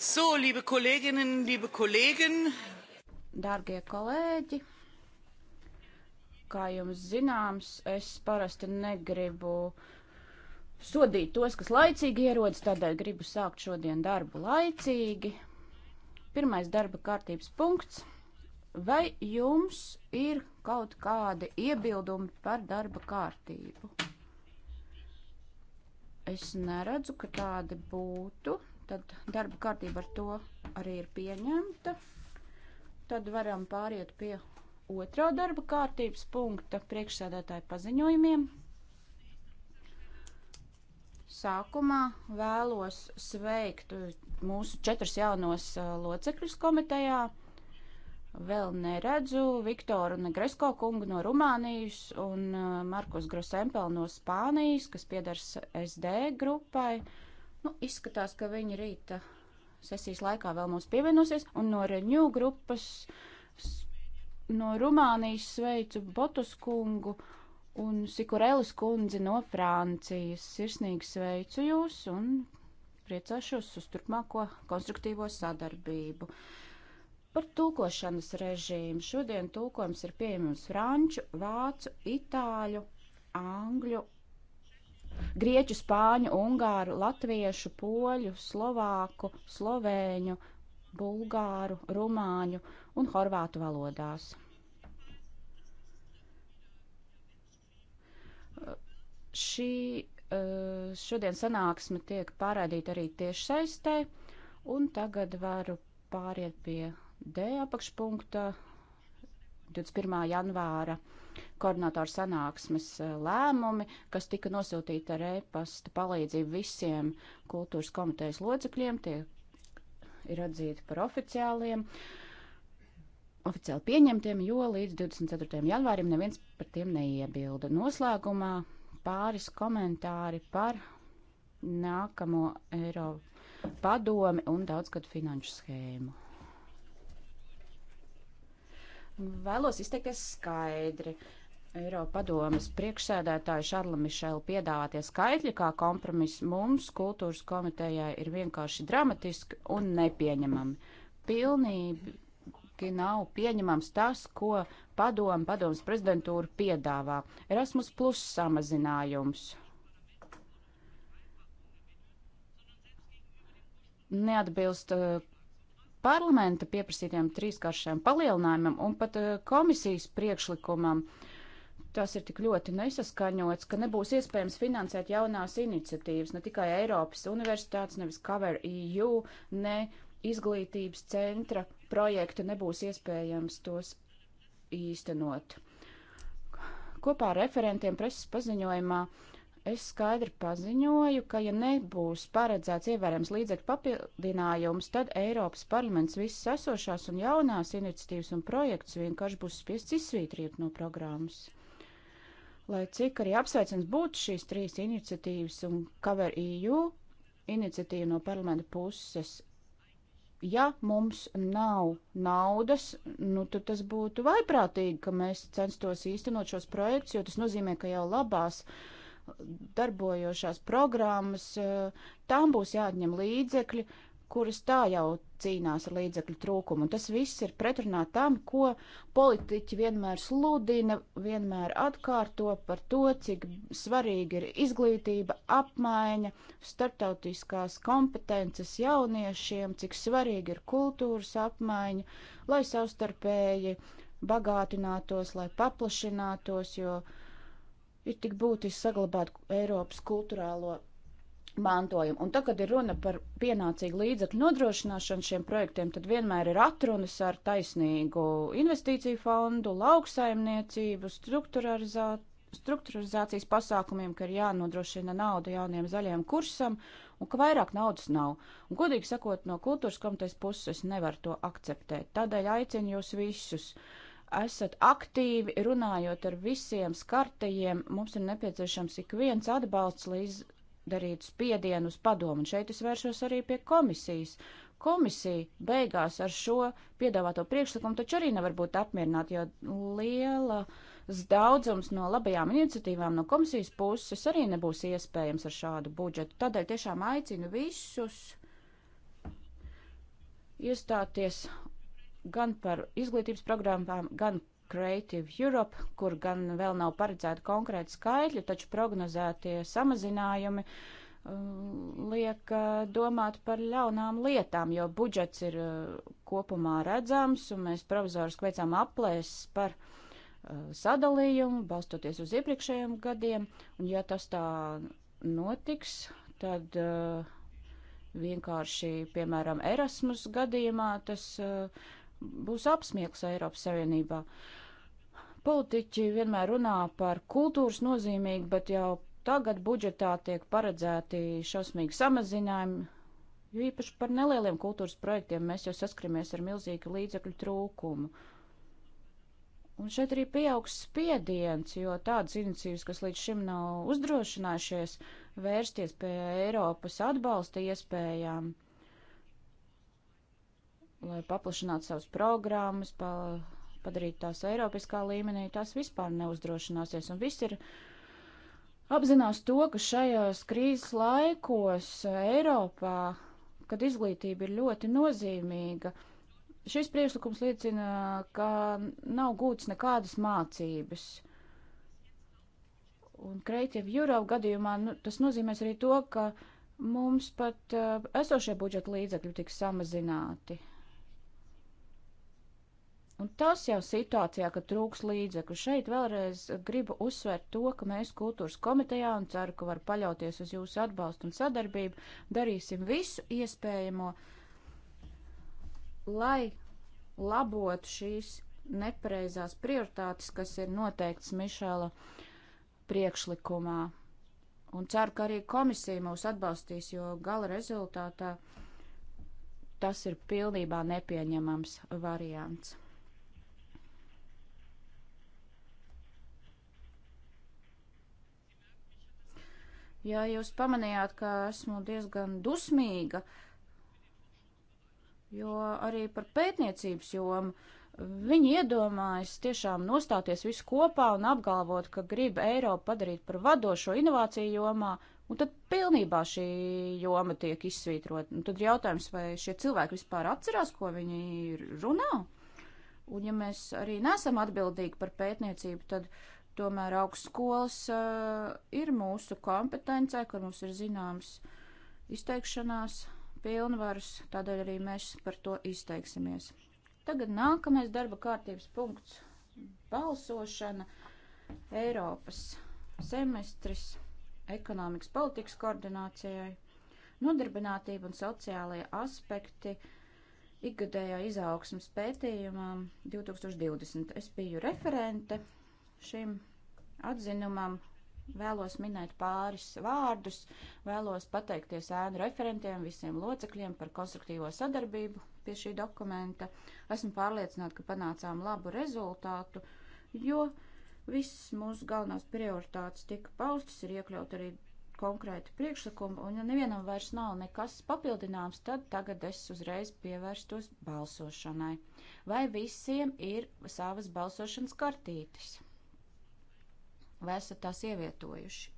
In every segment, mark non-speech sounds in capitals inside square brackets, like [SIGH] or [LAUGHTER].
So, liebe Kolleginnen, liebe Kollegen. Dārgie kolēģi, kā jums zināms, es parasti negribu sodīt tos, kas laicīgi ierodas, tādēļ gribu sākt šodien darbu laicīgi. Pirmais darba kārtības punkts. Vai jums ir kaut kādi iebildumi par darba kārtību? Es neredzu, ka tādi būtu. Tad darba kārtība ar to arī ir pieņemta. Tad varam pāriet pie otrā darba kārtības punkta priekšsēdētāju paziņojumiem. Sākumā vēlos sveikt mūsu četrus jaunos uh, locekļus komitejā. Vēl neredzu Viktoru Negresko kungu no Rumānijas un uh, Markus Grosempel no Spānijas, kas piedars SD grupai. Uh, Nu, izskatās, ka viņi rīta sesijas laikā vēl mums pievienosies, un no Reņū grupas, no Rumānijas sveicu Botus kungu un Sikurelis kundzi no Francijas. Sirsnīgi sveicu jūs un priecāšos uz turpmāko konstruktīvo sadarbību. Par tulkošanas režīmu. Šodien tulkojums ir pieejams franču, vācu, itāļu, angļu grieķu, spāņu, ungāru, latviešu, poļu, slovāku, slovēņu, bulgāru, rumāņu un horvātu valodās. Šī eh, šodien sanāksme tiek pārādīta arī tieši saistē, un tagad varu pāriet pie D apakšpunkta 21. janvāra koordinātoru sanāksmes eh, lēmumi, kas tika nosūtīti ar e-pasta palīdzību visiem kultūras komitejas locekļiem, tie ir atzīti par oficiāliem, oficiāli pieņemtiem, jo līdz 24. janvārim neviens par tiem neiebilda. Noslēgumā pāris komentāri par nākamo Eiropu padomi un daudzgadu finanšu schēmu. Vēlos izteikties skaidri. Eiropadomas priekšsēdētāja Šarla Mišela piedāvātie skaitļi kā kompromiss mums, kultūras komitejai, ir vienkārši dramatiski un nepieņemami. Pilnīgi nav pieņemams tas, ko padoma, padomas prezidentūra piedāvā. Erasmus plus samazinājums. Neatbilst uh, parlamenta pieprasītiem trīskāršajam palielinājumam un pat eh, komisijas priekšlikumam. Tas ir tik ļoti nesaskaņots, ka nebūs iespējams finansēt jaunās iniciatīvas, ne tikai Eiropas universitātes, nevis Cover EU, ne izglītības centra projektu nebūs iespējams tos īstenot. Kopā ar referentiem preses paziņojumā uh, es skaidri paziņoju, ka ja nebūs paredzēts ievērams līdzekļu papildinājums, tad Eiropas parlaments visas esošās un jaunās iniciatīvas un projekts vienkārši būs spiests izsvītrīt no programmas. Lai cik arī apsveicams būtu šīs trīs iniciatīvas un Cover EU iniciatīva no parlamenta puses, ja mums nav naudas, nu tad tas būtu vaiprātīgi, ka mēs censtos īstenot šos projektus, jo tas nozīmē, ka jau labās uh, darbojošās programmas, eh, tām būs jāatņem līdzekļi, kuras tā jau cīnās ar līdzekļu trūkumu. Un tas viss ir pretrunā tam, ko politiķi vienmēr sludina, vienmēr atkārto par to, cik svarīgi ir izglītība, apmaiņa, starptautiskās kompetences jauniešiem, cik svarīgi ir kultūras apmaiņa, lai savstarpēji bagātinātos, lai paplašinātos, jo uh, ir tik būtiski saglabāt Eiropas kultūrālo mantojumu. Un tad, kad ir runa par pienācīgu līdzekļu nodrošināšanu šiem projektiem, tad vienmēr ir atrunas ar taisnīgu investīciju fondu, lauksaimniecību, struktūrizācijas pasākumiem, ka ir jānodrošina nauda jauniem zaļiem kursam un ka vairāk naudas nav. Un, godīgi sakot, no kultūras komitejas puses nevar to akceptēt. Tādēļ aicinu jūs visus. Uh, esat aktīvi runājot ar visiem skartajiem. Mums ir nepieciešams ik viens atbalsts, lai izdarītu spiedienu uz padomu. Un šeit es vēršos arī pie komisijas. Komisija beigās ar šo piedāvāto priekšlikumu taču arī nevar būt apmierināta, jo liela daudzums no labajām iniciatīvām no komisijas puses arī nebūs iespējams ar šādu budžetu. Tādēļ tiešām aicinu visus iestāties gan par izglītības programmām, gan Creative Europe, kur gan vēl nav paredzēti konkrēti skaitļi, taču prognozētie samazinājumi uh, liek uh, domāt par ļaunām lietām, jo budžets ir uh, kopumā redzams, un mēs provizoriski veicām aplēses par sadalījumu, balstoties uz iepriekšējiem gadiem, un ja tas tā notiks, tad uh, vienkārši, piemēram, Erasmus gadījumā tas uh, būs apsmiegs Eiropas Savienībā. Politiķi vienmēr runā par kultūras nozīmīgu, bet jau tagad budžetā tiek paredzēti šausmīgi samazinājumi, jo īpaši par nelieliem kultūras projektiem mēs jau saskaramies ar milzīgu līdzekļu trūkumu. Un šeit arī pieaugs spiediens, jo tādas iniciatīvas, kas līdz šim nav uzdrošinājušies vērsties pie Eiropas atbalsta iespējām, lai paplašinātu savas programmas, pa, padarītu tās Eiropiskā līmenī, tās vispār neuzdrošināsies. Un viss ir apzinās to, ka šajos krīzes laikos Eiropā, kad izglītība ir ļoti nozīmīga, šis priekšlikums liecina, ka nav gūts nekādas mācības. Un Creative Europe gadījumā nu, tas nozīmēs arī to, ka mums pat uh, esošie budžeta līdzekļi tiks samazināti. Un tas jau situācijā, ka trūks līdzekļu. Šeit vēlreiz gribu uzsvērt to, ka mēs kultūras komitejā un ceru, ka var paļauties uz jūsu atbalstu un sadarbību, darīsim visu iespējamo, lai labotu šīs nepareizās prioritātes, kas ir noteikts Mišela priekšlikumā. Un ceru, ka arī komisija mūs atbalstīs, jo gala rezultātā tas ir pilnībā nepieņemams variants. Ja jūs pamanījāt, ka esmu diezgan dusmīga, jo arī par pētniecības jomu viņi iedomājas tiešām nostāties visu kopā un apgalvot, ka grib Eiropu padarīt par vadošo inovāciju jomā, un tad pilnībā šī joma tiek izsvītrot. Un tad jautājums, vai šie cilvēki vispār atcerās, ko viņi runā? Un ja mēs arī nesam atbildīgi par pētniecību, tad uh, Tomēr augstskolas uh, ir mūsu kompetencē, kur mums ir zināms izteikšanās pilnvaras, tādēļ arī mēs par to izteiksimies. Tagad nākamais darba kārtības punkts - balsošana Eiropas semestris ekonomikas politikas koordinācijai, nodarbinātība un sociālajie aspekti ikgadējā izaugsmas pētījumā 2020. Es biju referente šim atzinumam vēlos minēt pāris vārdus, vēlos pateikties ēnu referentiem, visiem locekļiem par konstruktīvo sadarbību pie šī dokumenta. Esmu pārliecināta, ka panācām labu rezultātu, jo viss mūsu galvenās prioritātes tika paustas, ir iekļaut arī konkrēti priekšlikumi, un ja nevienam vairs nav nekas papildināms, tad tagad es uzreiz pievērstos balsošanai. Vai visiem ir savas balsošanas kartītes? vai esat tās ievietojuši.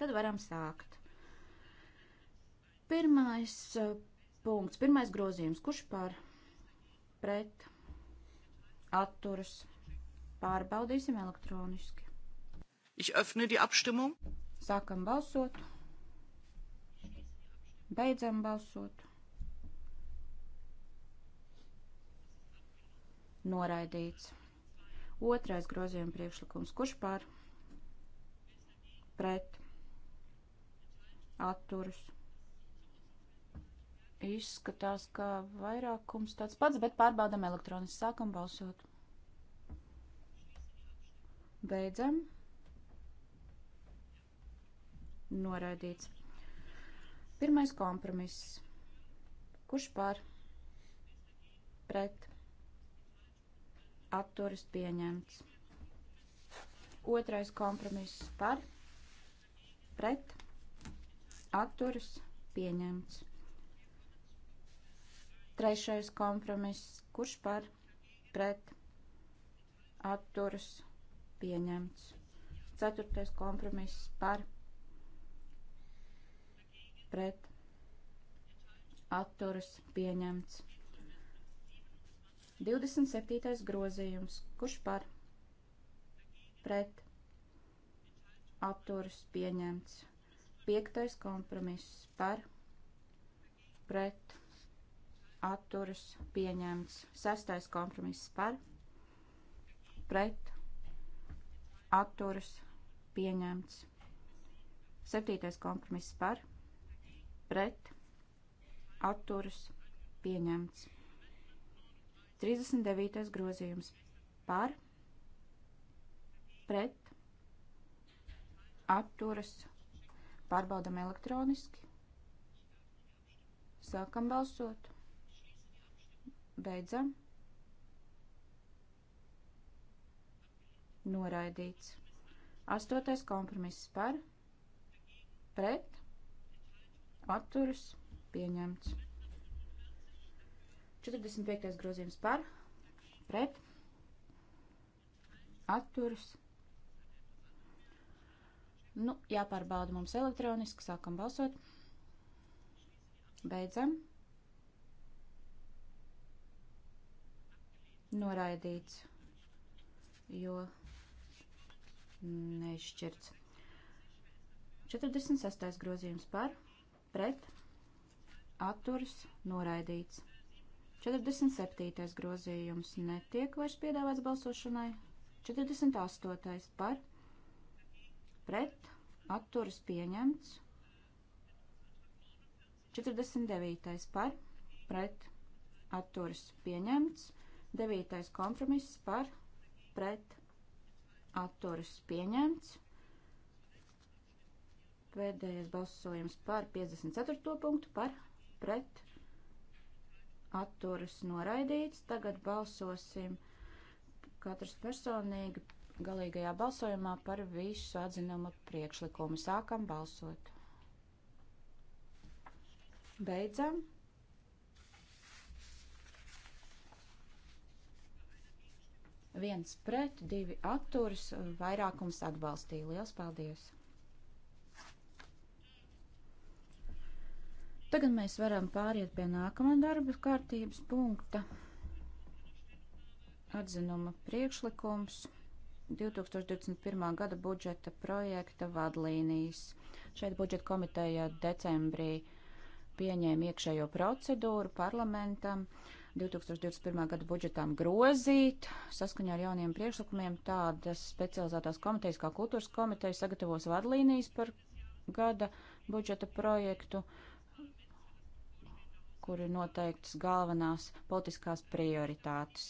Tad varam sākt. Pirmais uh, punkts, pirmais grozījums, kurš par pret atturas pārbaudīsim elektroniski. Ich öffne die Abstimmung. Sākam balsot. Beidzam balsot. Noraidīts. Otrais grozījuma priekšlikums. Kurš par? Pret. Atturas. Izskatās, ka vairākums tāds pats, bet pārbaudam elektroniski. Sākam balsot. Beidzam. Noraidīts. Pirmais kompromiss. Kurš par? Pret atturas pieņemts. Otrais kompromiss par, pret, atturas pieņemts. Trešais kompromiss, kurš par, pret, atturas pieņemts. Ceturtais kompromiss par, pret, atturas pieņemts. 27. grozījums. Kurš par? Pret. Atturas pieņemts. 5. kompromiss. Par. Pret. Atturas pieņemts. 6. kompromiss. Par. Pret. Atturas pieņemts. 7. kompromiss. Par. Pret. Atturas pieņemts. 39. grozījums par, pret, atturas, pārbaudam elektroniski, sākam balsot, beidzam, noraidīts. Astotais kompromiss par, pret, atturas, pieņemts. 45. grozījums par, pret, atturas. Nu, jāpārbauda mums elektroniski, sākam balsot. Beidzam. Noraidīts, jo nešķirts. 46. grozījums par, pret, atturas, noraidīts. 47. grozījums netiek vairs piedāvāts balsošanai. 48. par pret atturas pieņemts. 49. par pret atturas pieņemts. 9. kompromiss par pret atturas pieņemts. Pēdējais balsojums par 54. punktu par pret atturas noraidīts. Tagad balsosim katrs personīgi galīgajā balsojumā par visu atzinumu priekšlikumu. Sākam balsot. Beidzam. Viens pret, divi atturas, vairākums atbalstīja. Liels paldies! Tagad mēs varam pāriet pie nākamā darba kārtības punkta. Atzinuma priekšlikums 2021. gada budžeta projekta vadlīnijas. Šeit budžeta komiteja decembrī pieņēma iekšējo procedūru parlamentam. 2021. gada budžetām grozīt. Saskaņā ar jauniem priekšlikumiem tādas specializētās komitejas kā kultūras komiteja sagatavos vadlīnijas par gada budžeta projektu. Uh, kur ir noteiktas galvenās politiskās prioritātes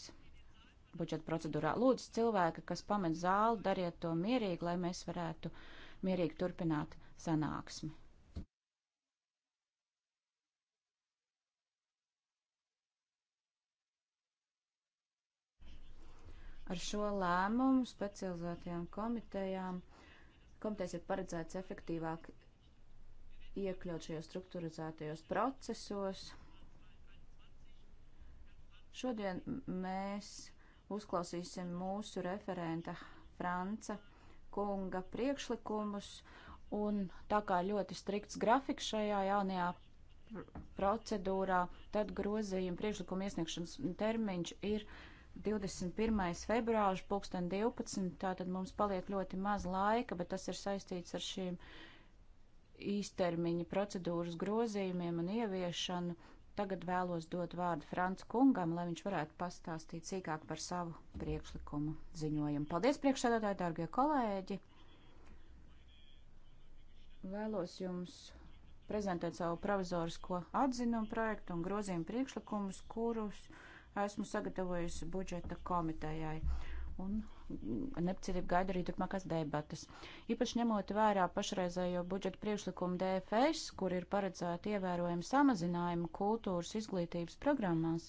budžeta procedūrā. Lūdzu, cilvēki, kas pamet zāli, dariet to mierīgi, lai mēs varētu mierīgi turpināt sanāksmi. Ar šo lēmumu specializētajām komitejām komitejas ir paredzēts efektīvāk iekļaut šajos struktūrizētajos procesos. Šodien mēs uzklausīsim mūsu referenta Franca kunga priekšlikumus, un tā kā ļoti strikts grafiks šajā jaunajā procedūrā, tad grozījuma priekšlikuma iesniegšanas termiņš ir 21. februārs, pulksten 12. Tātad mums paliek ļoti maz laika, bet tas ir saistīts ar šīm īstermiņa procedūras grozījumiem un ieviešanu tagad vēlos dot vārdu Frančs kungam, lai viņš varētu pastāstīt sīkāk par savu priekšlikumu ziņojumu. Paldies, priekšsēdētāji, dārgie kolēģi! Vēlos jums prezentēt savu provizorisko atzinumu projektu un grozījumu priekšlikumus, kurus esmu sagatavojusi budžeta komitejai un nepacietību gaida arī turpmākās debatas. Īpaši ņemot vērā pašreizējo budžeta priekšlikumu DFS, kur ir paredzēta ievērojama samazinājuma kultūras izglītības programmās,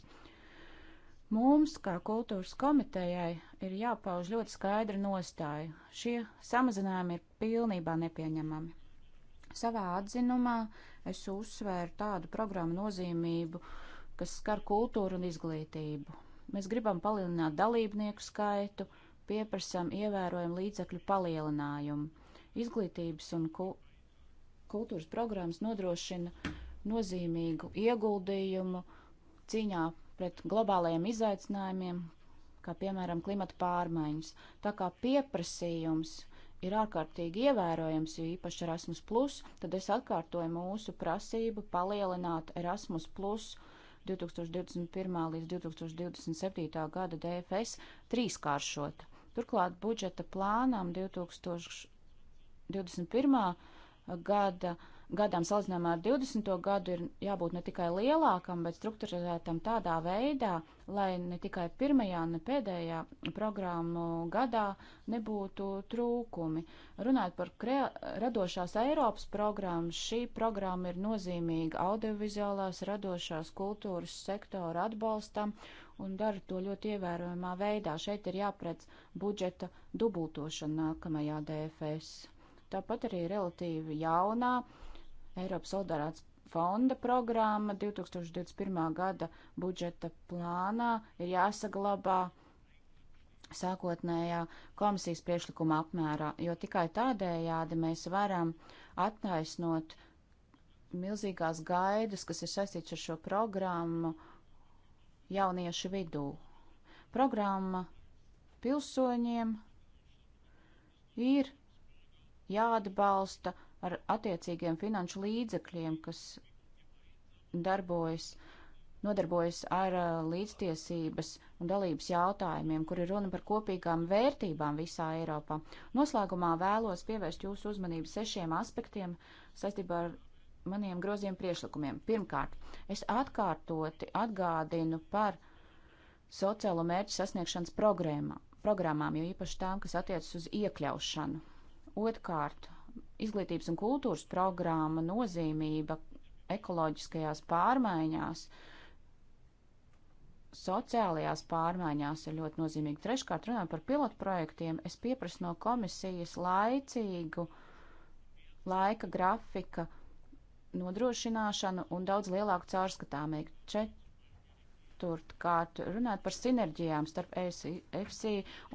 mums, kā kultūras komitejai, ir jāpauž ļoti skaidra nostāja. Šie samazinājumi ir pilnībā nepieņemami. Savā atzinumā es uzsvēru tādu programmu nozīmību, kas skar kultūru un izglītību Mēs gribam palielināt dalībnieku skaitu, pieprasam ievērojumu līdzekļu palielinājumu. Izglītības un ku kultūras programmas nodrošina nozīmīgu ieguldījumu cīņā pret globālajiem izaicinājumiem, kā piemēram klimata pārmaiņas. Tā kā pieprasījums ir ārkārtīgi ievērojams, jo īpaši Erasmus, tad es atkārtoju mūsu prasību palielināt Erasmus 2021. līdz 2027. gada DFS trīskāršota. Turklāt budžeta plānam 2021. gada gadam salīdzinājumā ar 20. gadu ir jābūt ne tikai lielākam, bet struktūrētam tādā veidā, lai ne tikai pirmajā, ne pēdējā programmu gadā nebūtu trūkumi. Runājot par krea, radošās Eiropas programmu, šī programma ir nozīmīga audiovizuālās radošās kultūras sektora atbalstam un dara to ļoti ievērojamā veidā. Šeit ir jāpredz budžeta dubultošana nākamajā DFS. Tāpat arī relatīvi jaunā uh, Eiropas solidaritātes fonda programma 2021. gada budžeta plānā ir jāsaglabā sākotnējā komisijas priekšlikuma apmērā, jo tikai tādējādi mēs varam attaisnot milzīgās gaidas, kas ir saistīts ar šo programmu jauniešu vidū. Programma pilsoņiem ir jāatbalsta ar attiecīgiem finanšu līdzekļiem, kas darbojas, nodarbojas ar uh, līdztiesības un dalības jautājumiem, kur ir runa par kopīgām vērtībām visā Eiropā. Noslēgumā vēlos pievērst jūsu uzmanību sešiem aspektiem saistībā ar maniem groziem priešlikumiem. Pirmkārt, es atkārtoti atgādinu par sociālo mērķu sasniegšanas programmā, programmām, jo īpaši tām, kas attiecas uz iekļaušanu. Otkārt, izglītības un kultūras programma nozīmība ekoloģiskajās pārmaiņās, sociālajās pārmaiņās ir ļoti nozīmīga. Treškārt, runājot par pilotprojektiem, es pieprasu no komisijas laicīgu laika grafika nodrošināšanu un daudz lielāku caurskatāmību. Ceturtkārt, runāt par sinerģijām starp EFC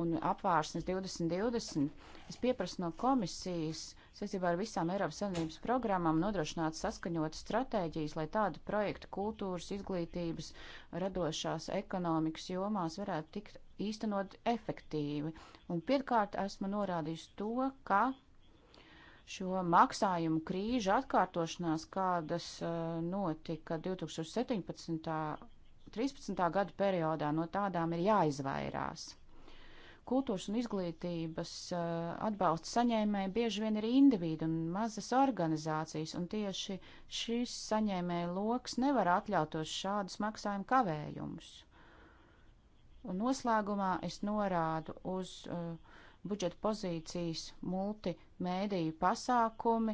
un apvārsnes 2020. Es pieprasu no komisijas saistībā ar visām Eiropas Savienības programmām nodrošināt saskaņot stratēģijas, lai tādu projektu kultūras, izglītības, radošās ekonomikas jomās varētu tikt īstenot efektīvi. Un pirmkārt esmu norādījis to, ka šo maksājumu krīžu atkārtošanās, kādas uh, notika 2017. 13. gadu periodā, no tādām ir jāizvairās kultūras un izglītības eh, atbalsta saņēmēji bieži vien ir individu un mazas organizācijas, un tieši šis saņēmēja loks nevar atļautos šādus maksājumu kavējumus. Un noslēgumā es norādu uz uh, budžeta pozīcijas multimēdiju pasākumi,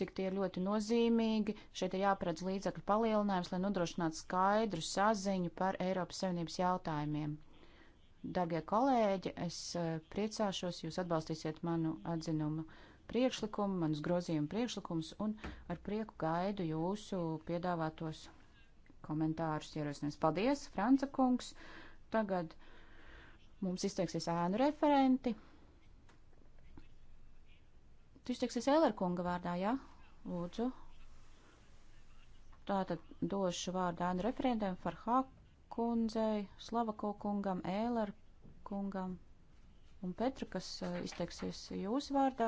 cik tie ir ļoti nozīmīgi. Šeit ir jāparedz līdzekļu palielinājums, lai nodrošinātu skaidru saziņu par Eiropas Savienības jautājumiem. Darbie kolēģi, es e, priecāšos, jūs atbalstīsiet manu atzinumu priekšlikumu, manus grozījumu priekšlikumus un ar prieku gaidu jūsu piedāvātos komentārus ierosinājums. Paldies, Franca kungs! Tagad mums izteiksies ēnu referenti. Tu izteiksies Eller kunga vārdā, jā? Ja? Lūdzu. Tātad došu vārdu ēnu referentiem Farhāk kundzei, Slavako kungam, Ēler kungam un Petra, kas eh, izteiksies jūsu vārdā.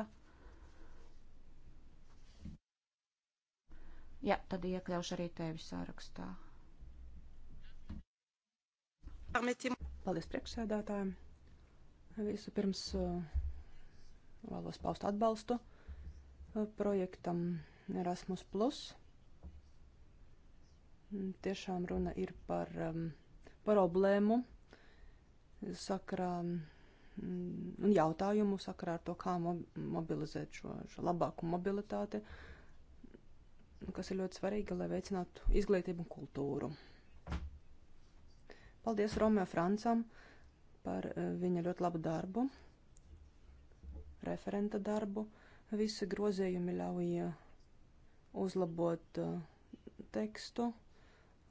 Jā, tad iekļaušu arī tevi sārakstā. Paldies priekšsēdētājiem. Visu pirms eh, vēlos paust atbalstu eh, projektam Erasmus. Tiešām runa ir par um, problēmu sakarā mm, un jautājumu sakarā ar to, kā mobilizēt šo, šo labāku mobilitāti, kas ir ļoti svarīga, lai veicinātu izglītību un kultūru. Paldies Romeo Francam par uh, viņa ļoti labu darbu, referenta darbu. Visi grozējumi ļauj uh, uzlabot uh, tekstu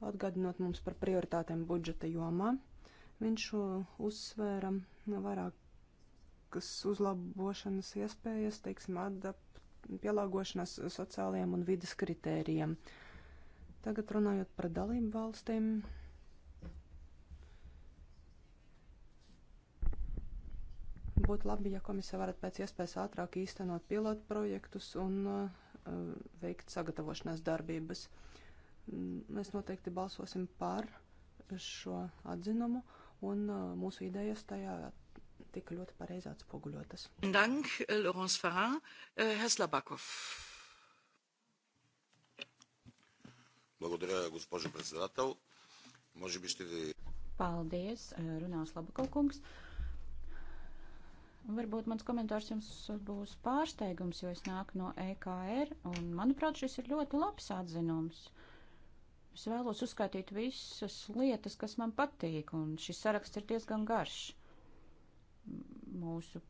atgādinot mums par prioritātēm budžeta jomā. Viņš uzsvēra vairākas uzlabošanas iespējas, teiksim, adapt, pielāgošanās sociālajiem un vidas kritērijiem. Tagad runājot par dalību valstīm. Būtu labi, ja komisija varētu pēc iespējas ātrāk īstenot pilotu projektus un uh, veikt sagatavošanās darbības. Uh, Mm, mēs noteikti balsosim par šo atzinumu, un uh, mūsu idejas tajā tika ļoti pareizi atspoguļotas. Dank, Laurence Ferrand, uh, Hesla Bakov. Благодаря, госпожо председател. Може би ще ви... Paldies, uh, runās Labakalkungs. Varbūt mans komentārs jums būs pārsteigums, jo es nāku no EKR, un manuprāt, šis ir ļoti labs atzinums. Uh, Es vēlos uzskaitīt visas lietas, kas man patīk, un šis saraksts ir diezgan garš. Mūsu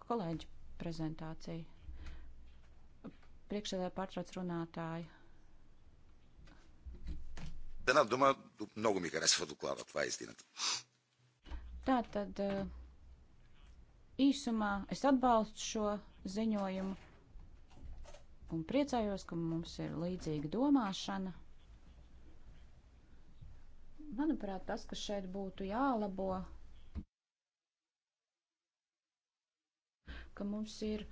kolēģi prezentācija. Priekšsēdē pārtrauc runātāju. Да, една дума, много ми харесва доклада. Това е истината. Да, tad īsumā es atbalstu šo ziņojumu un priecājos, ka mums ir līdzīga domāšana. Manuprāt, tas, kas šeit būtu jālabo, ka mums ir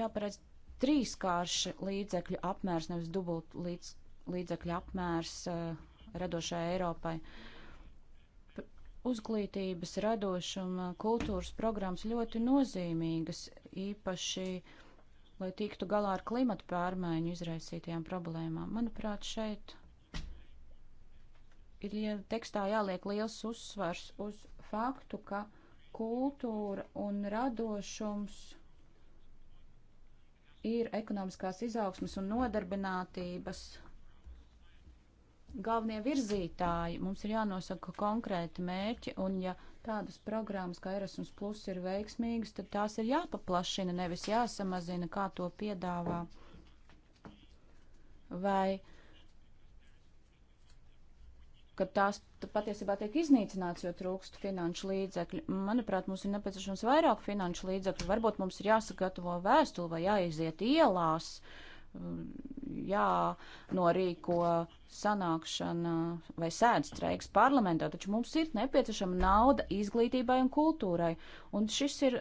jāparedz trīskārši līdzekļu apmērs, nevis dubult līdz, līdzekļu apmērs uh, radošai Eiropai. P uzglītības, radošuma, kultūras programmas ļoti nozīmīgas, īpaši, lai tiktu galā ar klimatu pārmaiņu izraisītajām problēmām. Manuprāt, šeit ir tekstā jāliek liels uzsvars uz faktu, ka kultūra un radošums ir ekonomiskās izaugsmas un nodarbinātības galvenie virzītāji. Mums ir jānosaka konkrēti mērķi, un ja tādas programmas kā Erasmus Plus ir veiksmīgas, tad tās ir jāpaplašina, nevis jāsamazina, kā to piedāvā. Vai ka tās patiesībā tiek iznīcināts, jo trūkst finanšu līdzekļu. Manuprāt, mums ir nepieciešams vairāk finanšu līdzekļu. Varbūt mums ir jāsagatavo vēstuli vai jāiziet ielās, mm, jānorīko sanākšana vai sēdes streiks parlamentā, taču mums ir nepieciešama nauda izglītībai un kultūrai. Un šis ir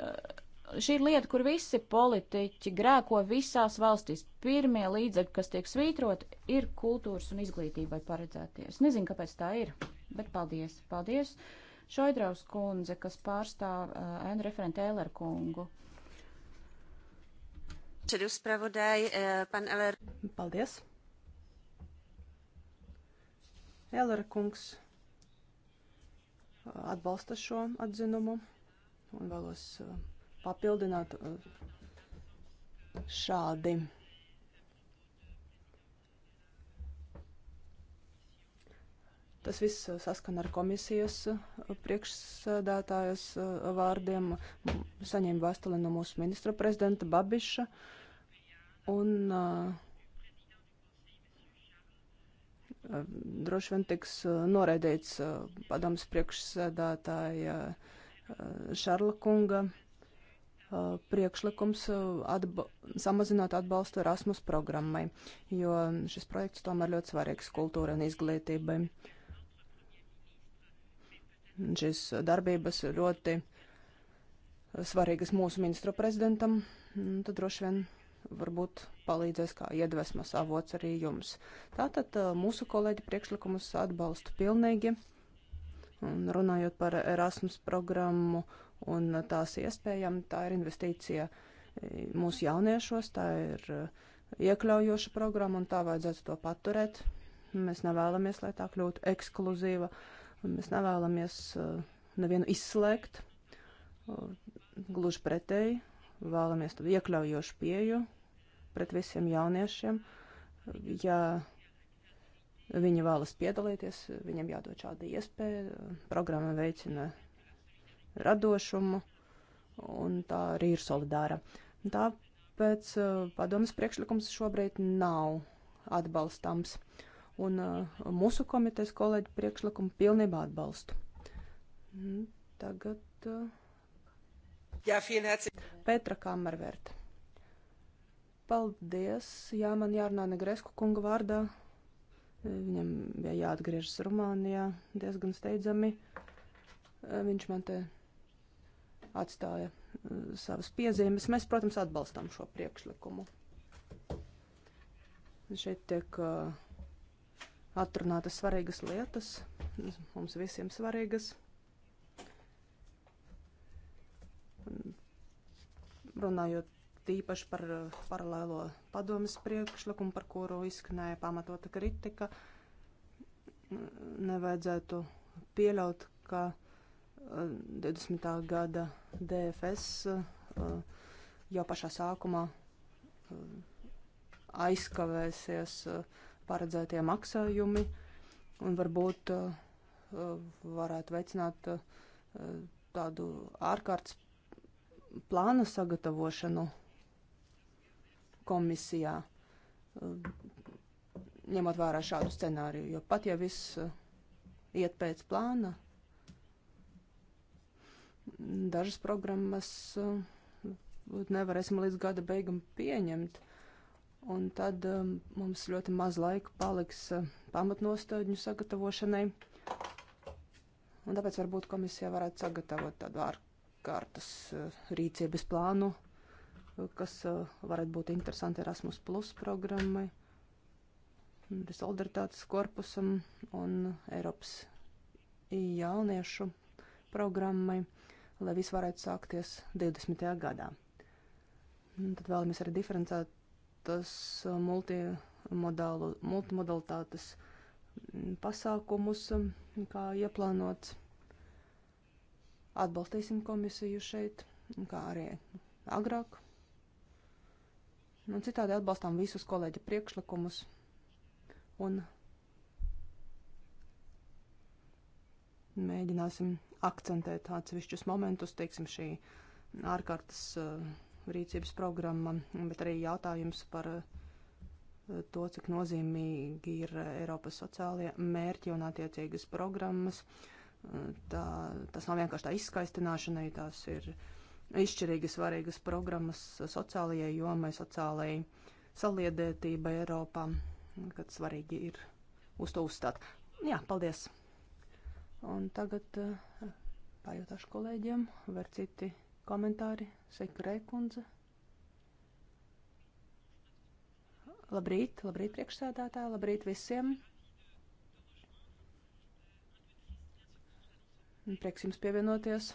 šī ir lieta, kur visi politiķi grēko visās valstīs. Pirmie līdzekļi, kas tiek svītroti, ir kultūras un izglītībai paredzēties. Nezinu, kāpēc tā ir, bet paldies. Paldies Šoidraus kundze, kas pārstāv uh, eh, N referentu Ēleru kungu. Eh, paldies. Ēlera kungs eh, atbalsta šo atzinumu un vēlos uh, papildināt uh, šādi. Tas viss uh, saskana ar komisijas uh, priekšsēdētājas vārdiem. Saņēma vēstuli no mūsu ministra prezidenta Babiša. Un uh, droši vien tiks noraidīts uh, padoms priekšsēdētāja uh, Šarla kunga. Uh, priekšlikums atba samazināt atbalstu Erasmus programmai, jo šis projekts tomēr ļoti svarīgs kultūra un izglītībai. Šis darbības ļoti svarīgas mūsu ministru prezidentam, tad droši vien varbūt palīdzēs kā iedvesmas avots arī jums. Tātad mūsu kolēģi priekšlikumus atbalstu pilnīgi. Un runājot par Erasmus programmu un tās iespējām. Tā ir investīcija e, mūsu jauniešos, tā ir e, iekļaujoša programma un tā vajadzētu to paturēt. Mēs nevēlamies, lai tā kļūtu ekskluzīva, mēs nevēlamies e, nevienu izslēgt, gluži pretēji, vēlamies tādu iekļaujošu pieju pret visiem jauniešiem. Ja viņi vēlas piedalīties, viņiem jādod šāda iespēja. Programma veicina radošumu, un tā arī ir solidāra. Tāpēc eh, padomas priekšlikums šobrīd nav atbalstams, un eh, mūsu komitejas kolēģi priekšlikumu pilnībā atbalstu. Nu, tagad. Eh, Jā, Petra Kamervērta. Paldies. Jā, man jārunā Negresku kunga vārdā. Viņam bija jāatgriežas Rumānijā diezgan steidzami. Viņš man te atstāja eh, savas piezīmes. Mēs, protams, atbalstam šo priekšlikumu. Šeit tiek eh, atrunātas svarīgas lietas, mums visiem svarīgas. Runājot īpaši par eh, paralēlo padomas priekšlikumu, par kuru izskanēja pamatota kritika, nevajadzētu pieļaut, ka uh, 20. gada DFS uh, jau pašā sākumā uh, aizkavēsies uh, paredzētie maksājumi un varbūt varētu veicināt tādu ārkārtas plāna sagatavošanu komisijā, ņemot vērā šādu scenāriju. Jo pat ja viss iet pēc plāna, Dažas programmas uh, nevarēsim līdz gada beigam pieņemt, un tad um, mums ļoti maz laika paliks uh, pamatnostādņu sagatavošanai. Un tāpēc varbūt komisija varētu sagatavot tādu ārkārtas uh, rīcības plānu, kas varētu būt interesanti Erasmus Plus programmai, solidaritātes korpusam un Eiropas jauniešu programmai lai viss varētu sākties 20. gadā. Un tad vēlamies arī diferencētas multimodālu, multimodalitātes pasākumus, kā ieplānots. Atbalstīsim komisiju šeit, kā arī agrāk. Un nu, citādi atbalstām visus kolēģa priekšlikumus un mēģināsim akcentēt atsevišķus momentus, teiksim, šī ārkārtas uh, rīcības programma, bet arī jautājums par uh, to, cik nozīmīgi ir Eiropas sociālie mērķi un attiecīgas programmas. Uh, tā, tas nav vienkārši tā izskaistināšanai, tās ir izšķirīgi svarīgas programmas sociālajai jomai, sociālajai saliedētībai Eiropā, kad svarīgi ir uz to uzstāt. Jā, paldies! Un tagad eh, pajautāšu kolēģiem, vai ir citi komentāri. Sveika, Rēkundze. Labrīt, labrīt priekšsēdētāji, labrīt visiem. Prieks jums pievienoties,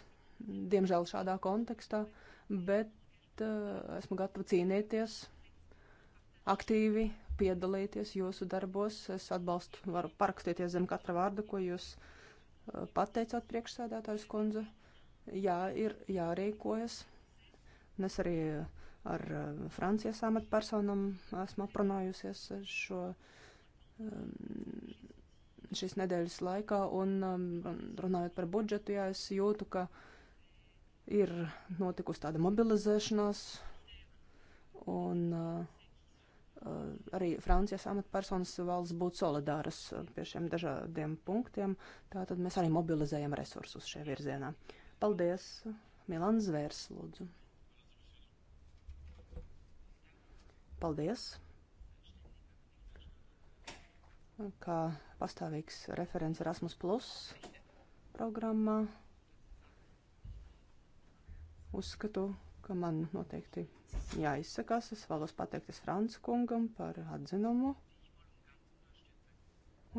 diemžēl šādā kontekstā, bet uh, esmu gatava cīnīties, aktīvi piedalīties jūsu darbos. Es atbalstu, varu parakstīties zem katra vārda, ko jūs uh, pateicāt priekšsēdētājs kundze. Jā, ir jārīkojas. Un es arī ar eh, Francijas amatpersonam esmu aprunājusies šo, ehm, šīs nedēļas laikā. Un ehm, runājot par budžetu, jā, es jūtu, ka ir notikusi tāda mobilizēšanās. Un uh, arī Francijas amatpersonas valsts būt solidāras pie šiem dažādiem punktiem. Tātad mēs arī mobilizējam resursus šajā virzienā. Paldies! Milans Zvērs, lūdzu. Paldies! Kā pastāvīgs referents Erasmus Plus programmā, uzskatu, ka man noteikti jāizsakās. Es vēlos pateikties Frančs kungam par atzinumu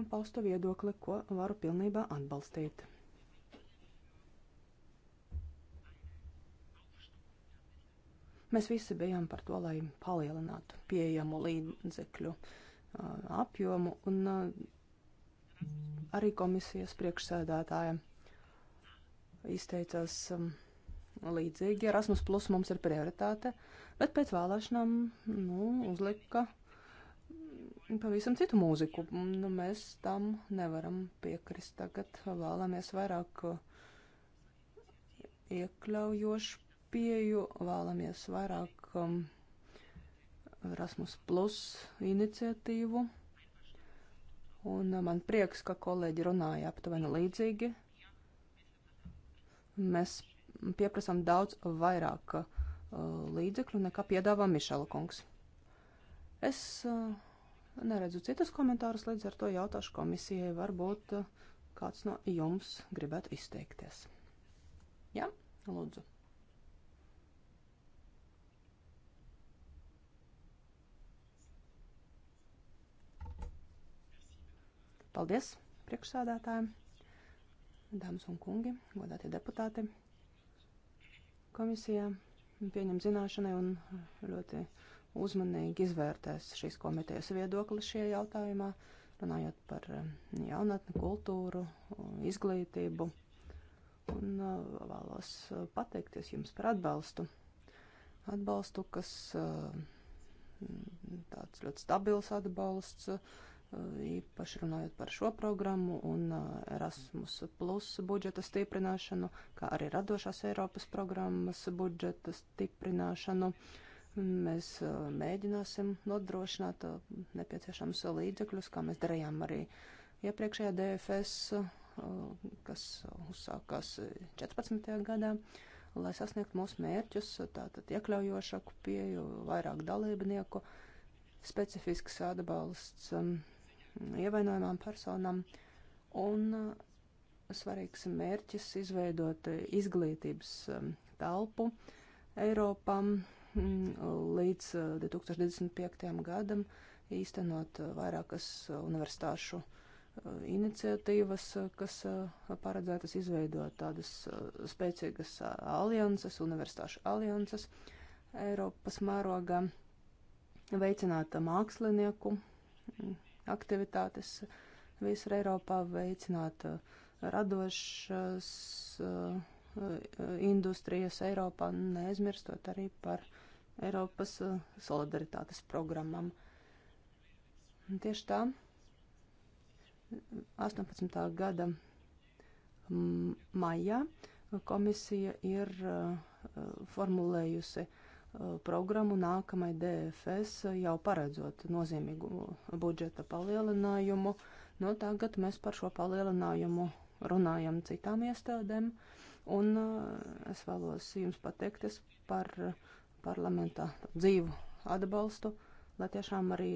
un paustu viedokli, ko varu pilnībā atbalstīt. Mēs visi bijām par to, lai palielinātu pieejamo līdzekļu apjomu un arī komisijas priekšsēdētājiem izteicās. Um, līdzīgi. Erasmus Plus mums ir prioritāte, bet pēc vēlēšanām nu, uzlika pavisam citu mūziku. Nu, mēs tam nevaram piekrist tagad. Vēlamies vairāk eh, iekļaujošu pieju, vēlamies vairāk um, Erasmus Plus iniciatīvu. Un eh, man prieks, ka kolēģi runāja aptuveni līdzīgi. Mēs pieprasām daudz vairāk uh, līdzekļu nekā piedāvā Mišela kungs. Es uh, neredzu citus komentārus, līdz ar to jautāšu komisijai, varbūt uh, kāds no jums gribētu izteikties. Jā, ja? lūdzu. Paldies priekšsādātājiem, dāmas un kungi, godātie deputāti. Komisija pieņem zināšanai un ļoti uzmanīgi izvērtēs šīs komitejas viedokli šajā jautājumā, runājot par um, jaunatni, kultūru, izglītību. Un uh, vēlos uh, pateikties jums par atbalstu. Atbalstu, kas uh, tāds ļoti stabils atbalsts īpaši runājot par šo programmu un Erasmus Plus budžeta stiprināšanu, kā arī radošās Eiropas programmas budžeta stiprināšanu. Mēs mēģināsim nodrošināt nepieciešams līdzekļus, kā mēs darījām arī iepriekšējā DFS, kas uzsākās 14. gadā, lai sasniegtu mūsu mērķus, tātad iekļaujošāku pieju, vairāk dalībnieku, specifisks atbalsts. Um, ievainojumām personām. Un uh, svarīgs mērķis izveidot uh, izglītības um, telpu Eiropā mm, līdz 2025. Uh, gadam, īstenot vairākas universitāšu iniciatīvas, kas paredzētas izveidot tādas spēcīgas alianses, universitāšu alianses Eiropas mērogā, veicināt mākslinieku mm, aktivitātes visur Eiropā, veicināt uh, radošas uh, uh, industrijas Eiropā, neaizmirstot arī par Eiropas solidaritātes programmām. Tieši tā, 18. gada maijā komisija ir formulējusi uh, programmu nākamai DFS jau paredzot nozīmīgu budžeta palielinājumu. Nu, tagad mēs par šo palielinājumu runājam citām iestādēm, un eh, es vēlos jums pateikties par parlamentā dzīvu atbalstu, lai tiešām arī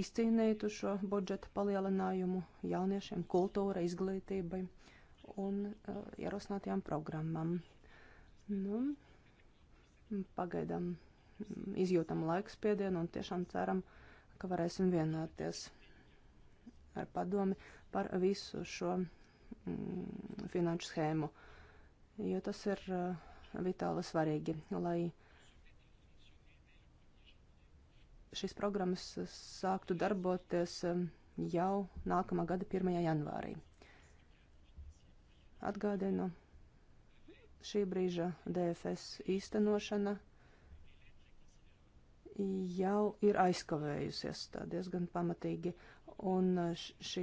izcīnītu šo budžeta palielinājumu jauniešiem, kultūra, izglītībai un uh, ierosinātajām programmām. Nu, Pagaidām mm, izjūtam laikspiedienu un tiešām ceram, ka varēsim vienoties ar padomi par visu šo mm, finanšu schēmu, jo tas ir uh, vitāli svarīgi, lai šīs programmas sāktu darboties eh, jau nākamā gada 1. janvārī. Atgādinu šī brīža DFS īstenošana jau ir aizkavējusies diezgan pamatīgi. Un šī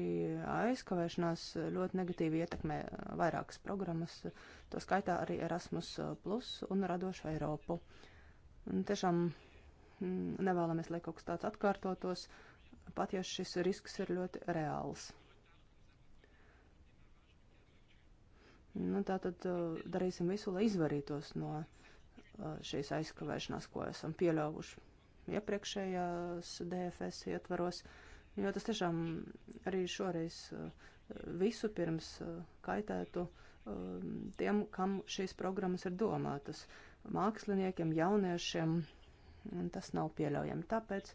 aizkavēšanās ļoti negatīvi ietekmē vairākas programmas, to skaitā arī Erasmus, plus un Radošu Eiropu. Un tiešām mm, nevēlamies, lai kaut kas tāds atkārtotos, pat ja šis risks ir ļoti reāls. Nu, tātad eh, darīsim visu, lai izvarītos no eh, šīs aizkavēšanās, ko esam pieļāvuši iepriekšējās DFS ietvaros, jo tas tiešām arī šoreiz eh, visu pirms kaitētu tiem, kam šīs programmas ir domātas - māksliniekiem, jauniešiem, un tas nav pieļaujami. Tāpēc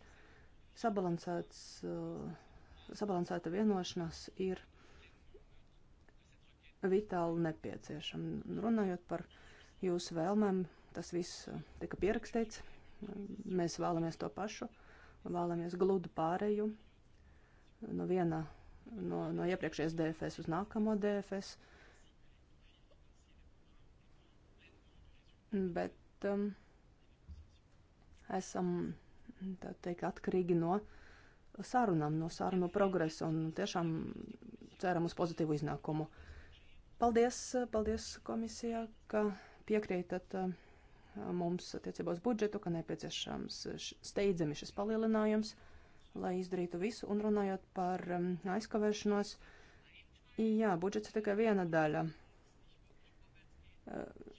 sabalansēts, sabalansēta vienošanās ir vitāli nepieciešama. Runājot par jūsu vēlmēm, tas viss uh, tika pierakstīts. Mēs vēlamies to pašu, vēlamies gludu pāreju no viena no, no iepriekšējās DFS uz nākamo DFS. Bet um, esam teikt, atkarīgi no sarunām, no sarunu progresa un tiešām ceram uz pozitīvu iznākumu. Uh, Paldies, paldies komisijā, ka piekrītat uh, mums attiecībā uz budžetu, ka nepieciešams steidzami šis palielinājums, lai izdarītu visu. Un runājot par um, aizkavēšanos, jā, budžets ir tikai viena daļa uh,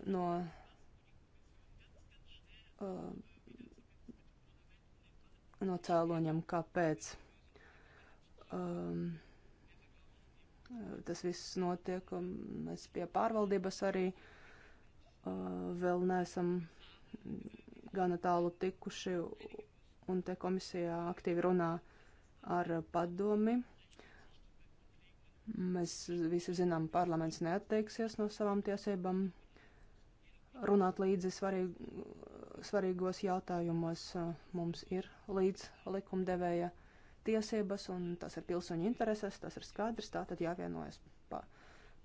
no uh, no cēloņiem, kāpēc. Um, Tas viss notiek, un mēs pie pārvaldības arī vēl neesam gana tālu tikuši, un te komisijā aktīvi runā ar padomi. Mēs visi zinām, parlaments neatteiksies no savām tiesībām runāt līdzi svarīg, svarīgos jautājumos. Mums ir līdz likumdevēja tiesības un tas ir pilsoņu intereses, tas ir skaidrs, tā tad jāvienojas pa,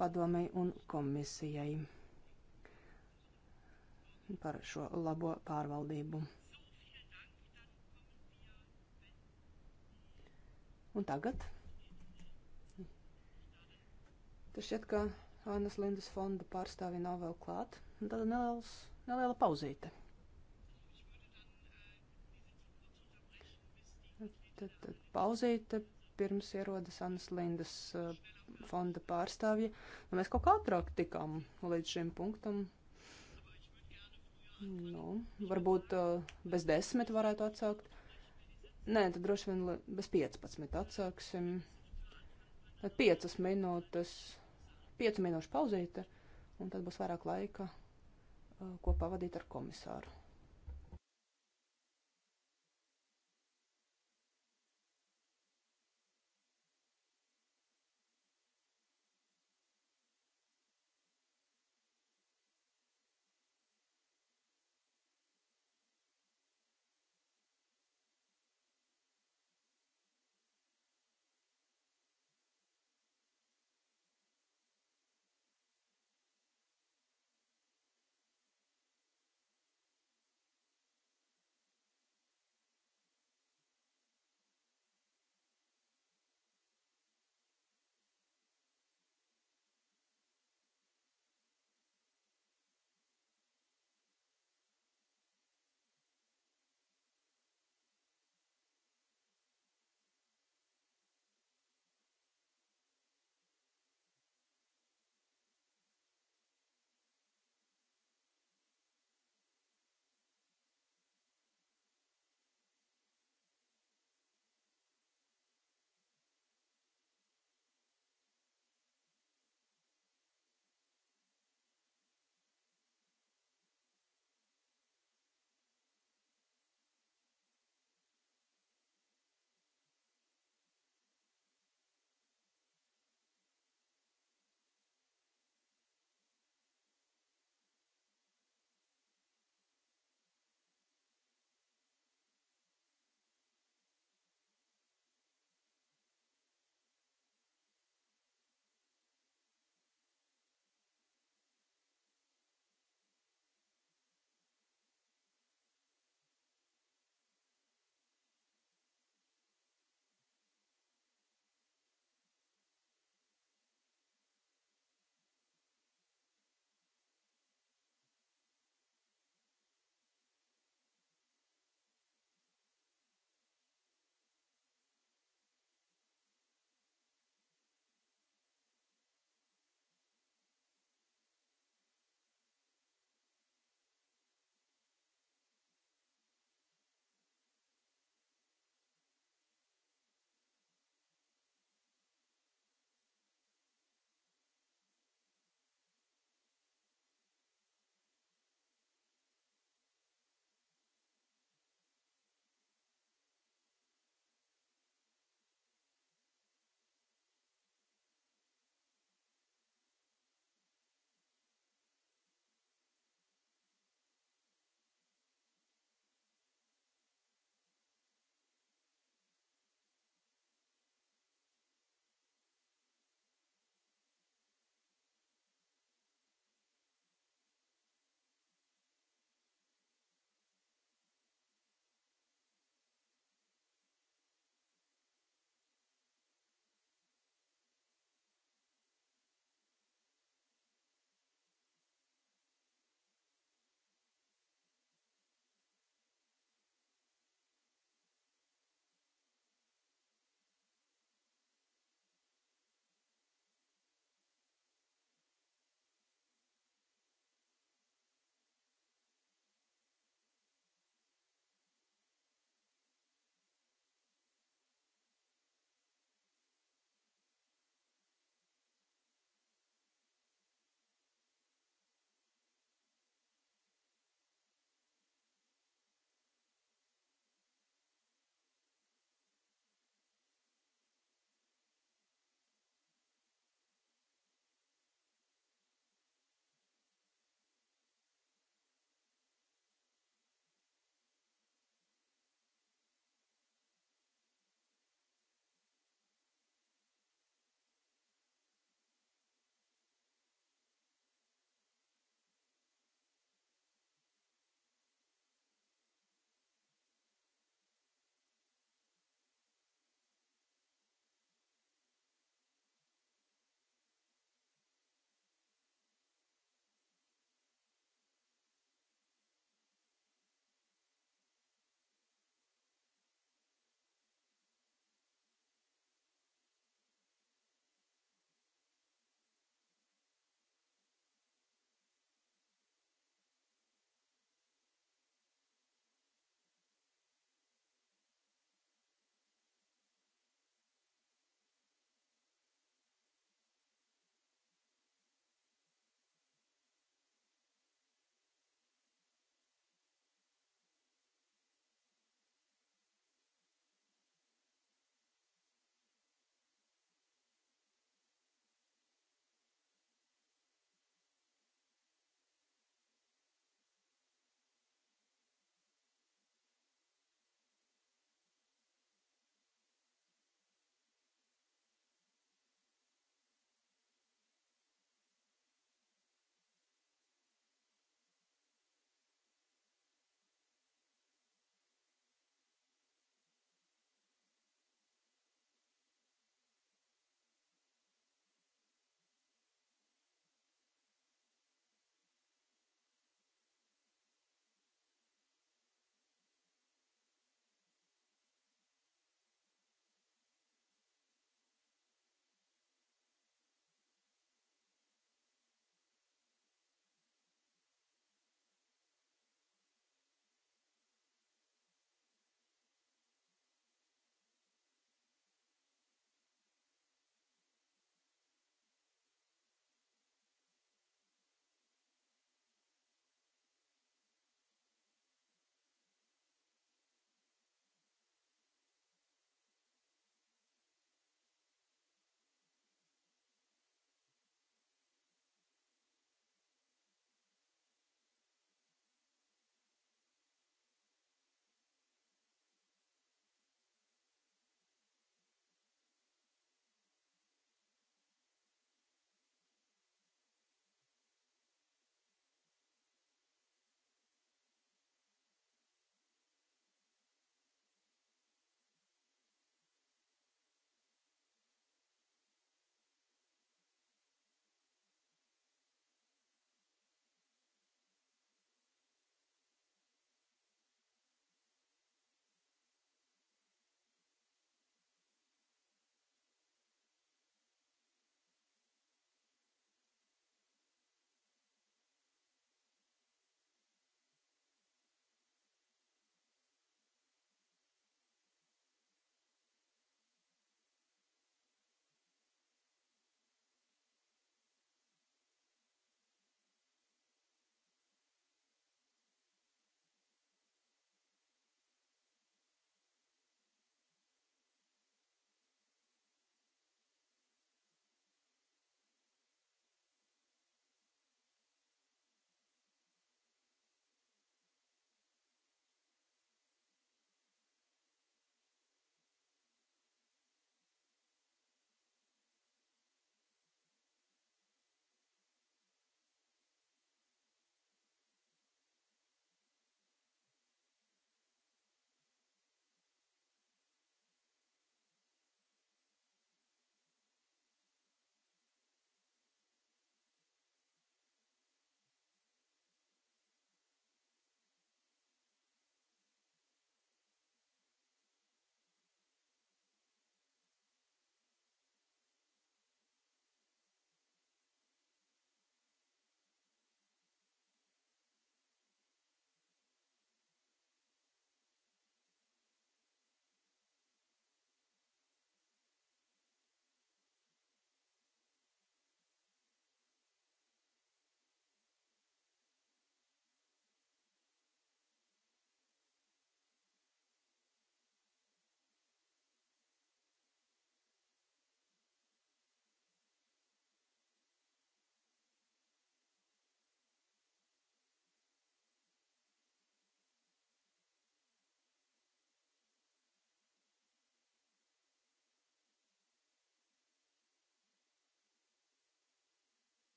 padomei un komisijai par šo labo pārvaldību. Un tagad tas šķiet, ka Annas Lindas fonda pārstāvi nav vēl klāt. Tad neliels, neliela pauzīte. tad, tad pauzīte pirms ierodas Annas Lindas eh, fonda pārstāvja. Nu, mēs kaut kā ātrāk tikām līdz šim punktam. Nu, varbūt eh, bez desmit varētu atsākt. Nē, tad droši vien bez 15 atsāksim. Tad 5 minūtes, 5 minūšu pauzīte, un tad būs vairāk laika, eh, ko pavadīt ar komisāru.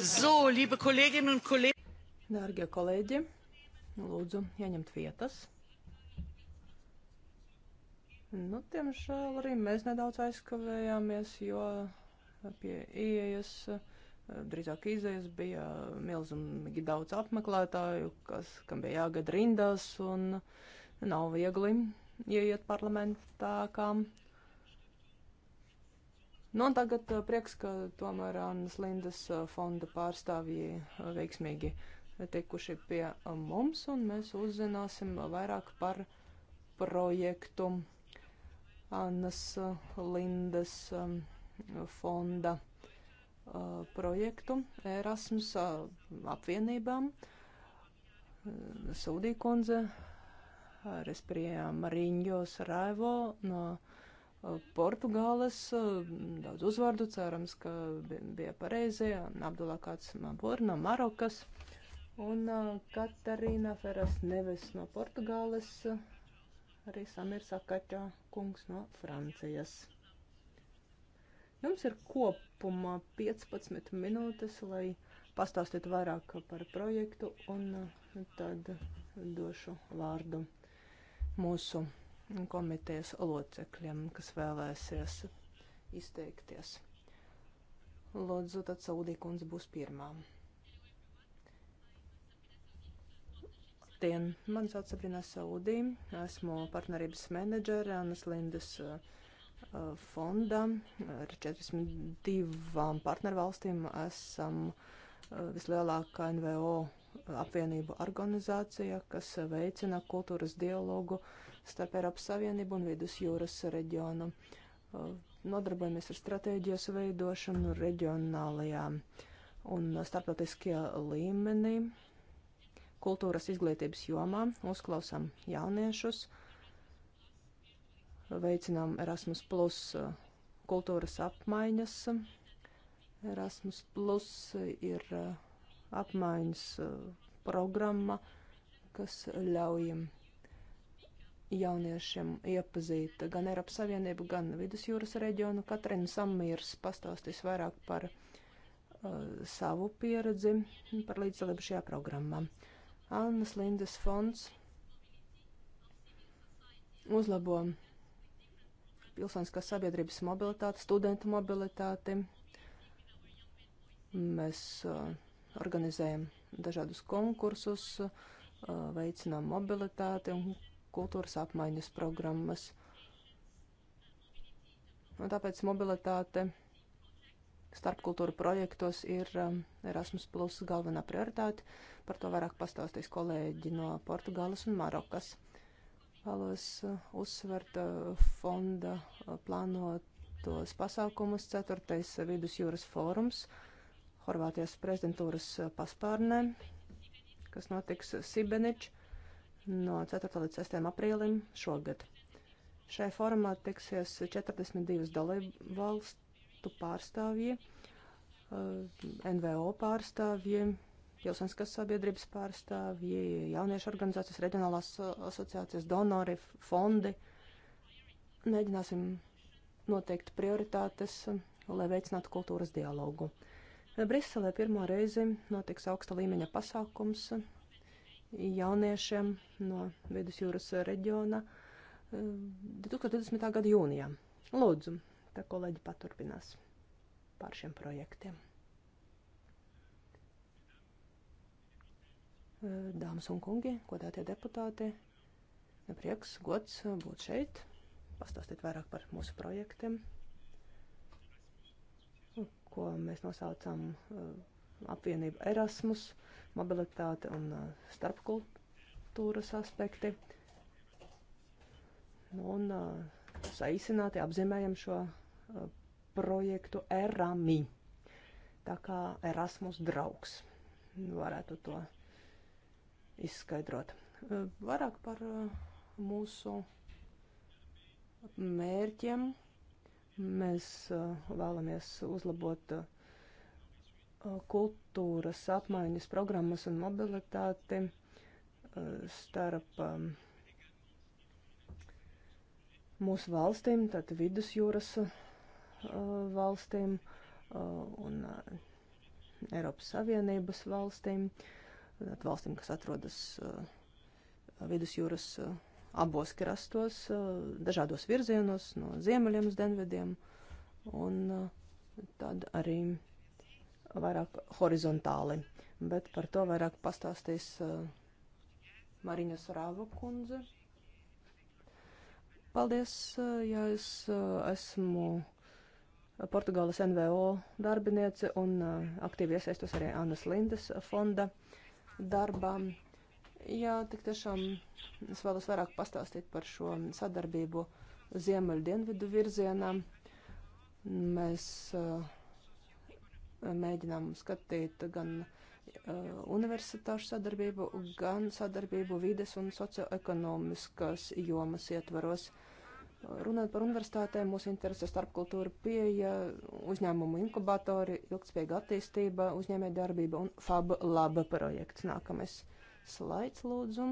So, liebe Kolleginnen un kolēģi. Dārgie kolēģi, lūdzu, ieņemt vietas. Nu, tiemžēl arī mēs nedaudz aizkavējāmies, jo pie ieejas, drīzāk izējas, bija milzīgi daudz apmeklētāju, kas, kam bija jāgaida rindās, un nav viegli ieiet parlamentā, kā Nu, un tagad eh, prieks, ka tomēr Annas Lindas eh, fonda pārstāvji eh, veiksmīgi tikuši pie mums, un mēs uzzināsim vairāk par projektu Annas Lindas fonda projektu Erasmus apvienībām. Saudī kundze, Resprijā Mariņos Raivo no. Portugāles, daudz uzvārdu, cerams, ka bija pareizie, Abdulā kāds Mabur no Marokas un Katarīna Feras Neves no Portugāles, arī Samir Sakaķa kungs no Francijas. Jums ir kopumā 15 minūtes, lai pastāstītu vairāk par projektu un tad došu vārdu mūsu komitejas locekļiem, kas vēlēsies izteikties. Lūdzu, tad Saudīkundze būs pirmā. Labdien! Mani sauc Sabrina Saudī, esmu partnerības menedžere Anas Lindas uh, fonda. Ar 42 partnervalstīm esam uh, vislielākā NVO apvienību organizācija, kas veicina kultūras dialogu uh, starp Eiropas Savienību un Vidusjūras reģionu. Uh, nodarbojamies ar stratēģijas veidošanu reģionālajā un starptautiskajā līmenī, kultūras izglītības jomā, uzklausām jauniešus, veicinām Erasmus Plus uh, kultūras apmaiņas. Erasmus Plus ir uh, apmaiņas programma, kas ļauj jauniešiem iepazīt gan Eiropas Savienību, gan Vidusjūras reģionu. Katrina Samīrs pastāstīs vairāk par uh, savu pieredzi, par līdzdalību šajā programmā. Annas Lindes fonds uzlabo pilsoniskās sabiedrības mobilitāti, studentu mobilitāti. Mēs uh, organizējam dažādus konkursus, uh, veicinām mobilitāti un kultūras apmaiņas programmas. Un tāpēc mobilitāte starpkultūra projektos ir um, Erasmus Plus galvenā prioritāte. Par to vairāk pastāstīs kolēģi no Portugāles un Marokas. Vēlos uh, uzsvert uh, fonda uh, plānotos pasākumus 4. vidusjūras fórums Horvātijas prezidentūras paspārnē, kas notiks Sibeničs no 4. līdz 6. aprīlim šogad. Šai formā tiksies 42 dalību valstu pārstāvji, eh, NVO pārstāvji, pilsoniskās sabiedrības pārstāvji, jauniešu organizācijas, reģionālās asociācijas, donori, fondi. Mēģināsim noteikt prioritātes, lai veicinātu kultūras dialogu. Briselē pirmo reizi notiks augsta līmeņa pasākums jauniešiem no Vidusjūras reģiona 2020. Eh, gada jūnijā. Lūdzu, tā kolēģi paturpinās par šiem projektiem. Eh, dāmas un kungi, godātie deputāti, prieks, gods būt šeit, pastāstīt vairāk par mūsu projektiem, ko mēs nosaucam eh, apvienību Erasmus – mobilitāte un uh, starpkultūras aspekti. Nu, un uh, saīsināti apzīmējam šo uh, projektu Erami, tā kā Erasmus draugs varētu to izskaidrot. Vairāk par mūsu mērķiem mēs vēlamies uzlabot uh, kultūras apmaiņas programmas un mobilitāti starp mūsu valstīm, tātad vidusjūras valstīm un Eiropas Savienības valstīm, tātad valstīm, kas atrodas vidusjūras abos krastos, dažādos virzienos, no ziemeļiem uz denvediem, un tad arī vairāk horizontāli, bet par to vairāk pastāstīs uh, eh, Mariņas Rāva kundze. Paldies, uh, ja es uh, esmu Portugāles NVO darbiniece un uh, aktīvi iesaistos arī Annas Lindes fonda darbā. Jā, tik tiešām es vēlos vairāk pastāstīt par šo sadarbību ziemeļu dienvidu virzienā. Mēs uh, mēģinām skatīt gan universitāšu sadarbību, gan sadarbību vides un socioekonomiskas jomas ietvaros. Runājot par universitātēm, mūs interesē starpkultūra pieeja, uzņēmumu inkubatori, ilgspējīga attīstība, uzņēmē darbība un FAB laba projekts. Nākamais slaids, lūdzu.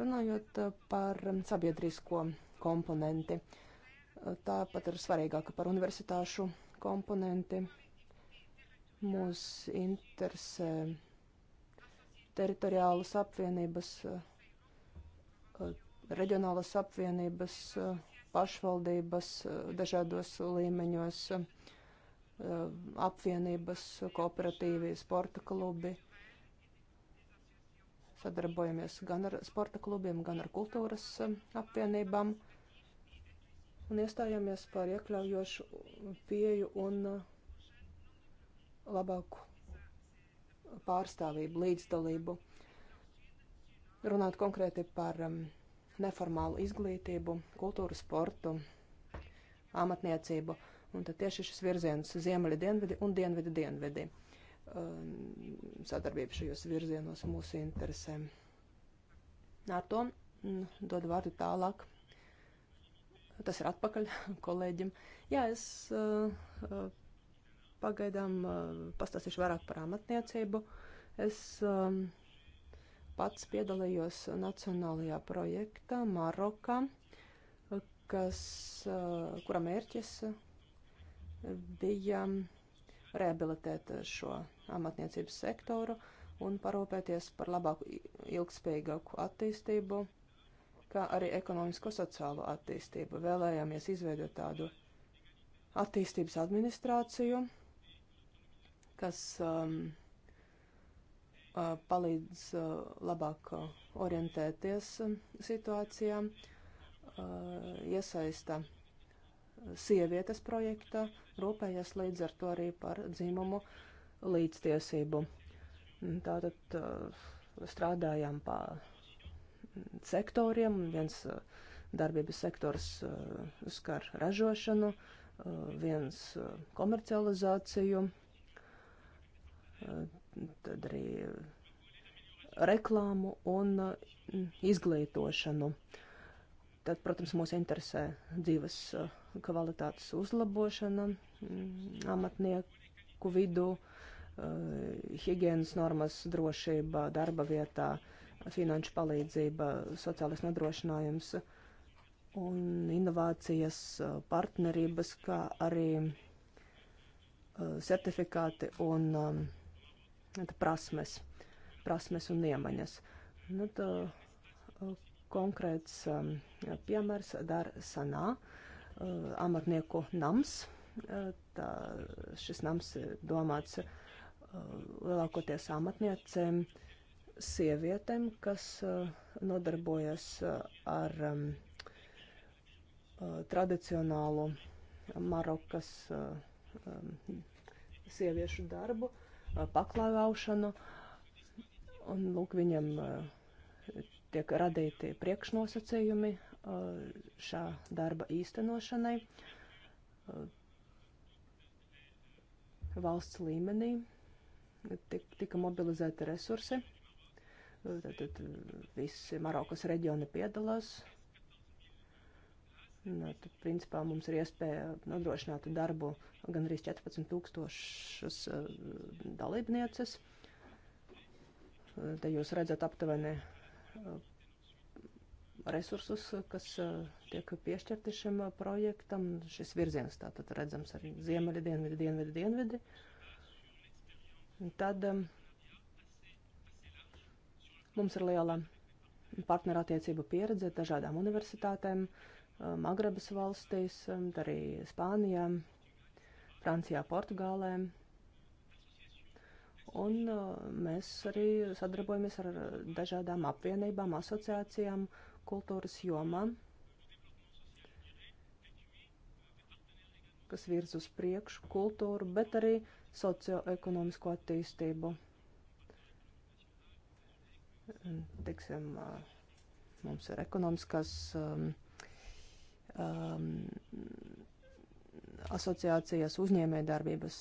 Runājot par sabiedrisko komponenti, tāpat ir svarīgāka par universitāšu komponenti. Mūs interesē teritoriālas apvienības, eh, reģionālas apvienības, eh, pašvaldības eh, dažādos līmeņos, apvienības, kooperatīvi, sporta klubi. Sadarbojamies gan ar sporta klubiem, gan ar kultūras apvienībām. Uh, un iestājāmies par iekļaujošu pieju un uh, labāku pārstāvību, līdzdalību. Runāt konkrēti par um, neformālu izglītību, kultūru, sportu, amatniecību. Un tad tieši šis virziens - ziemeļi, dienvidi un dienvidi, dienvidi. Um, sadarbība šajos virzienos mūs interesē. Ar to mm, dod vārdu tālāk Tas ir atpakaļ [LAUGHS] kolēģim. Jā, es uh, uh, pagaidām uh, pastāstīšu vairāk par amatniecību. Es um, pats piedalījos nacionālajā projektā Marokā, kas, uh, kura mērķis bija rehabilitēt šo amatniecības sektoru un parūpēties par labāku, ilgspējīgāku attīstību uh, kā arī ekonomisko sociālo attīstību. Vēlējāmies izveidot tādu attīstības administrāciju, kas um, uh, palīdz uh, labāk orientēties um, situācijā, uh, iesaista sievietes projekta, rūpējas līdz ar to arī par dzimumu līdztiesību. Tātad uh, strādājām pār sektoriem. Viens uh, darbības sektors uh, skar ražošanu, uh, viens komercializāciju, tad arī reklāmu un izglītošanu. Tad, protams, mūs interesē dzīves kvalitātes uzlabošana mm, amatnieku vidū, higienas normas, drošība darba vietā, uh, finanšu palīdzība, sociālais nodrošinājums un inovācijas uh, partnerības, kā arī uh, certifikāti un um, prasmes, prasmes un iemaņas. Nu, tā, uh, konkrēts um, piemērs dar sanā amatnieku nams. Tā, šis nams ir domāts lielākoties amatniecēm. Um, sievietēm, kas eh, nodarbojas eh, ar mm, eh, tradicionālu Marokas mm, sieviešu darbu, paklāvaušanu. Un, lūk, viņam tiek radīti priekšnosacījumi šā darba īstenošanai valsts līmenī. Tik, tika mobilizēti resursi. Tātad visi Marokas reģioni piedalās. Nu, tad, principā mums ir iespēja nodrošināt darbu gan arī 14 tūkstošas eh, dalībnieces. Te jūs redzat aptuveni eh, resursus, kas eh, tiek piešķirti šim projektam. Šis virziens tātad redzams arī ziemeļi, dienvidi, dienvidi, dienvidi. Tad Mums ir liela partnerattiecību pieredze dažādām universitātēm, eh, Magrebas valstīs, eh, arī Spānijā, Francijā, Portugālē. Un eh, mēs arī sadarbojamies ar dažādām apvienībām, asociācijām kultūras jomā, kas virz uz priekšu kultūru, bet arī socioekonomisko attīstību. Teiksim, mums ir ekonomiskās um, um, asociācijas, uzņēmējdarbības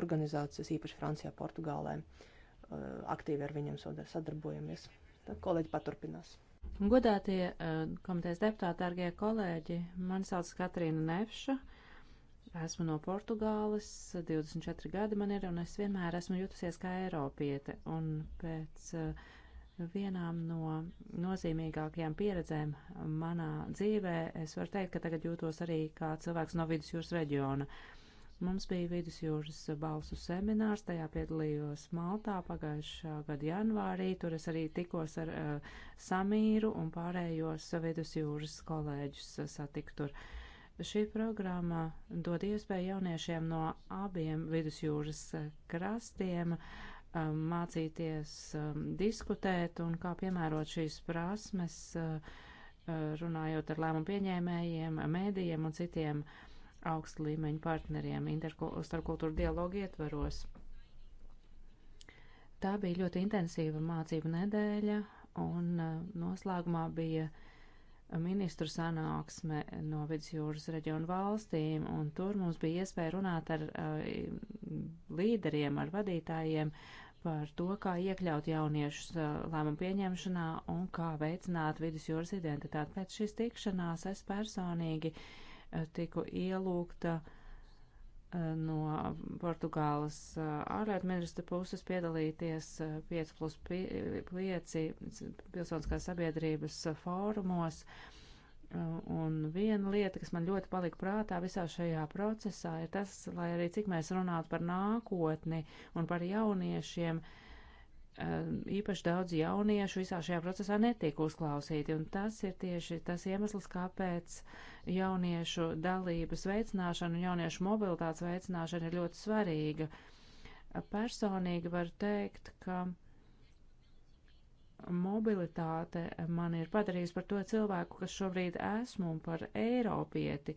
organizācijas, īpaši Francijā, Portugālē. Aktīvi ar viņiem sadarbojamies. Tad kolēģi paturpinās. Godātie komitejas deputāti, dārgie kolēģi, mani sauc Katrīna Nefša. Esmu no Portugāles, 24 gadi man ir, un es vienmēr esmu jutusies kā Eiropiete. Un pēc uh, vienām no nozīmīgākajām pieredzēm manā dzīvē. Es varu teikt, ka tagad jūtos arī kā cilvēks no vidusjūras reģiona. Mums bija vidusjūras balsu seminārs, tajā piedalījos Maltā pagājušā gada janvārī. Tur es arī tikos ar uh, Samīru un pārējos vidusjūras kolēģus uh, satikt tur. Šī programma dod iespēju jauniešiem no abiem vidusjūras krastiem uh, Um, mācīties um, diskutēt un kā piemērot šīs prasmes, uh, uh, runājot ar lēmumu pieņēmējiem, mēdījiem un citiem augstu līmeņu partneriem starpkultūru dialogu ietvaros. Tā bija ļoti intensīva mācību nedēļa, un uh, noslēgumā bija ministru sanāksme no vidusjūras reģionu valstīm, un tur mums bija iespēja runāt ar, ar līderiem, ar vadītājiem par to, kā iekļaut jauniešus uh, lēmumu pieņemšanā un kā veicināt vidus jūras identitāti. Pēc šīs tikšanās es personīgi uh, tiku ielūgta uh, no Portugāles ārlietu ministra puses piedalīties 5 plus 5 pilsoniskās sabiedrības fórumos. Uh, Un viena lieta, kas man ļoti palika prātā visā šajā procesā, ir tas, lai arī cik mēs runātu par nākotni un par jauniešiem, eh, īpaši daudz jauniešu visā šajā procesā netiek uzklausīti. Un tas ir tieši tas iemesls, kāpēc jauniešu dalības veicināšana un jauniešu mobilitātes veicināšana ir ļoti svarīga. Personīgi var teikt, ka mobilitāte man ir padarījusi par to cilvēku, kas šobrīd esmu un par Eiropieti,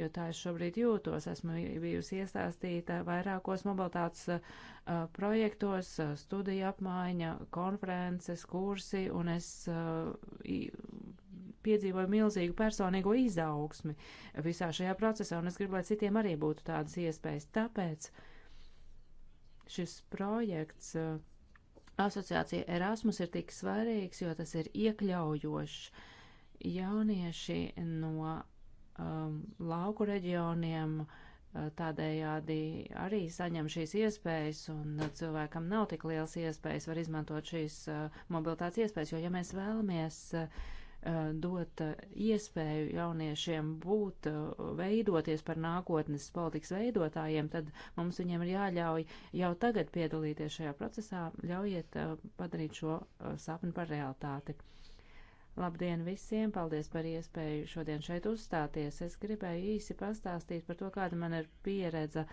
jo tā es šobrīd jūtos. Esmu bijusi iestāstīta vairākos mobilitātes uh, projektos, uh, studiju apmaiņa, konferences, kursi, un es uh, piedzīvoju milzīgu personīgo izaugsmi visā šajā procesā, un es gribu, lai citiem arī būtu tādas iespējas. Tāpēc šis projekts. Uh, asociācija Erasmus ir tik svarīgs, jo tas ir iekļaujošs. Jaunieši no um, lauku reģioniem uh, tādējādi arī saņem šīs iespējas, un uh, cilvēkam nav tik liels iespējas var izmantot šīs uh, mobilitātes iespējas, jo ja mēs vēlamies uh, Uh, dot uh, iespēju jauniešiem būt, uh, veidoties par nākotnes politikas veidotājiem, tad mums viņiem ir jāļauj jau tagad piedalīties šajā procesā, ļaujiet padarīt šo sapni par realitāti. Labdien visiem! Paldies par iespēju šodien šeit uzstāties. Es gribēju īsi pastāstīt par to, kāda man ir pieredze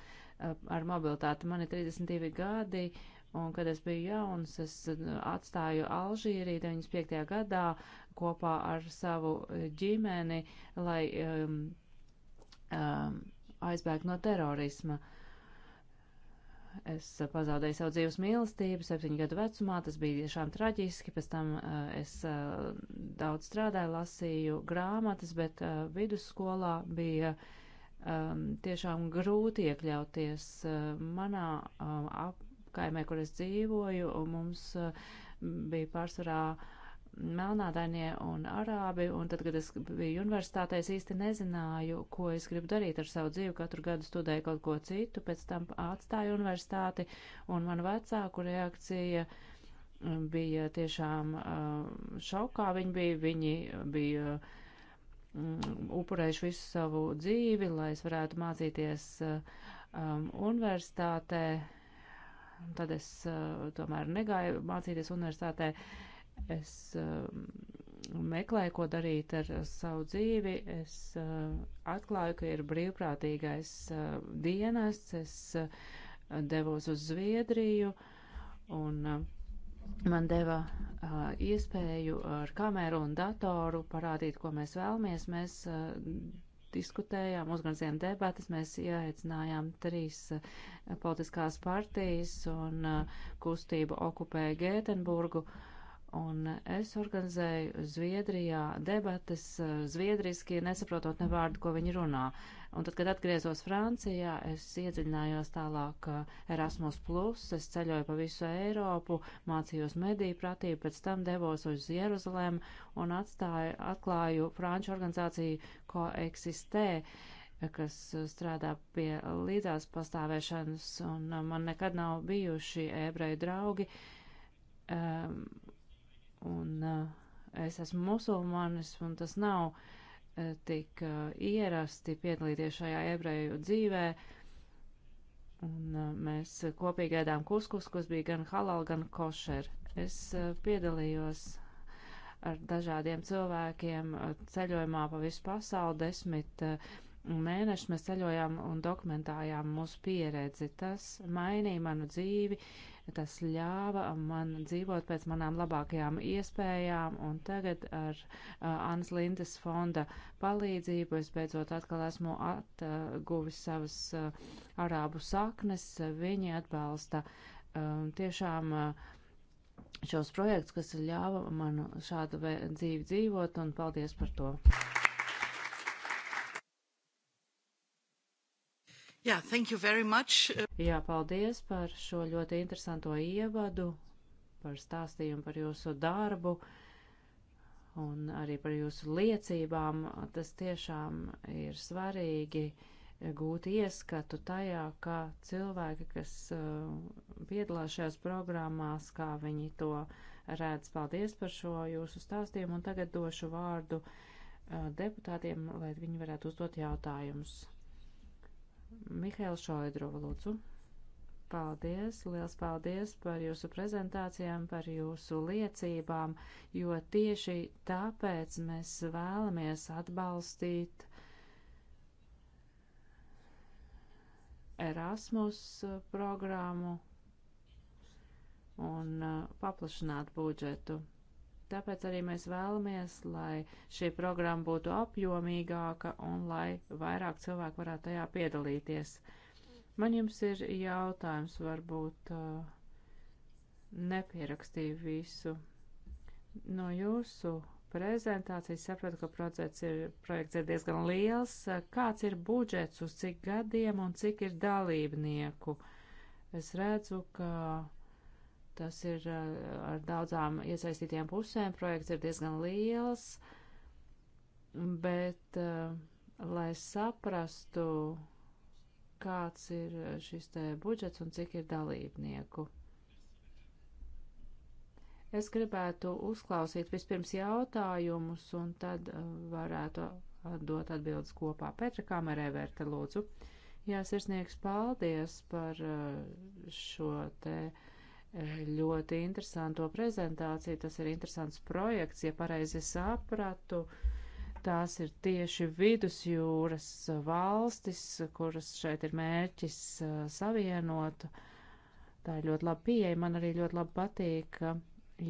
ar mobilitāti. Man ir 32 gadi. Uh, Un, kad es biju jauns, es eh, atstāju Alžīriju 95. gadā kopā ar savu eh, ģimeni, lai um, um, aizbēgtu no terorisma. Es eh, pazaudēju savu dzīves mīlestību, septiņu gadu vecumā, tas bija tiešām traģiski, pēc tam uh, es uh, daudz strādāju, lasīju grāmatas, bet uh, vidusskolā bija um, tiešām grūti iekļauties uh, manā uh, ap, kaimē, kur es dzīvoju, un mums eh, bija pārsvarā melnādainie un arābi, un tad, kad es biju universitātē, es īsti nezināju, ko es gribu darīt ar savu dzīvi. Katru gadu studēju kaut ko citu, pēc tam atstāju universitāti, un man vecāku reakcija eh, bija tiešām eh, šaukā. Viņi bija, viņi bija mm, upurējuši visu savu dzīvi, lai es varētu mācīties um, universitātē Un tad es uh, tomēr negāju mācīties universitātē. Es uh, meklēju, ko darīt ar savu dzīvi. Es uh, atklāju, ka ir brīvprātīgais uh, dienests. Es uh, devos uz Zviedriju un uh, man deva uh, iespēju ar kameru un datoru parādīt, ko mēs vēlamies. Mēs uh, diskutējām, uzgradzījām debatas, mēs ieaicinājām trīs eh, politiskās partijas un eh, kustību okupēja Gētenburgu. Un es organizēju Zviedrijā debatas eh, zviedriski, nesaprotot ne vārdu, ko viņi runā. Un tad, kad atgriezos Francijā, es iedziļinājos tālāk uh, Erasmus, plus, es ceļoju pa visu Eiropu, mācījos mediju pratību, pēc tam devos uz Jeruzalem un atstāju, atklāju franču organizāciju koeksistē kas uh, strādā pie līdzās pastāvēšanas, un uh, man nekad nav bijuši ebreju draugi, um, un uh, es esmu musulmanis, un tas nav uh, Eh, tik ierasti piedalīties šajā ebreju dzīvē. Un eh, mēs kopīgi ēdām kuskus, kas bija gan halal, gan košer. Es eh, piedalījos ar dažādiem cilvēkiem ceļojumā pa visu pasauli desmit mēnešus mēs ceļojām un dokumentējām mūsu pieredzi. Tas mainīja manu dzīvi, kas ļāva man dzīvot pēc manām labākajām iespējām, un tagad ar uh, Annas Lindes fonda palīdzību es beidzot atkal esmu atguvis uh, savas uh, arābu saknes. Viņi atbalsta um, tiešām uh, šos projektus, kas ļāva man šādu dzīvi dzīvot, un paldies par to! Jā, yeah, Jā, paldies par šo ļoti interesanto ievadu, par stāstījumu par jūsu darbu un arī par jūsu liecībām. Tas tiešām ir svarīgi gūt ieskatu tajā, kā cilvēki, kas uh, piedalās šajās programmās, kā viņi to redz. Paldies par šo jūsu stāstījumu un tagad došu vārdu uh, deputātiem, lai viņi varētu uzdot jautājumus. Mihails Šoidrova, lūdzu. Paldies, liels paldies par jūsu prezentācijām, par jūsu liecībām, jo tieši tāpēc mēs vēlamies atbalstīt Erasmus uh, programmu un uh, paplašināt budžetu. Tāpēc arī mēs vēlamies, lai šī programma būtu apjomīgāka un lai vairāk cilvēku varētu tajā piedalīties. Man jums ir jautājums, varbūt uh, nepierakstīju visu. No jūsu prezentācijas sapratu, ka projekts ir, projekts ir diezgan liels. Kāds ir budžets, uz cik gadiem un cik ir dalībnieku? Es redzu, ka Tas ir eh, ar daudzām iesaistītajām pusēm. Projekts ir diezgan liels, bet, eh, lai saprastu, kāds ir eh, šis te budžets un cik ir dalībnieku. Es gribētu uzklausīt vispirms jautājumus, un tad varētu dot atbildes kopā. Petra Kamerē vērta lūdzu. Jā, sirsnieks, paldies par šo te uh, ļoti interesanto prezentāciju. Tas ir interesants projekts, ja pareizi sapratu. Tās ir tieši vidusjūras valstis, kuras šeit ir mērķis savienot. Tā ir ļoti laba pieeja. Man arī ļoti labi patīk, ka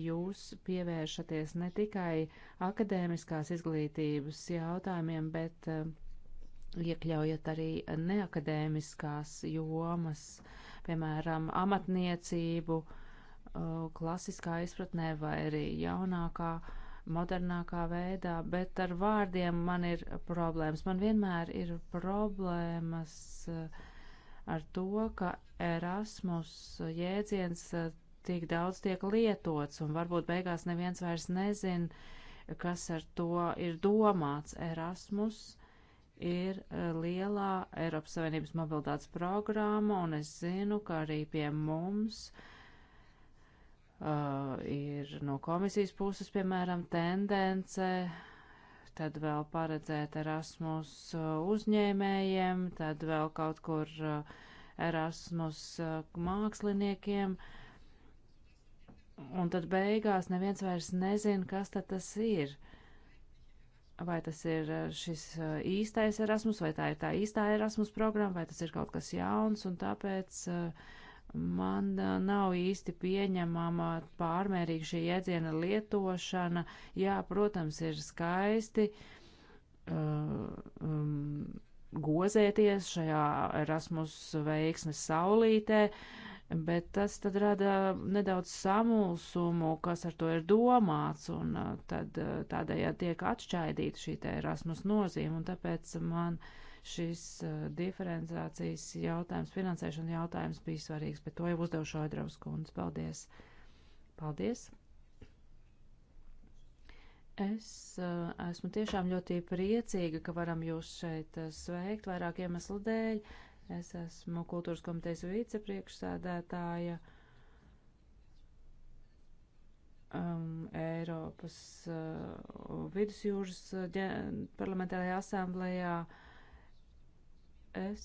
jūs pievēršaties ne tikai akadēmiskās izglītības jautājumiem, bet iekļaujat arī neakadēmiskās jomas. Uh, piemēram, amatniecību uh, klasiskā izpratnē vai arī jaunākā, modernākā veidā, bet ar vārdiem man ir problēmas. Man vienmēr ir problēmas uh, ar to, ka Erasmus jēdziens uh, tik daudz tiek lietots, un varbūt beigās neviens vairs nezin, kas ar to ir domāts Erasmus ir e, lielā Eiropas Savienības mobilitātes programma, un es zinu, ka arī pie mums uh, ir no komisijas puses, piemēram, tendence tad vēl paredzēt Erasmus e, uzņēmējiem, tad vēl kaut kur Erasmus māksliniekiem. Un tad beigās neviens vairs nezin, kas tad tas ir. Uh, vai tas ir eh, šis eh, īstais Erasmus, vai tā ir tā īstā Erasmus programma, vai tas ir kaut kas jauns, un tāpēc eh, man nav īsti pieņemama pārmērīga šī jēdziena lietošana. Jā, protams, ir skaisti uh, um, gozēties šajā Erasmus veiksmes saulītē, uh, bet tas tad rada nedaudz samulsumu, kas ar to ir domāts, un uh, tad uh, tādējādi tiek atšķaidīta šī te Erasmus nozīme, un tāpēc man šis uh, diferenciācijas jautājums, finansēšana jautājums bija svarīgs, bet to jau uzdevu Šoidravas kundze. Paldies! Paldies! Es uh, esmu tiešām ļoti priecīga, ka varam jūs šeit sveikt vairāk iemeslu dēļ. Uh, Es esmu kultūras komitejas vicepriekšsēdētāja um, Eiropas uh, vidusjūras uh, ģen, parlamentārajā asamblējā. Es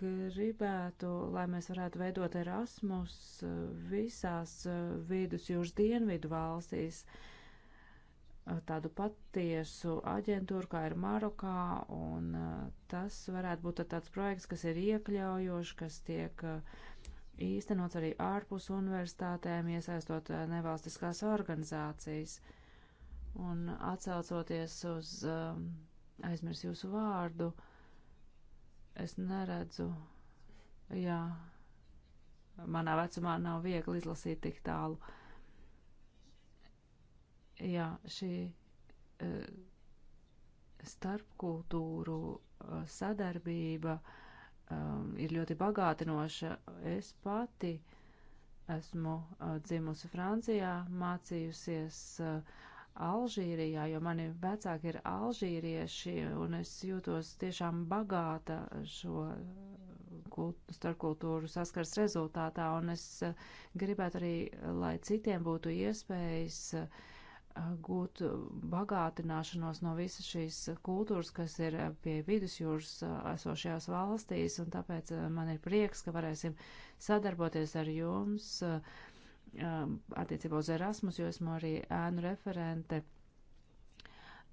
gribētu, lai mēs varētu veidot Erasmus uh, visās uh, vidusjūras dienvidu valstīs. Uh, tādu patiesu aģentūru, kā ir Marokā, un tas varētu būt tāds projekts, kas ir iekļaujošs, kas tiek īstenots arī ārpus universitātēm, iesaistot nevalstiskās organizācijas. Un atsaucoties uz aizmirs jūsu vārdu, es neredzu, jā, manā vecumā nav viegli izlasīt tik tālu. Uh, jā, šī uh, starpkultūru uh, sadarbība um, ir ļoti bagātinoša. Es pati esmu uh, dzimusi Francijā, mācījusies uh, Alžīrijā, jo mani vecāki ir alžīrieši, un es jūtos tiešām bagāta šo kult, starpkultūru saskars rezultātā, un es gribētu arī, lai citiem būtu iespējas uh, gūt bagātināšanos no visas šīs kultūras, kas ir pie vidusjūras esošajās valstīs, un tāpēc man ir prieks, ka varēsim sadarboties ar jums attiecībā uz Erasmus, jo esmu arī ēnu referente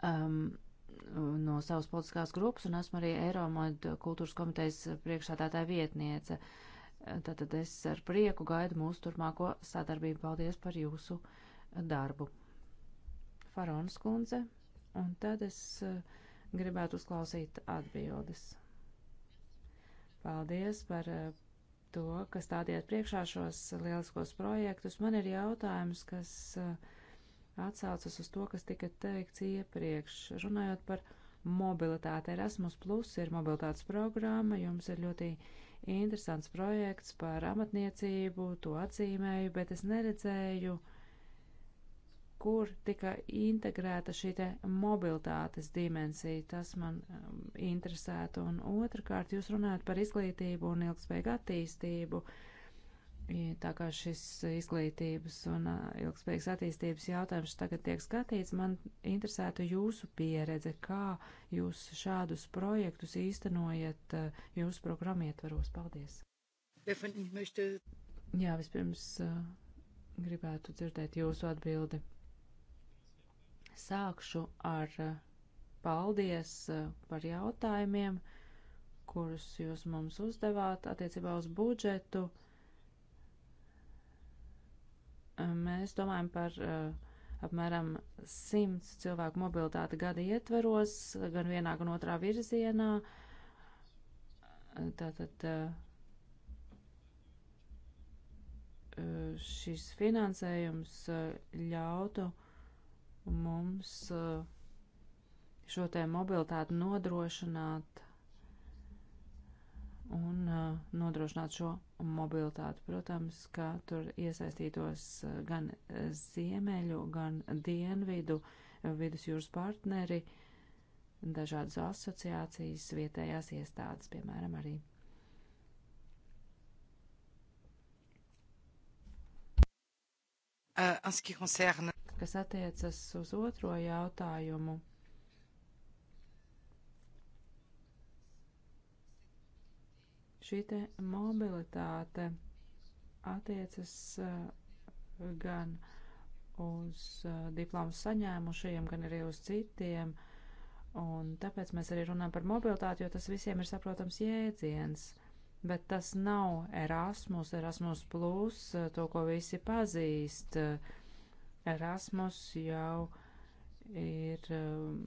um, no savas politiskās grupas, un esmu arī Eiromod kultūras komitejas priekšādātāja vietniece. Tātad es ar prieku gaidu mūsu turpmāko sadarbību. Paldies par jūsu darbu! Farons kundze, un tad es eh, gribētu uzklausīt atbildes. Paldies par eh, to, ka stādījāt priekšā šos lieliskos projektus. Man ir jautājums, kas eh, atsaucas uz to, kas tika teikts iepriekš, runājot par mobilitāti. Erasmus Plus ir mobilitātes programma, jums ir ļoti interesants projekts par amatniecību, to atzīmēju, bet es neredzēju uh, kur tika integrēta šī te mobilitātes dimensija. Tas man um, interesētu. Un otrkārt, jūs runājat par izglītību un ilgspējīgu attīstību. Tā kā šis izglītības un uh, ilgspējīgas attīstības jautājums tagad tiek skatīts, man interesētu jūsu pieredze, kā jūs šādus projektus īstenojat uh, jūsu programmu ietvaros. Paldies! Jā, vispirms uh, gribētu dzirdēt jūsu atbildi. Sākšu ar eh, paldies eh, par jautājumiem, kurus jūs mums uzdevāt attiecībā uz budžetu. Eh, mēs domājam par apmēram 100 cilvēku mobilitāti gada ietveros, gan vienā, gan otrā virzienā. Tātad šis finansējums ļautu mums eh, šo te mobilitāti nodrošināt un eh, nodrošināt šo mobilitāti. Protams, ka tur iesaistītos eh, gan ziemeļu, gan dienvidu vidusjūras partneri, dažādas asociācijas, vietējās iestādes, piemēram, arī. Euh, en ce qui concerne kas attiecas uz otro jautājumu. Šī te mobilitāte attiecas uh, gan uz uh, diplomu saņēmušajiem, gan arī uz citiem, un tāpēc mēs arī runājam par mobilitāti, jo tas visiem ir saprotams jēdziens bet tas nav Erasmus, Erasmus, plus, uh, to, ko visi pazīst. Erasmus jau ir um,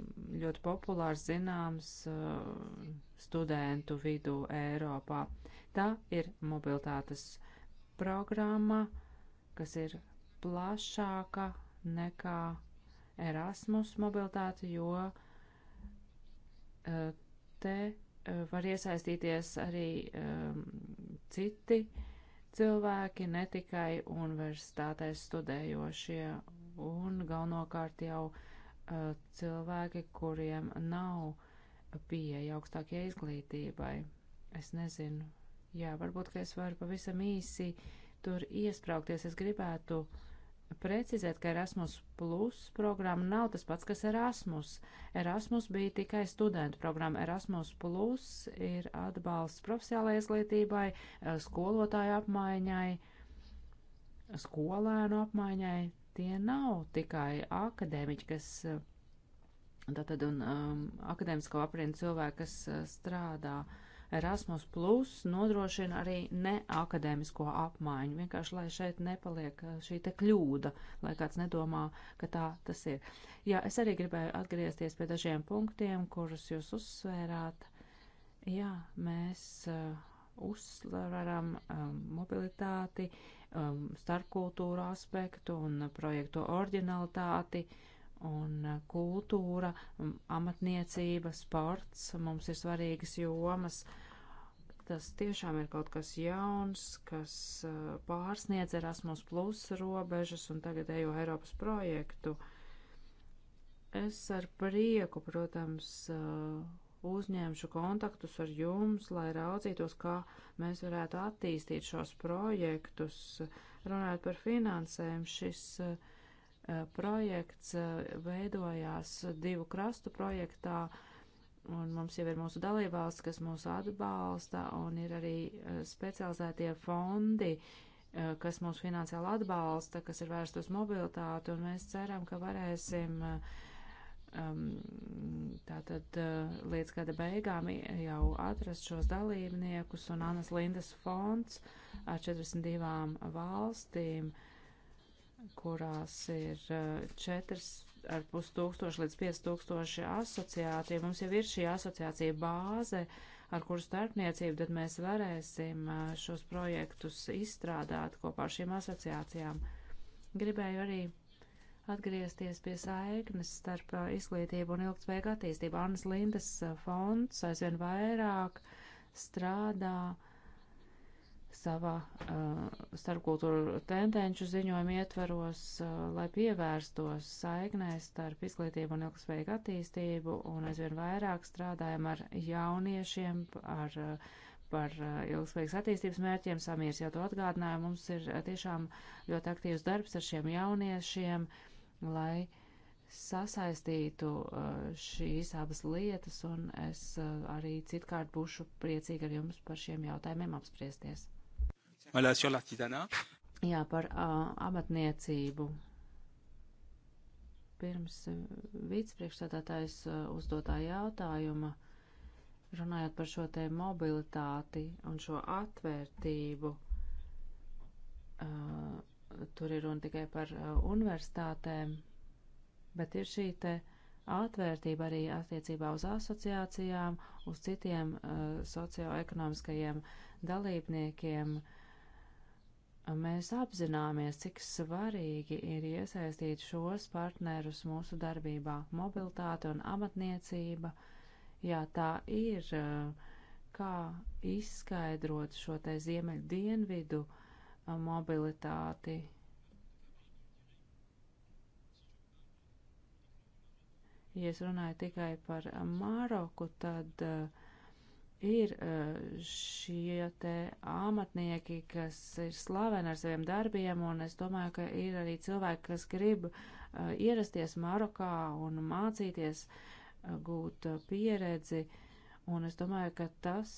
ļoti populārs zināms uh, studentu vidū Eiropā. Tā ir mobilitātes programma, kas ir plašāka nekā Erasmus mobilitāte, jo uh, te uh, var iesaistīties arī um, citi cilvēki, ne tikai universitātēs studējošie un galvenokārt jau uh, cilvēki, kuriem nav pieeja augstākajai izglītībai. Es nezinu, jā, varbūt, ka es varu pavisam īsi tur iesprāgties. Es gribētu uh, precizēt, ka Erasmus Plus programma nav tas pats, kas Erasmus. Erasmus bija tikai studentu programma. Erasmus Plus ir atbalsts profesionālajai izglītībai, eh, skolotāju apmaiņai, skolēnu apmaiņai. Tie nav tikai akadēmiķi, kas eh, tātad un um, akadēmisko aprindu cilvēki, kas eh, strādā uh, Erasmus Plus nodrošina arī neakadēmisko apmaiņu, vienkārši lai šeit nepaliek uh, šī te kļūda, lai kāds nedomā, ka tā tas ir. Jā, es arī gribēju atgriezties pie dažiem punktiem, kurus jūs uzsvērāt. Jā, mēs uh, uzsveram um, mobilitāti, um, starpkultūru aspektu un projektu originalitāti un uh, kultūra, um, amatniecība, sports mums ir svarīgas jomas, Tas tiešām ir kaut kas jauns, kas pārsniedz Erasmus plus robežas un tagad ejo Eiropas projektu. Es ar prieku, protams, uzņemšu kontaktus ar jums, lai raudzītos, kā mēs varētu attīstīt šos projektus. Runājot par finansēm, šis projekts veidojās divu krastu projektā Un mums jau ir mūsu dalībvalsts, kas mūs atbalsta, un ir arī eh, specializētie fondi, eh, kas mūs finansiāli atbalsta, kas ir vērst uz mobilitāti, un mēs ceram, ka varēsim eh, um, tātad līdz gada beigām jau atrast šos dalībniekus, un Anas Lindas fonds ar 42 valstīm, kurās ir četras ar pus tūkstoši līdz 5 tūkstoši asociāciju. Mums jau ir šī asociācija bāze, ar kuru starpniecību tad mēs varēsim šos projektus izstrādāt kopā ar šīm asociācijām. Gribēju arī atgriezties pie saiknes starp izglītību un ilgtspējīgu attīstību. Annas Lindas fonds aizvien vairāk strādā uh, savā uh, eh, starpkultūru tendenču ziņojuma ietvaros, uh, lai pievērstos saiknēs starp izglītību un ilgspējīgu attīstību, un aizvien vairāk strādājam ar jauniešiem, ar, eh, par ilgspējīgas attīstības mērķiem. Samīrs jau to atgādināja, mums ir tiešām ļoti aktīvs darbs ar šiem jauniešiem, lai sasaistītu šīs abas lietas, un es arī citkārt būšu priecīga ar jums par šiem jautājumiem apspriesties. Voilà, sur l'artisanat. Jā, par uh, amatniecību. Pirms vicepriekšstādātājs uzdotā jautājuma, runājot par šo te mobilitāti un šo atvērtību, uh, tur ir runa tikai par uh, universitātēm, bet ir šī te atvērtība arī attiecībā uz asociācijām, uz citiem uh, socioekonomiskajiem dalībniekiem. Uh, mēs apzināmies, cik svarīgi ir iesaistīt šos partnerus mūsu darbībā. Mobiltāte un amatniecība, jā, tā ir, kā izskaidrot šo te ziemeļu dienvidu mobilitāti. Ja es runāju tikai par Maroku, tad uh, ir e, šie te amatnieki, kas ir slaveni ar saviem darbiem, un es domāju, ka ir arī cilvēki, kas grib e, ierasties Marokā un mācīties, e, gūt pieredzi, un es domāju, ka tas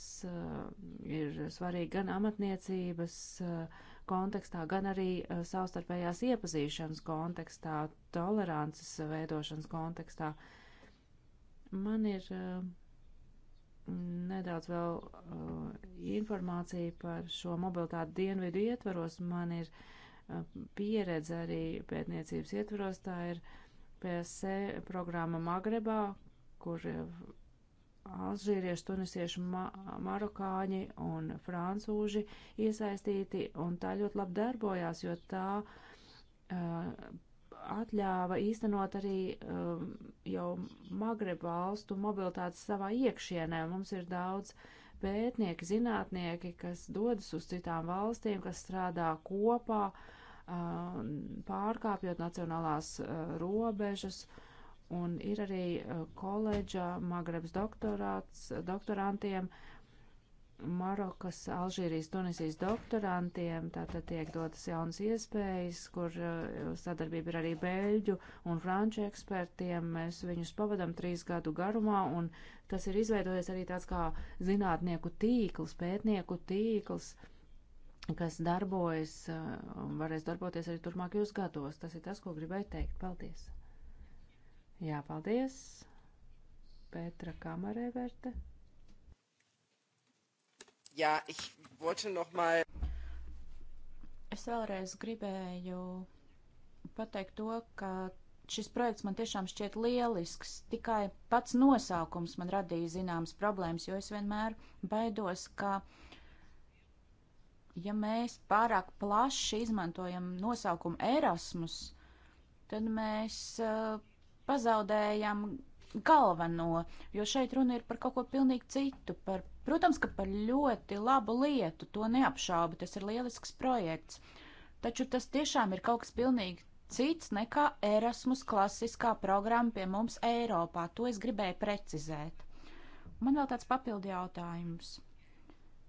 ir svarīgi gan amatniecības kontekstā, gan arī savstarpējās iepazīšanas kontekstā, tolerances veidošanas kontekstā. Man ir uh, nedaudz vēl uh, informācija par šo mobilitāti dienvidu ietvaros. Man ir uh, pieredze arī pētniecības ietvaros. Tā ir PSC e programma Magrebā, kur uh, alžīrieši, tunisieši, ma marokāņi un francūži iesaistīti, un tā ļoti labi darbojās, jo tā uh, atļāva īstenot arī um, jau Magreba valstu mobilitātes savā iekšienē. Mums ir daudz pētnieki, zinātnieki, kas dodas uz citām valstīm, kas strādā kopā, um, pārkāpjot nacionālās uh, robežas. Un ir arī uh, koledža Magrebs doktorāts, doktorantiem, uh, Marokas, Alžīrijas, Tunisijas doktorantiem, tātad tiek dotas jaunas iespējas, kur uh, sadarbība ir arī bēļģu un franču ekspertiem. Mēs viņus pavadām trīs gadu garumā, un tas ir izveidojies arī tāds kā zinātnieku tīkls, pētnieku tīkls, kas darbojas uh, un varēs darboties arī turpmākajos gados. Tas ir tas, ko gribēju teikt. Paldies! Jā, paldies! Petra Kamarēverte. Jā, ich wollte noch mal. Es vēlreiz gribēju pateikt to, ka šis projekts man tiešām šķiet lielisks, tikai pats nosaukums man radīja zināmas problēmas, jo es vienmēr baidos, ka ja mēs pārāk plaši izmantojam nosaukumu Erasmus, tad mēs uh, pazaudējam galveno, jo šeit runa ir par kaut ko pilnīgi citu, par Protams, ka par ļoti labu lietu to neapšaubu, tas ir lielisks projekts, taču tas tiešām ir kaut kas pilnīgi cits nekā Erasmus klasiskā programma pie mums Eiropā. To es gribēju precizēt. Man vēl tāds papildi jautājums.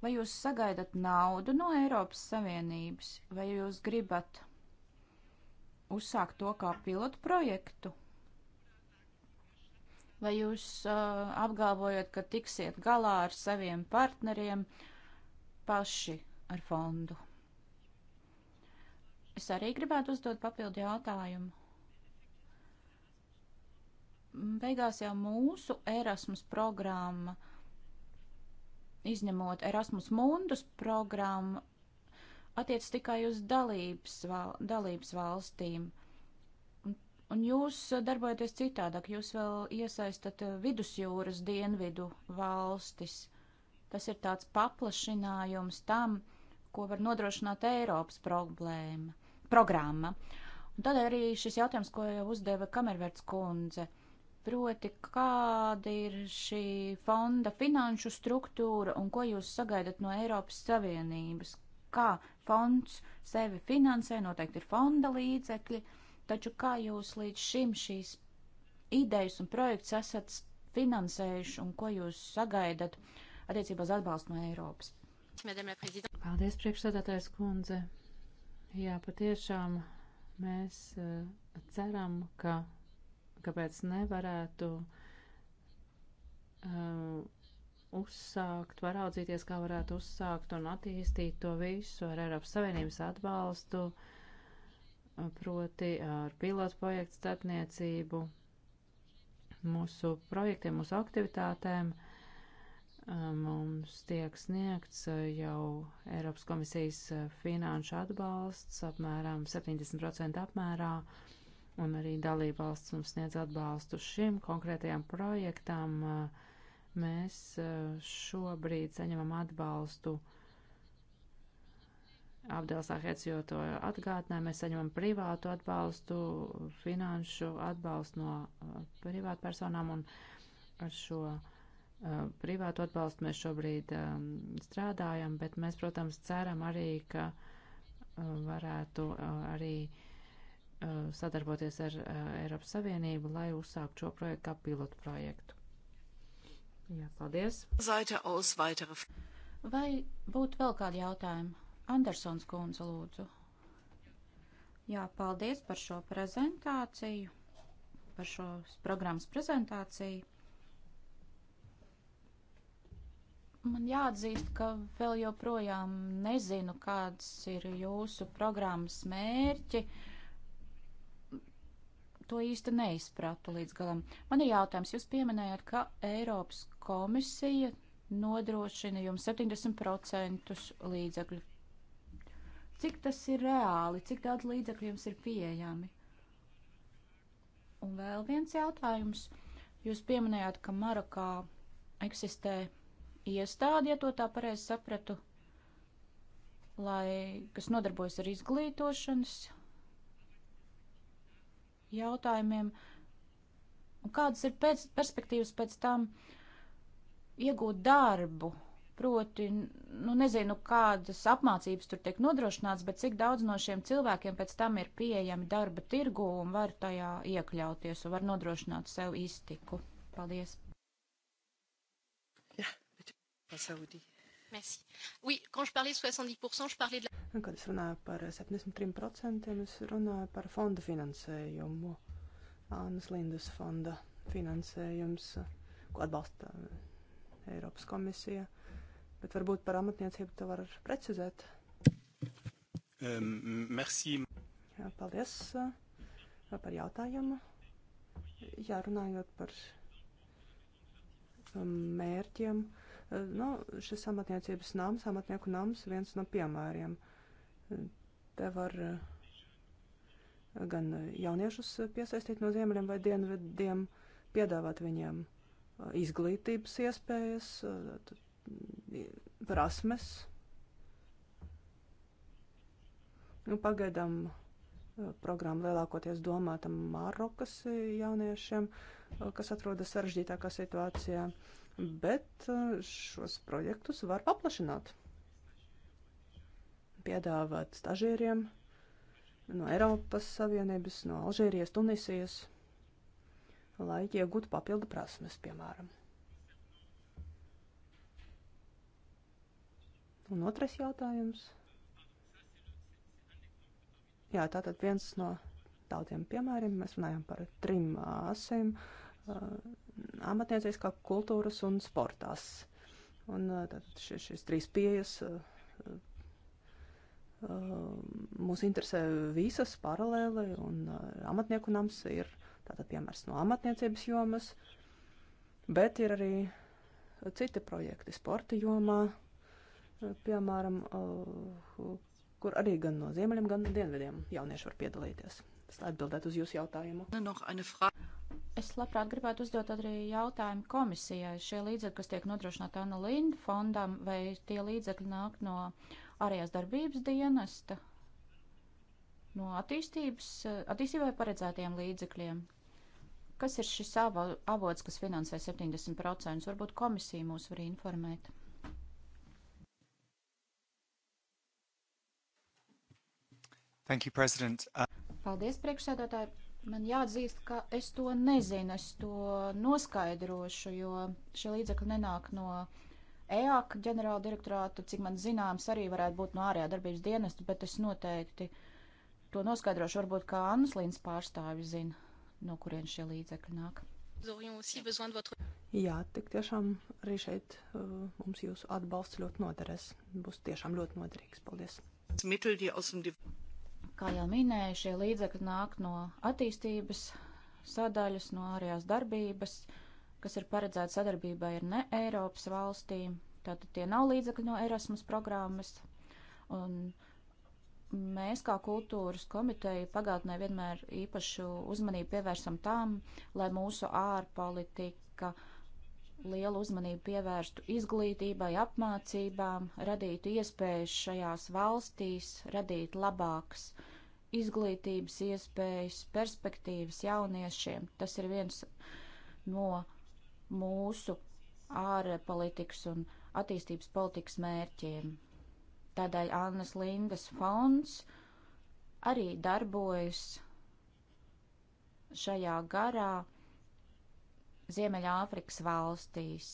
Vai jūs sagaidat naudu no Eiropas Savienības, vai jūs gribat uzsākt to kā pilotu projektu? vai jūs uh, apgalvojat, ka tiksiet galā ar saviem partneriem paši ar fondu? Es arī gribētu uzdot papildu jautājumu. Beigās jau mūsu Erasmus programma, izņemot Erasmus Mundus programmu, attiec tikai uz dalības, val, dalības valstīm. Un jūs eh, darbojaties citādāk, jūs vēl iesaistat eh, vidusjūras dienvidu valstis. Tas ir tāds paplašinājums tam, ko var nodrošināt Eiropas problēma, programma. Un tad arī šis jautājums, ko jau uzdeva Kamerverts kundze. Proti, kāda ir šī fonda finanšu struktūra un ko jūs sagaidat no Eiropas Savienības? Kā fonds sevi finansē, noteikti ir fonda līdzekļi. Uh, Taču kā jūs līdz šim šīs idejas un projekts esat finansējuši un ko jūs sagaidat attiecībā uz atbalstu no Eiropas? Paldies, priekšsēdētājs kundze. Jā, patiešām mēs eh, ceram, ka kāpēc nevarētu uh, uzsākt, paraudzīties, kā varētu uzsākt un attīstīt to visu ar Eiropas Savienības atbalstu. Uh, proti ar pilotu projektu starpniecību, mūsu projektiem, mūsu aktivitātēm. Mums tiek sniegts jau Eiropas komisijas finanšu atbalsts apmēram 70% apmērā, un arī dalībvalsts mums sniedz atbalstu šim konkrētajam projektam. Mēs šobrīd saņemam atbalstu uh, Abdēls Ahets jau to atgādināja, mēs saņemam privātu atbalstu, finanšu atbalstu no uh, privātpersonām un ar šo uh, privātu atbalstu mēs šobrīd um, strādājam, bet mēs, protams, ceram arī, ka uh, varētu arī sadarboties ar Eiropas Savienību, lai uzsākt šo projektu kā pilotu projektu. Jā, paldies. Vai būtu vēl kādi jautājumi? Andersons kundze, lūdzu. Jā, paldies par šo prezentāciju, par šo programmas prezentāciju. Man jāatzīst, ka vēl joprojām nezinu, kāds ir jūsu programmas mērķi. To īsti neizpratu līdz galam. Man ir jautājums, jūs pieminējat, ka Eiropas komisija nodrošina jums 70% līdzekļu Cik tas ir reāli, cik daudz līdzekļu jums ir pieejami? Un vēl viens jautājums. Jūs pieminējāt, ka Marokā eksistē iestādi, ja to tā pareizi sapratu, lai, kas nodarbojas ar izglītošanas jautājumiem. Un kādas ir pēc, perspektīvas pēc tam iegūt darbu? Proti, nu nezinu, kādas apmācības tur tiek nodrošināts, bet cik daudz no šiem cilvēkiem pēc tam ir pieejami darba tirgu un var tajā iekļauties un var nodrošināt sev iztiku. Paldies! Jā, bet pasaudī. Merci. Oui, quand je parlais de 70%, je parlais de la... Kad es runāju par 73%, es runāju par fonda finansējumu. Ānas Lindas fonda finansējums, ko atbalsta Eiropas komisija. Uh, Bet varbūt par amatniecību tu vari precizēt. Um, merci. Jā, paldies eh, par jautājumu. Jā, runājot par um, mērķiem. Eh, nu, šis amatniecības nams, amatnieku nams, viens no piemēriem. Te var eh, gan jauniešus piesaistīt no ziemeļiem vai dienvidiem, piedāvāt viņiem izglītības iespējas, prasmes. Nu, pagaidām eh, programma lielākoties domāta Marokas eh, jauniešiem, eh, kas atrodas sarežģītākā situācijā, bet šos projektus var paplašināt. Piedāvāt stažieriem no Eiropas Savienības, no Alžērijas, Tunisijas, lai iegūtu papildu prasmes, piemēram. Un otrs jautājums. Jā, tātad viens no daudziem piemēriem mēs runājam par trim asēm uh, - amatnieciskā, kultūras un sportās. Un uh, tad šis, šis trīs pieejas uh, mūs interesē visas paralēli, un amatnieku nams ir tātad piemērs no amatniecības jomas, bet ir arī citi projekti sporta jomā piemēram, uh, kur arī gan no ziemeļiem, gan no dienvidiem jaunieši var piedalīties. Tas atbildētu uz jūsu jautājumu. Nu, es labprāt gribētu uzdot arī jautājumu komisijai. Šie līdzekļi, kas tiek nodrošināti Anna Linda fondam, vai tie līdzekļi nāk no ārējās darbības dienesta, no attīstības, attīstībai paredzētiem līdzekļiem? Kas ir šis avots, kas finansē 70%? Varbūt komisija mūs var informēt. Thank you, President. Uh... Paldies, priekšsēdētāji. Man jāatzīst, ka es to nezinu, es to noskaidrošu, jo šie līdzekļi nenāk no EAK ģenerāla direktorāta, cik man zināms, arī varētu būt no ārējā darbības dienesta, bet es noteikti to noskaidrošu, varbūt kā Annas Līnas pārstāvis zina, no kurien šie līdzekļi nāk. Jā, tik tiešām arī šeit uh, mums jūsu atbalsts ļoti noderēs. Būs tiešām ļoti noderīgs. Paldies! Kā jau minēju, šie līdzekļi nāk no attīstības sadaļas, no ārējās darbības, kas ir paredzēta sadarbībai ar ne Eiropas valstīm. Tātad tie nav līdzekļi no Erasmus programmas. Un mēs kā kultūras komiteja pagātnē vienmēr īpašu uzmanību pievērsam tam, lai mūsu ārpolitika uh, lielu uzmanību pievērstu izglītībai, apmācībām, radītu iespējas šajās valstīs, radīt labākas izglītības iespējas, perspektīvas jauniešiem. Tas ir viens no mūsu ārpolitikas un attīstības politikas mērķiem. Tādēļ Annas Lindas fonds arī darbojas šajā garā Ziemeļāfrikas valstīs,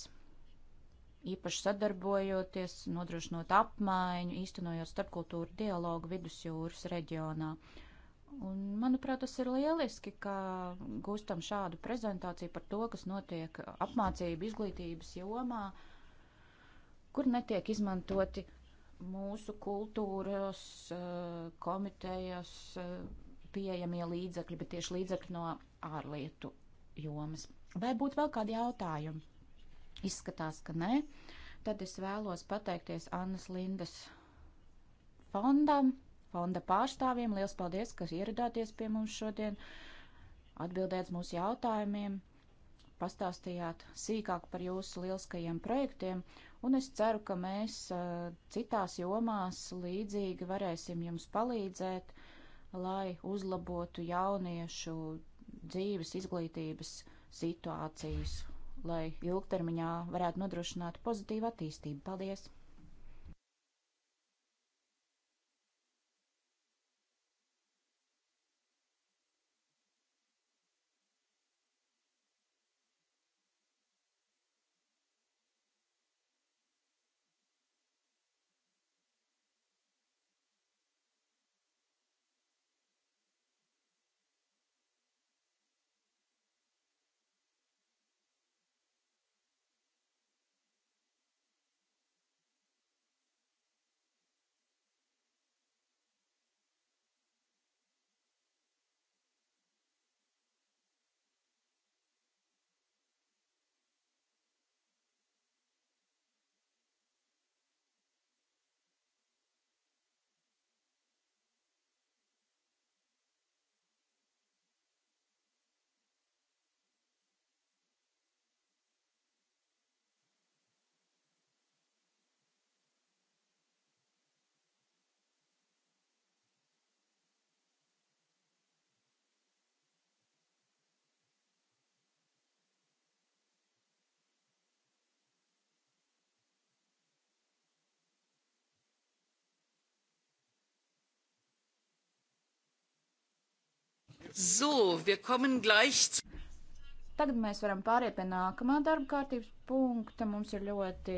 īpaši sadarbojoties, nodrošinot apmaiņu, īstenojot starpkultūru dialogu vidusjūras reģionā. Un, manuprāt, tas ir lieliski, ka gūstam šādu prezentāciju par to, kas notiek apmācību izglītības jomā, kur netiek izmantoti mūsu kultūras eh, komitejas eh, pieejamie līdzekļi, bet tieši līdzekļi no ārlietu jomas. Vai būtu vēl kādi jautājumi? Izskatās, ka nē. Tad es vēlos pateikties Annas Lindas fondam, fonda pārstāvjiem. Liels paldies, ka ieradāties pie mums šodien, atbildēt mūsu jautājumiem, pastāstījāt sīkāk par jūsu lieliskajiem projektiem, un es ceru, ka mēs eh, citās jomās līdzīgi varēsim jums palīdzēt, lai uzlabotu jauniešu dzīves izglītības situācijas, lai ilgtermiņā varētu nodrošināt pozitīvu attīstību. Paldies! So, wir kommen gleich zu. Tagad mēs varam pāriet pie nākamā darba kārtības punkta. Mums ir ļoti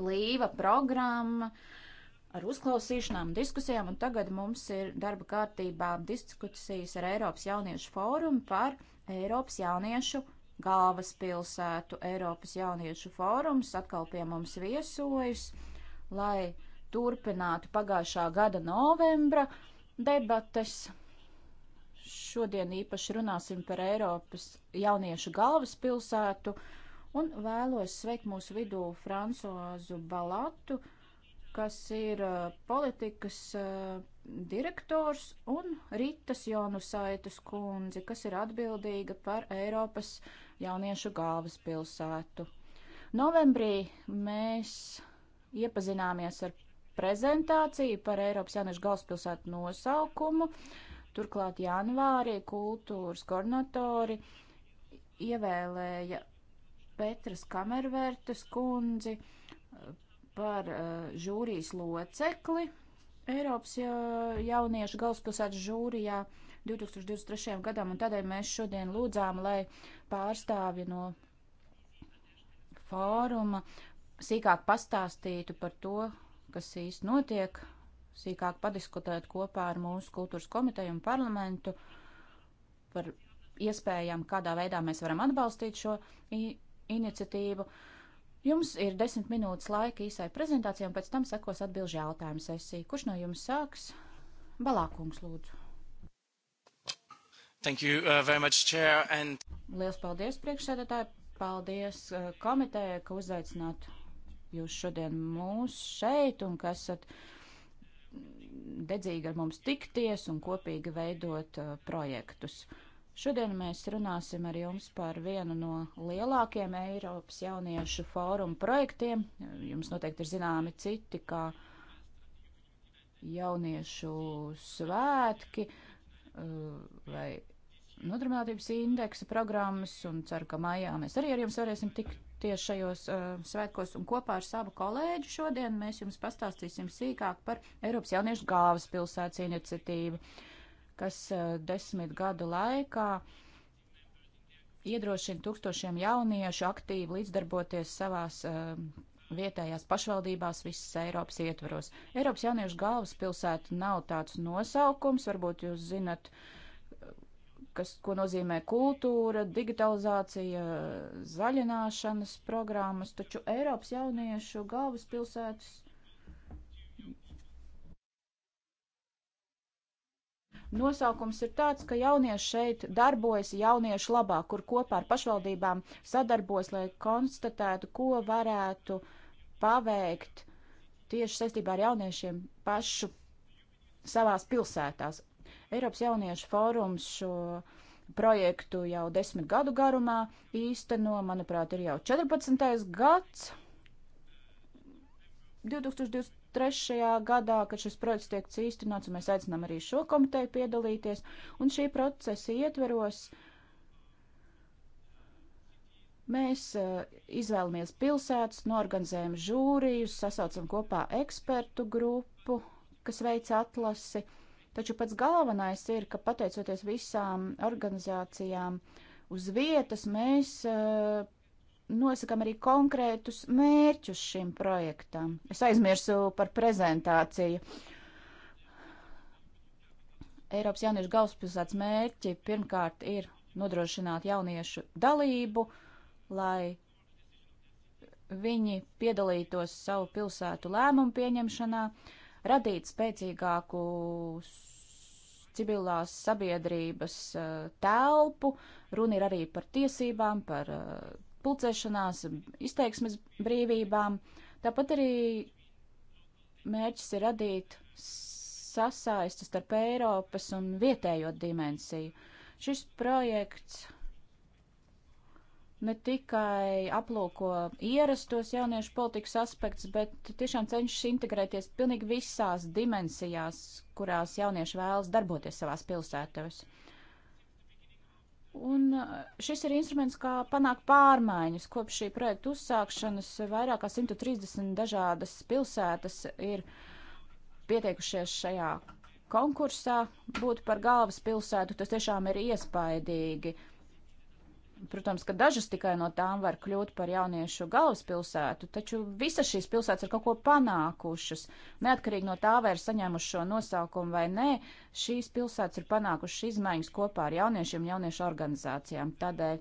blīva programma ar uzklausīšanām, diskusijām, un tagad mums ir darba kārtībā diskusijas ar Eiropas jauniešu fórumu par Eiropas jauniešu galvaspilsētu. Eiropas jauniešu fórums atkal pie mums viesojas, lai turpinātu pagājušā gada novembra debates Šodien īpaši runāsim par Eiropas jauniešu galvaspilsētu un vēlos sveikt mūsu vidū Francozu Balatu, kas ir uh, politikas uh, direktors, un Ritas Jonusaitas kundzi, kas ir atbildīga par Eiropas jauniešu galvaspilsētu. Novembrī mēs iepazināmies ar prezentāciju par Eiropas jauniešu galvaspilsētu nosaukumu. Uh, Turklāt janvārī kultūras koordinatori ievēlēja Petras Kamervērtas kundzi eh, par eh, žūrijas locekli Eiropas jauniešu galvaspilsētas žūrijā 2023. gadam, un tādēļ mēs šodien lūdzām, lai pārstāvi no fóruma sīkāk pastāstītu par to, kas īsti notiek sīkāk padiskutēt kopā ar mūsu kultūras komiteju un parlamentu par iespējām, kādā veidā mēs varam atbalstīt šo iniciatīvu. Jums ir desmit minūtes laika īsai prezentācijai, un pēc tam sekos atbilžu jautājumu sesija. Kurš no jums sāks? Balākungs, lūdzu. Thank you uh, very much, Chair. And... Lielas paldies, priekšsēdētāji. Paldies uh, komitējai, ka uzaicināt jūs šodien mūs šeit un ka esat uh, dedzīgi ar mums tikties un kopīgi veidot uh, projektus. Šodien mēs runāsim ar jums par vienu no lielākiem Eiropas jauniešu fórumu projektiem. Jums noteikti ir zināmi citi, kā jauniešu svētki uh, vai nodarbinātības indeksa programmas, un ceru, ka maijā mēs arī ar jums varēsim tikt tieši šajos uh, svētkos. Un kopā ar savu kolēģi šodien mēs jums pastāstīsim sīkāk par Eiropas jauniešu gāvas pilsētas iniciatīvu, kas uh, desmit gadu laikā iedrošina tūkstošiem jauniešu aktīvi līdzdarboties savās uh, vietējās pašvaldībās visas Eiropas ietvaros. Eiropas jauniešu galvaspilsēta nav tāds nosaukums, varbūt jūs zinat, uh, kas, ko nozīmē kultūra, digitalizācija, zaļināšanas programmas, taču Eiropas jauniešu galvaspilsētas Nosaukums ir tāds, ka jaunieši šeit darbojas jauniešu labā, kur kopā ar pašvaldībām sadarbos, lai konstatētu, ko varētu paveikt tieši saistībā ar jauniešiem pašu savās pilsētās. Eiropas jauniešu fórums šo projektu jau desmit gadu garumā īsteno, manuprāt, ir jau 14. gads. 2023. gadā, kad šis projekts tiek īstenots, un mēs aicinām arī šo komiteju piedalīties, un šī procesa ietveros mēs uh, izvēlamies pilsētas, norganizējam žūrijus, sasaucam kopā ekspertu grupu, kas veic atlasi, uh, Taču pats galvenais ir, ka pateicoties visām organizācijām uz vietas, mēs uh, nosakam arī konkrētus mērķus šim projektam. Es aizmirsu par prezentāciju. Eiropas jauniešu galvaspilsētas mērķi pirmkārt ir nodrošināt jauniešu dalību, lai viņi piedalītos savu pilsētu lēmumu pieņemšanā, radīt spēcīgākus civilās sabiedrības eh, telpu. Runa ir arī par tiesībām, par eh, pulcēšanās, izteiksmes brīvībām. Tāpat arī mērķis ir radīt sasaistas starp Eiropas un vietējo dimensiju. Šis projekts ne tikai aplūko ierastos jauniešu politikas aspekts, bet tiešām cenšas integrēties pilnīgi visās dimensijās, kurās jaunieši vēlas darboties savās pilsētās. Un uh, šis ir instruments, kā panākt pārmaiņas. Kopš šī projekta uzsākšanas vairāk kā 130 dažādas pilsētas ir pieteikušies šajā konkursā būt par galvaspilsētu. Tas tiešām ir iespaidīgi. Uh, Protams, ka dažas tikai no tām var kļūt par jauniešu galvaspilsētu, taču visas šīs pilsētas ir kaut ko panākušas. Neatkarīgi no tā, vai ir saņēmuši šo nosaukumu vai nē, šīs pilsētas ir panākušas izmaiņas kopā ar jauniešiem, jauniešu organizācijām. Tādēļ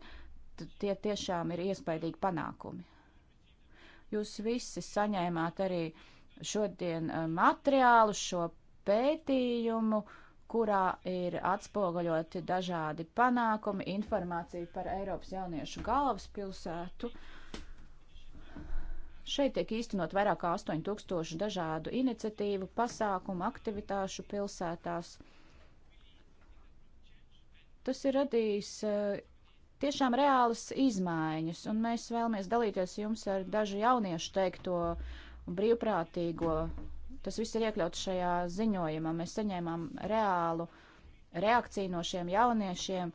tie tiešām ir iespaidīgi panākumi. Jūs visi saņēmāt arī šodien eh, materiālu, šo pētījumu. Uh, kurā ir atspoguļoti dažādi panākumi, informācija par Eiropas jauniešu galvaspilsētu. Šeit tiek īstenot vairāk kā 8000 dažādu iniciatīvu, pasākumu, aktivitāšu pilsētās. Tas ir radījis eh, tiešām reālas izmaiņas, un mēs vēlamies dalīties jums ar dažu jauniešu teikto brīvprātīgo Tas viss ir iekļauts šajā ziņojumā. Mēs saņēmām reālu reakciju no šiem jauniešiem,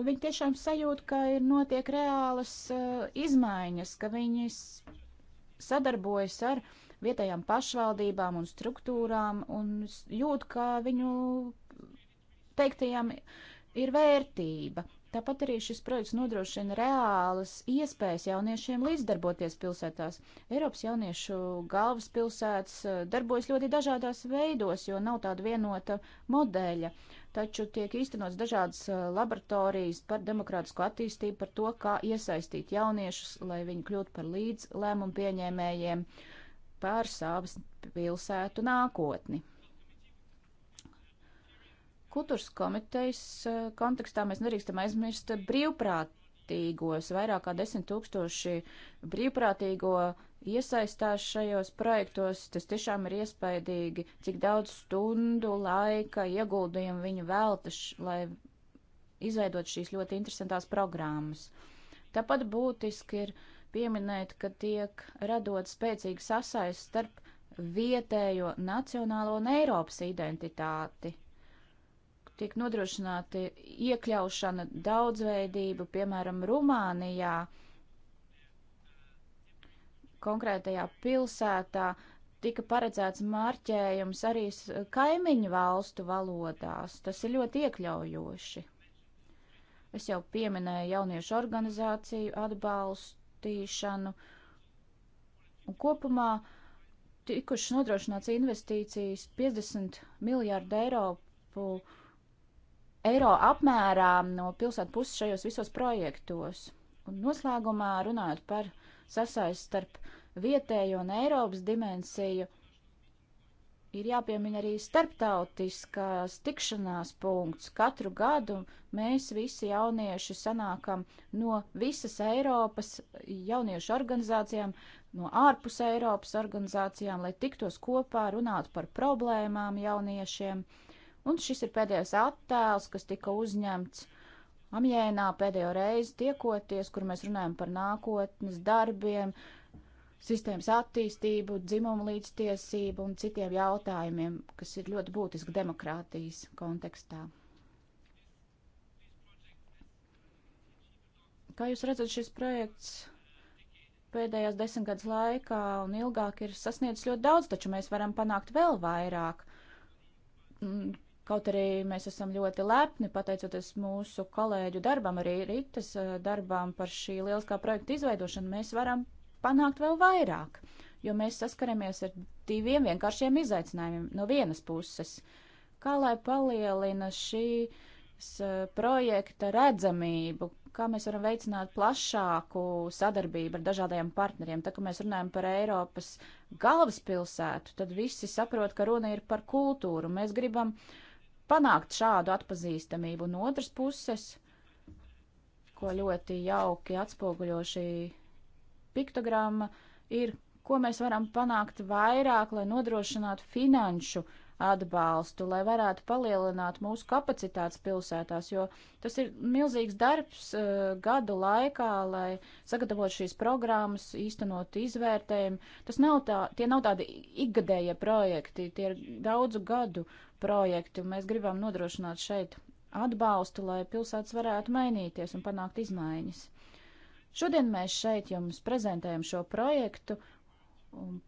un viņi tiešām sajūt, ka ir notiek reālas uh, izmaiņas, ka viņi sadarbojas ar vietējām pašvaldībām un struktūrām un jūt, ka viņu teiktajām ir vērtība. Tāpat arī šis projekts nodrošina reālas iespējas jauniešiem līdzdarboties pilsētās. Eiropas jauniešu galvaspilsētas eh, darbojas ļoti dažādās veidos, jo nav tāda vienota modeļa. Taču tiek īstenots dažādas eh, laboratorijas par demokrātisko attīstību, par to, kā iesaistīt jauniešus, lai viņi kļūtu par līdz lēmumu pieņēmējiem pār savas pilsētu nākotni. Kultūras komitejas eh, kontekstā mēs nedrīkstam aizmirst brīvprātīgos, vairāk kā desmit tūkstoši brīvprātīgo iesaistās šajos projektos. Tas tiešām ir iespaidīgi, cik daudz stundu, laika, ieguldījumu viņi velta, lai izveidot šīs ļoti interesantās programmas. Tāpat būtiski ir pieminēt, ka tiek radot spēcīga sasaist starp vietējo nacionālo un Eiropas identitāti tiek nodrošināta iekļaušana, daudzveidība, piemēram, Rumānijā, konkrētajā pilsētā tika paredzēts mārķējums arī kaimiņu valstu valodās. Tas ir ļoti iekļaujoši. Es jau pieminēju jauniešu organizāciju atbalstīšanu, un kopumā tikušas nodrošināts investīcijas 50 miljārdu eiro eiro apmērā no pilsētu puses šajos visos projektos. Un noslēgumā runājot par sasaist starp vietējo un Eiropas dimensiju, ir jāpiemina arī starptautiskās tikšanās punkts. Katru gadu mēs visi jaunieši sanākam no visas Eiropas jauniešu organizācijām, no ārpus Eiropas organizācijām, lai tiktos kopā, runātu par problēmām jauniešiem. Uh, Un šis ir pēdējais attēls, kas tika uzņemts Amjēnā pēdējo reizi tiekoties, kur mēs runājam par nākotnes darbiem, sistēmas attīstību, dzimumu līdztiesību un citiem jautājumiem, kas ir ļoti būtiski demokrātijas kontekstā. Kā jūs redzat, šis projekts pēdējās desmit gadus laikā un ilgāk ir sasniedzis ļoti daudz, taču mēs varam panākt vēl vairāk. Mm, Kaut arī mēs esam ļoti lepni, pateicoties mūsu kolēģu darbam, arī Rītas eh, darbām par šī lieliskā projekta izveidošanu, mēs varam panākt vēl vairāk, jo mēs saskaramies ar diviem vienkāršiem izaicinājumiem no vienas puses. Kā lai palielina šīs eh, projekta redzamību, kā mēs varam veicināt plašāku sadarbību ar dažādajiem partneriem. Tā kā mēs runājam par Eiropas galvaspilsētu, tad visi saprot, ka runa ir par kultūru. Mēs gribam uh, panākt šādu atpazīstamību. Un otras puses, ko ļoti jauki atspoguļo šī piktogramma, ir, ko mēs varam panākt vairāk, lai nodrošinātu finanšu atbalstu, lai varētu palielināt mūsu kapacitātes pilsētās, jo tas ir milzīgs darbs uh, gadu laikā, lai sagatavotu šīs programmas, īstenot izvērtējumu. Tas nav tā, tie nav tādi ikgadējie projekti, tie ir daudzu gadu projekti, un mēs gribam nodrošināt šeit atbalstu, lai pilsētas varētu mainīties un panākt izmaiņas. Šodien mēs šeit jums prezentējam šo projektu, un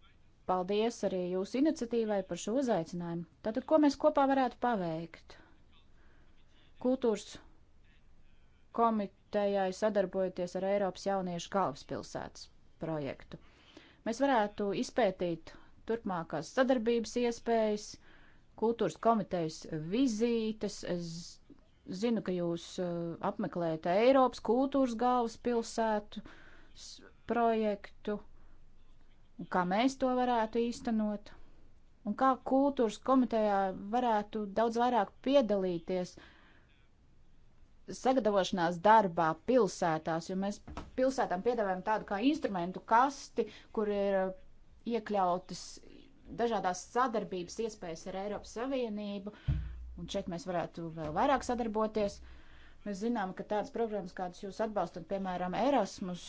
paldies arī jūsu iniciatīvai par šo uzaicinājumu. Tātad, ko mēs kopā varētu paveikt? Kultūras komitejai sadarbojoties ar Eiropas jauniešu galvaspilsētas projektu. Mēs varētu izpētīt turpmākās sadarbības iespējas, kultūras komitejas vizītes. Es zinu, ka jūs uh, apmeklējat Eiropas kultūras galvaspilsētu projektu, kā mēs to varētu īstenot, un kā kultūras komitejā varētu daudz vairāk piedalīties sagatavošanās darbā pilsētās, jo mēs pilsētām piedāvājam tādu kā instrumentu kasti, kur ir uh, iekļautas dažādās sadarbības iespējas ar Eiropas Savienību, un šeit mēs varētu vēl vairāk sadarboties. Mēs zinām, ka tādas programmas, kādas jūs atbalstat, piemēram, Erasmus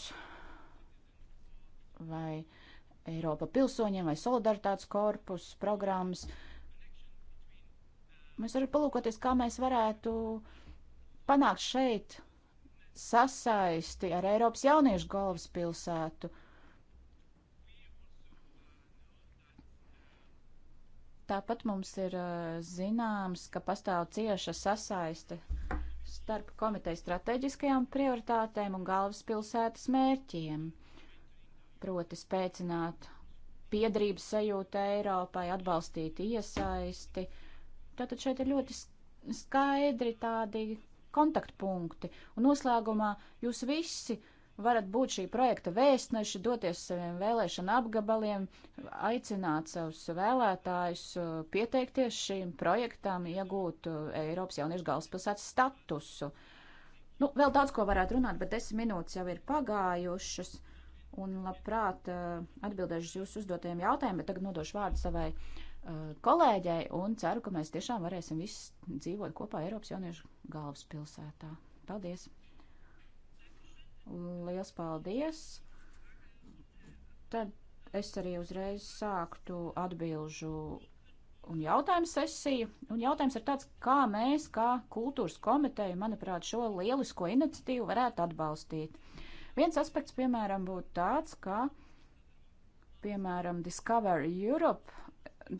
vai Eiropa pilsoņiem vai Solidaritātes korpus programmas, mēs varam palūkoties, kā mēs varētu panākt šeit sasaisti ar Eiropas jauniešu galvaspilsētu. pilsētu Tāpat mums ir uh, zināms, ka pastāv cieša sasaiste starp komitejas strateģiskajām prioritātēm un galvaspilsētas mērķiem, proti spēcināt piedarības sajūtu Eiropai, atbalstīt iesaisti. Tātad šeit ir ļoti skaidri tādi kontaktpunkti. Un noslēgumā jūs visi varat būt šī projekta vēstneši, doties saviem vēlēšana apgabaliem, aicināt savus vēlētājus uh, pieteikties šīm projektām, iegūt uh, Eiropas jauniešu galvaspilsētas statusu. Nu, vēl daudz ko varētu runāt, bet desmit minūtes jau ir pagājušas, un labprāt uh, atbildēšu jūsu uzdotajiem jautājumiem, bet tagad nodošu vārdu savai kolēģei un ceru, ka mēs tiešām varēsim visi dzīvot kopā Eiropas jauniešu galvaspilsētā. Paldies! Liels paldies! Tad es arī uzreiz sāktu atbilžu un jautājumu sesiju. Un jautājums ir tāds, kā mēs, kā kultūras komiteja, manuprāt, šo lielisko iniciatīvu varētu atbalstīt. Viens aspekts, piemēram, būtu tāds, ka, piemēram, Discover Europe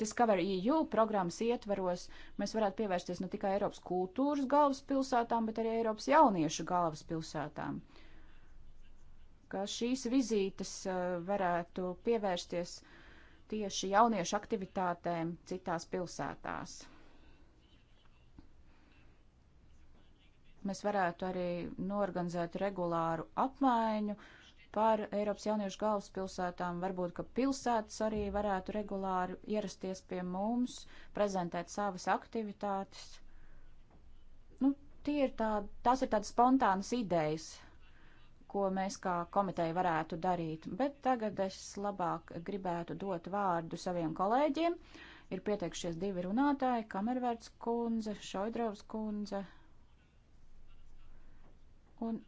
Discover EU programmas ietvaros mēs varētu pievērsties ne tikai Eiropas kultūras galvaspilsētām, bet arī Eiropas jauniešu galvaspilsētām ka šīs vizītes eh, varētu pievērsties tieši jauniešu aktivitātēm citās pilsētās. Mēs varētu arī norganizēt regulāru apmaiņu par Eiropas jauniešu galvaspilsētām. Varbūt, ka pilsētas arī varētu regulāri ierasties pie mums, prezentēt savas aktivitātes. Nu, ir tā, tās ir tādas spontānas idejas, ko mēs kā komiteja varētu darīt. Bet tagad es labāk gribētu dot vārdu saviem kolēģiem. Ir pieteikušies divi runātāji - Kamervērts kundze, Šoidrovs kundze. Un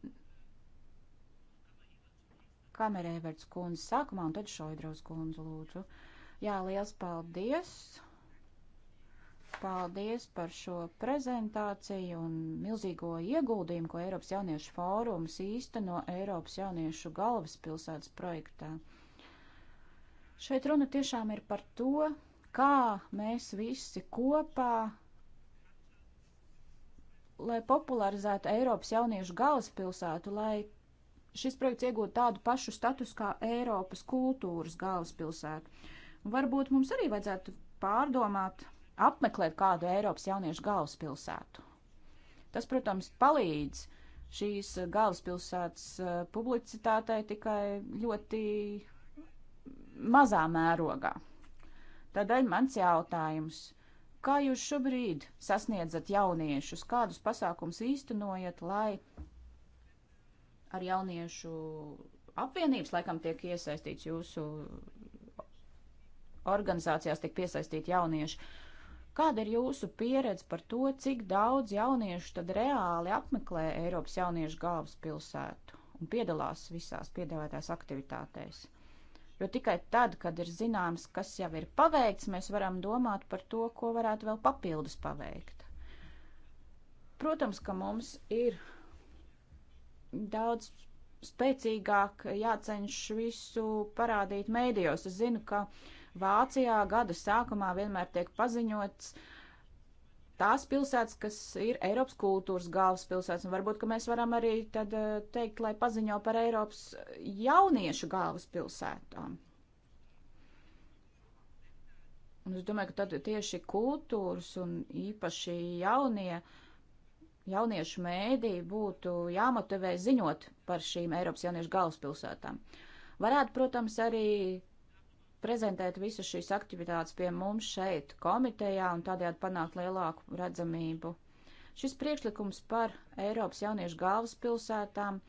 Kamerēverts kundze sākumā un tad Šoidrovs kundze lūdzu. Jā, liels paldies! Paldies par šo prezentāciju un milzīgo ieguldījumu, ko Eiropas jauniešu fórums īsteno Eiropas jauniešu galvaspilsētas projektā. Šeit runa tiešām ir par to, kā mēs visi kopā, lai popularizētu Eiropas jauniešu galvaspilsētu, lai šis projekts iegūtu tādu pašu status kā Eiropas kultūras galvaspilsēta. Varbūt mums arī vajadzētu pārdomāt apmeklēt kādu Eiropas jauniešu galvaspilsētu. Tas, protams, palīdz šīs galvaspilsētas eh, publicitātei tikai ļoti mazā mērogā. Tādēļ mans jautājums – Kā jūs šobrīd sasniedzat jauniešus? Kādus pasākums īstenojat, lai ar jauniešu apvienības laikam tiek iesaistīts jūsu organizācijās, tiek piesaistīti jaunieši? Kāda ir jūsu pieredze par to, cik daudz jauniešu tad reāli apmeklē Eiropas jauniešu galvaspilsētu un piedalās visās piedāvātās aktivitātēs? Jo tikai tad, kad ir zināms, kas jau ir paveikts, mēs varam domāt par to, ko varētu vēl papildus paveikt. Protams, ka mums ir daudz spēcīgāk jācenš visu parādīt mēdījos. Es zinu, ka uh, Vācijā gada sākumā vienmēr tiek paziņots tās pilsētas, kas ir Eiropas kultūras galvaspilsētas, un varbūt, ka mēs varam arī tad eh, teikt, lai paziņo par Eiropas jauniešu galvaspilsētām. Un es domāju, ka tad tieši kultūras un īpaši jaunie, jauniešu mēdī būtu jāmotivē ziņot par šīm Eiropas jauniešu galvaspilsētām. Varētu, protams, arī prezentēt visas šīs aktivitātes pie mums šeit, komitejā, un tādējādi panākt lielāku redzamību. Šis priekšlikums par Eiropas jauniešu galvaspilsētām,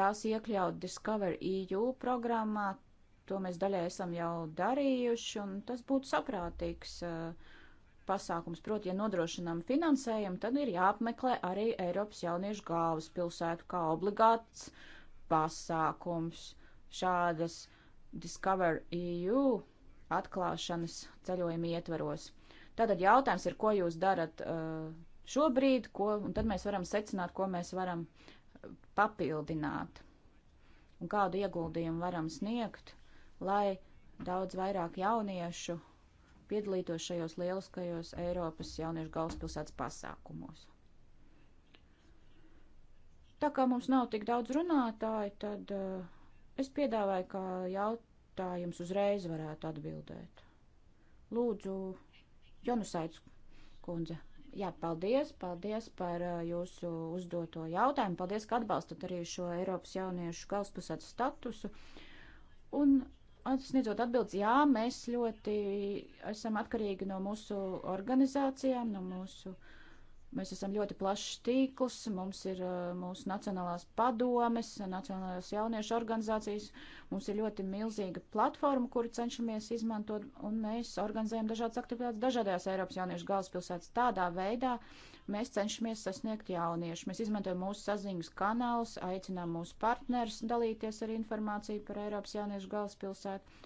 tās iekļaut Discover EU programmā, to mēs daļai esam jau darījuši, un tas būtu saprātīgs uh, pasākums. Proti, ja nodrošinām finansējumu, tad ir jāapmeklē arī Eiropas jauniešu galvaspilsētu kā obligāts pasākums. Šādas uh, Discover EU atklāšanas ceļojuma ietvaros. Tātad jautājums ir, ko jūs darat uh, šobrīd, ko, un tad mēs varam secināt, ko mēs varam papildināt un kādu ieguldījumu varam sniegt, lai daudz vairāk jauniešu piedalītos šajos lieliskajos Eiropas jauniešu galvaspilsētas pasākumos. Tā kā mums nav tik daudz runātāju, tad uh, Es piedāvāju, ka jautājums uzreiz varētu atbildēt. Lūdzu, Jonusaits kundze. Jā, paldies, paldies par uh, jūsu uzdoto jautājumu. Paldies, ka atbalstat arī šo Eiropas jauniešu galvaspilsētu statusu. Un sniedzot atbildes, jā, mēs ļoti esam atkarīgi no mūsu organizācijām, no mūsu uh, Mēs esam ļoti plašs tīkls, mums ir uh, mūsu nacionālās padomes, nacionālās jauniešu organizācijas, mums ir ļoti milzīga platforma, kuru cenšamies izmantot, un mēs organizējam dažādas aktivitātes dažādās Eiropas jauniešu galvaspilsētas. Tādā veidā mēs cenšamies sasniegt jauniešus. Mēs izmantojam mūsu saziņas kanālus, aicinām mūsu partnerus dalīties ar informāciju par Eiropas jauniešu galvaspilsētu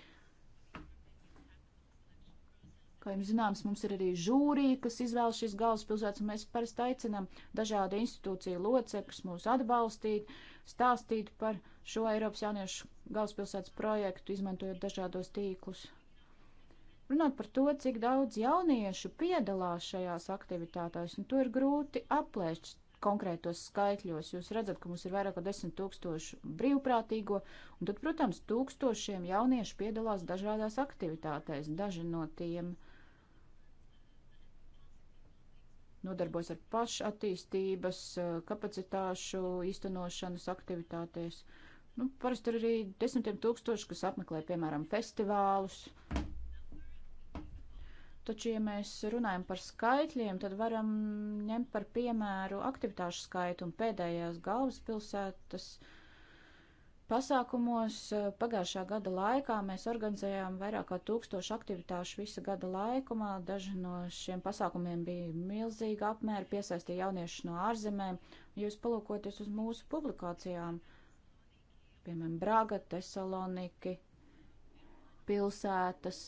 Kā jums zināms, mums ir arī žūrija, kas izvēlas šīs galvaspilsētas, un mēs parasti aicinām dažādu institūciju locekļus mūs atbalstīt, stāstīt par šo Eiropas jauniešu galvaspilsētas projektu, izmantojot dažādos tīklus. Runāt par to, cik daudz jauniešu piedalās šajās aktivitātēs, un to ir grūti aplēst konkrētos skaitļos. Jūs redzat, ka mums ir vairāk kā desmit tūkstošu brīvprātīgo, un tad, protams, tūkstošiem jauniešu piedalās dažādās aktivitātēs. Daži no tiem nodarbojas ar pašattīstības, eh, kapacitāšu īstenošanas aktivitātēs. Nu, parasti ir arī desmitiem tūkstoši, kas apmeklē, piemēram, festivālus. Taču, ja mēs runājam par skaitļiem, tad varam ņemt par piemēru aktivitāšu skaitu un pēdējās galvaspilsētas. Uh, pasākumos. Eh, pagājušā gada laikā mēs organizējām vairāk kā tūkstošu aktivitāšu visa gada laikumā. Daži no šiem pasākumiem bija milzīga apmēra, piesaistīja jauniešus no ārzemēm. Jūs palūkoties uz mūsu publikācijām, piemēram, Braga, Tesaloniki, pilsētas,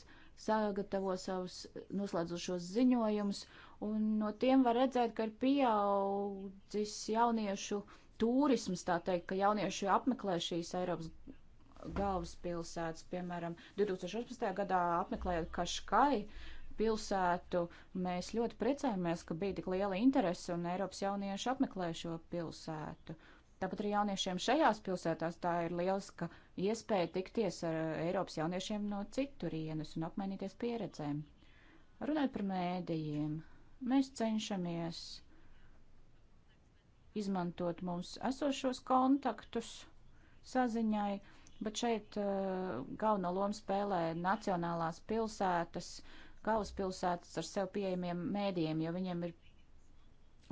sagatavo savus noslēdzošos ziņojumus, un no tiem var redzēt, ka ir pieaudzis jauniešu turisms, tā teikt, ka jaunieši apmeklē šīs Eiropas galvaspilsētas, piemēram, 2018. gadā apmeklējot Kaškai pilsētu, mēs ļoti priecājamies, ka bija tik liela interese un Eiropas jaunieši apmeklē šo pilsētu. Tāpat arī jauniešiem šajās pilsētās tā ir lieliska iespēja tikties ar Eiropas jauniešiem no citurienes un apmainīties pieredzēm. Runājot par mēdījiem, mēs cenšamies izmantot mums esošos kontaktus saziņai, bet šeit uh, galveno lomu spēlē nacionālās pilsētas, galvaspilsētas ar sev pieejamiem mēdījiem, jo viņiem ir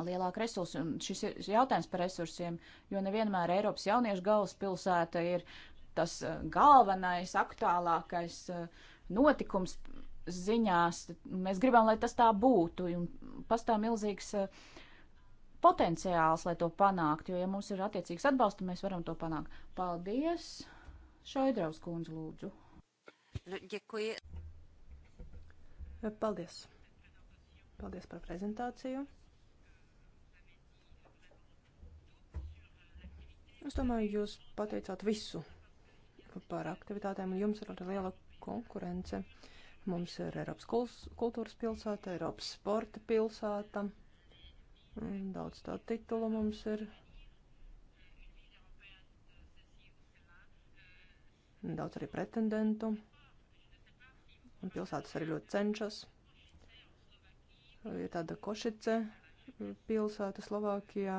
lielāka resursa. Un šis ir jautājums par resursiem, jo nevienmēr Eiropas jauniešu galvaspilsēta ir tas uh, galvenais, aktuālākais uh, notikums ziņās. Mēs gribam, lai tas tā būtu, un pastāv milzīgs uh, potenciāls, lai to panākt, jo, ja mums ir attiecīgs atbalsts, mēs varam to panākt. Paldies! Šaidraus kundze, lūdzu. Ďakujem. Nu, Paldies. Paldies par prezentāciju. Es domāju, jūs pateicāt visu par aktivitātēm, un jums ir arī liela konkurence. Mums ir Eiropas kultūras pilsēta, Eiropas sporta pilsēta. Daudz tā titula mums ir. Daudz arī pretendentu. Un pilsētas arī ļoti cenšas. Ir tāda Košice pilsēta Slovākijā.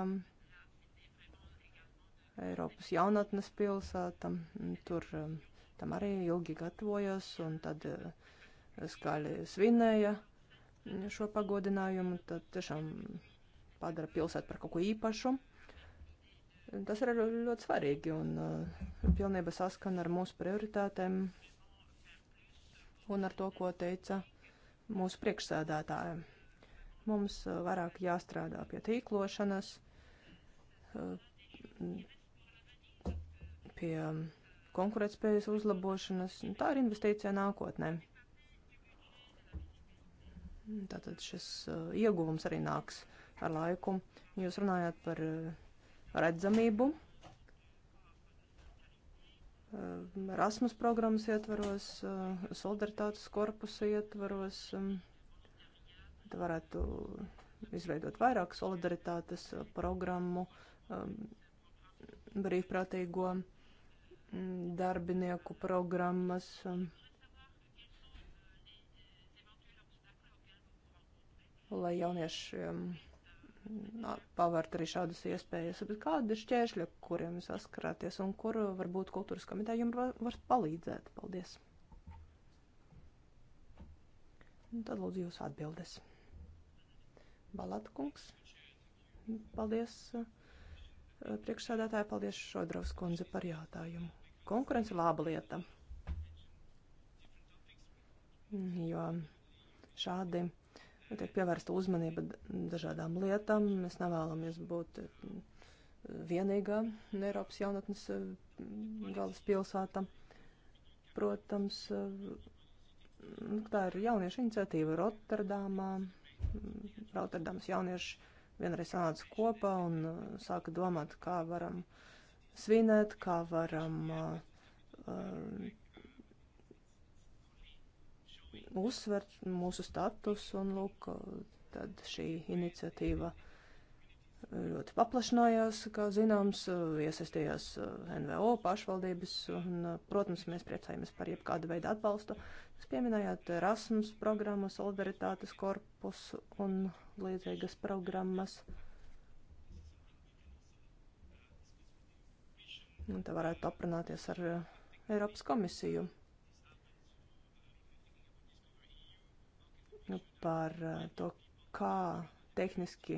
Eiropas jaunatnes pilsēta. Tur um, tam arī ilgi gatavojas un tad uh, skaļi svinēja šo pagodinājumu. Tad tiešām padara pilsētu par kaut ko īpašu. Tas ir ļoti svarīgi un uh, pilnībā saskana ar mūsu prioritātēm un ar to, ko teica mūsu priekšsēdētāja. Mums uh, vairāk jāstrādā pie tīklošanas, uh, pie konkurētspējas uzlabošanas. Tā ir investīcija nākotnē. Tātad šis ieguvums arī nāks ar laiku. Jūs runājāt par eh, redzamību. Eh, Erasmus programmas ietvaros, eh, solidaritātes korpusa ietvaros. Mm, Te varētu izveidot vairāk solidaritātes programmu, mm, brīvprātīgo mm, darbinieku programmas. Lai jauniešiem pavērt arī šādas iespējas. Bet kāda ir šķēršļa, kuriem saskarāties un kur varbūt kultūras komiteja jums var, var palīdzēt? Paldies! Un tad lūdzu jūs atbildes. Balatkungs. Paldies eh, priekšsēdētāji, paldies Šodrovs kundze par jautājumu. Konkurence ir laba lieta, jo šādi tiek pievērsta uzmanība dažādām lietām. Mēs nevēlamies būt eh, vienīgā Eiropas jaunatnes eh, galvaspilsēta. Protams, eh, nu, tā ir jauniešu iniciatīva Rotterdamā. Rotterdamas jaunieši vienreiz sanāca kopā un sāka domāt, kā varam svinēt, kā varam uh, uzsver mūsu status un lūk, tad šī iniciatīva ļoti paplašinājās, kā zināms, iesaistījās NVO pašvaldības un, protams, mēs priecājamies par jebkādu veidu atbalstu. Jūs pieminējāt Erasmus programmu, Solidaritātes korpusu un līdzīgas programmas. Un te varētu aprunāties ar Eiropas komisiju. par eh, to, kā tehniski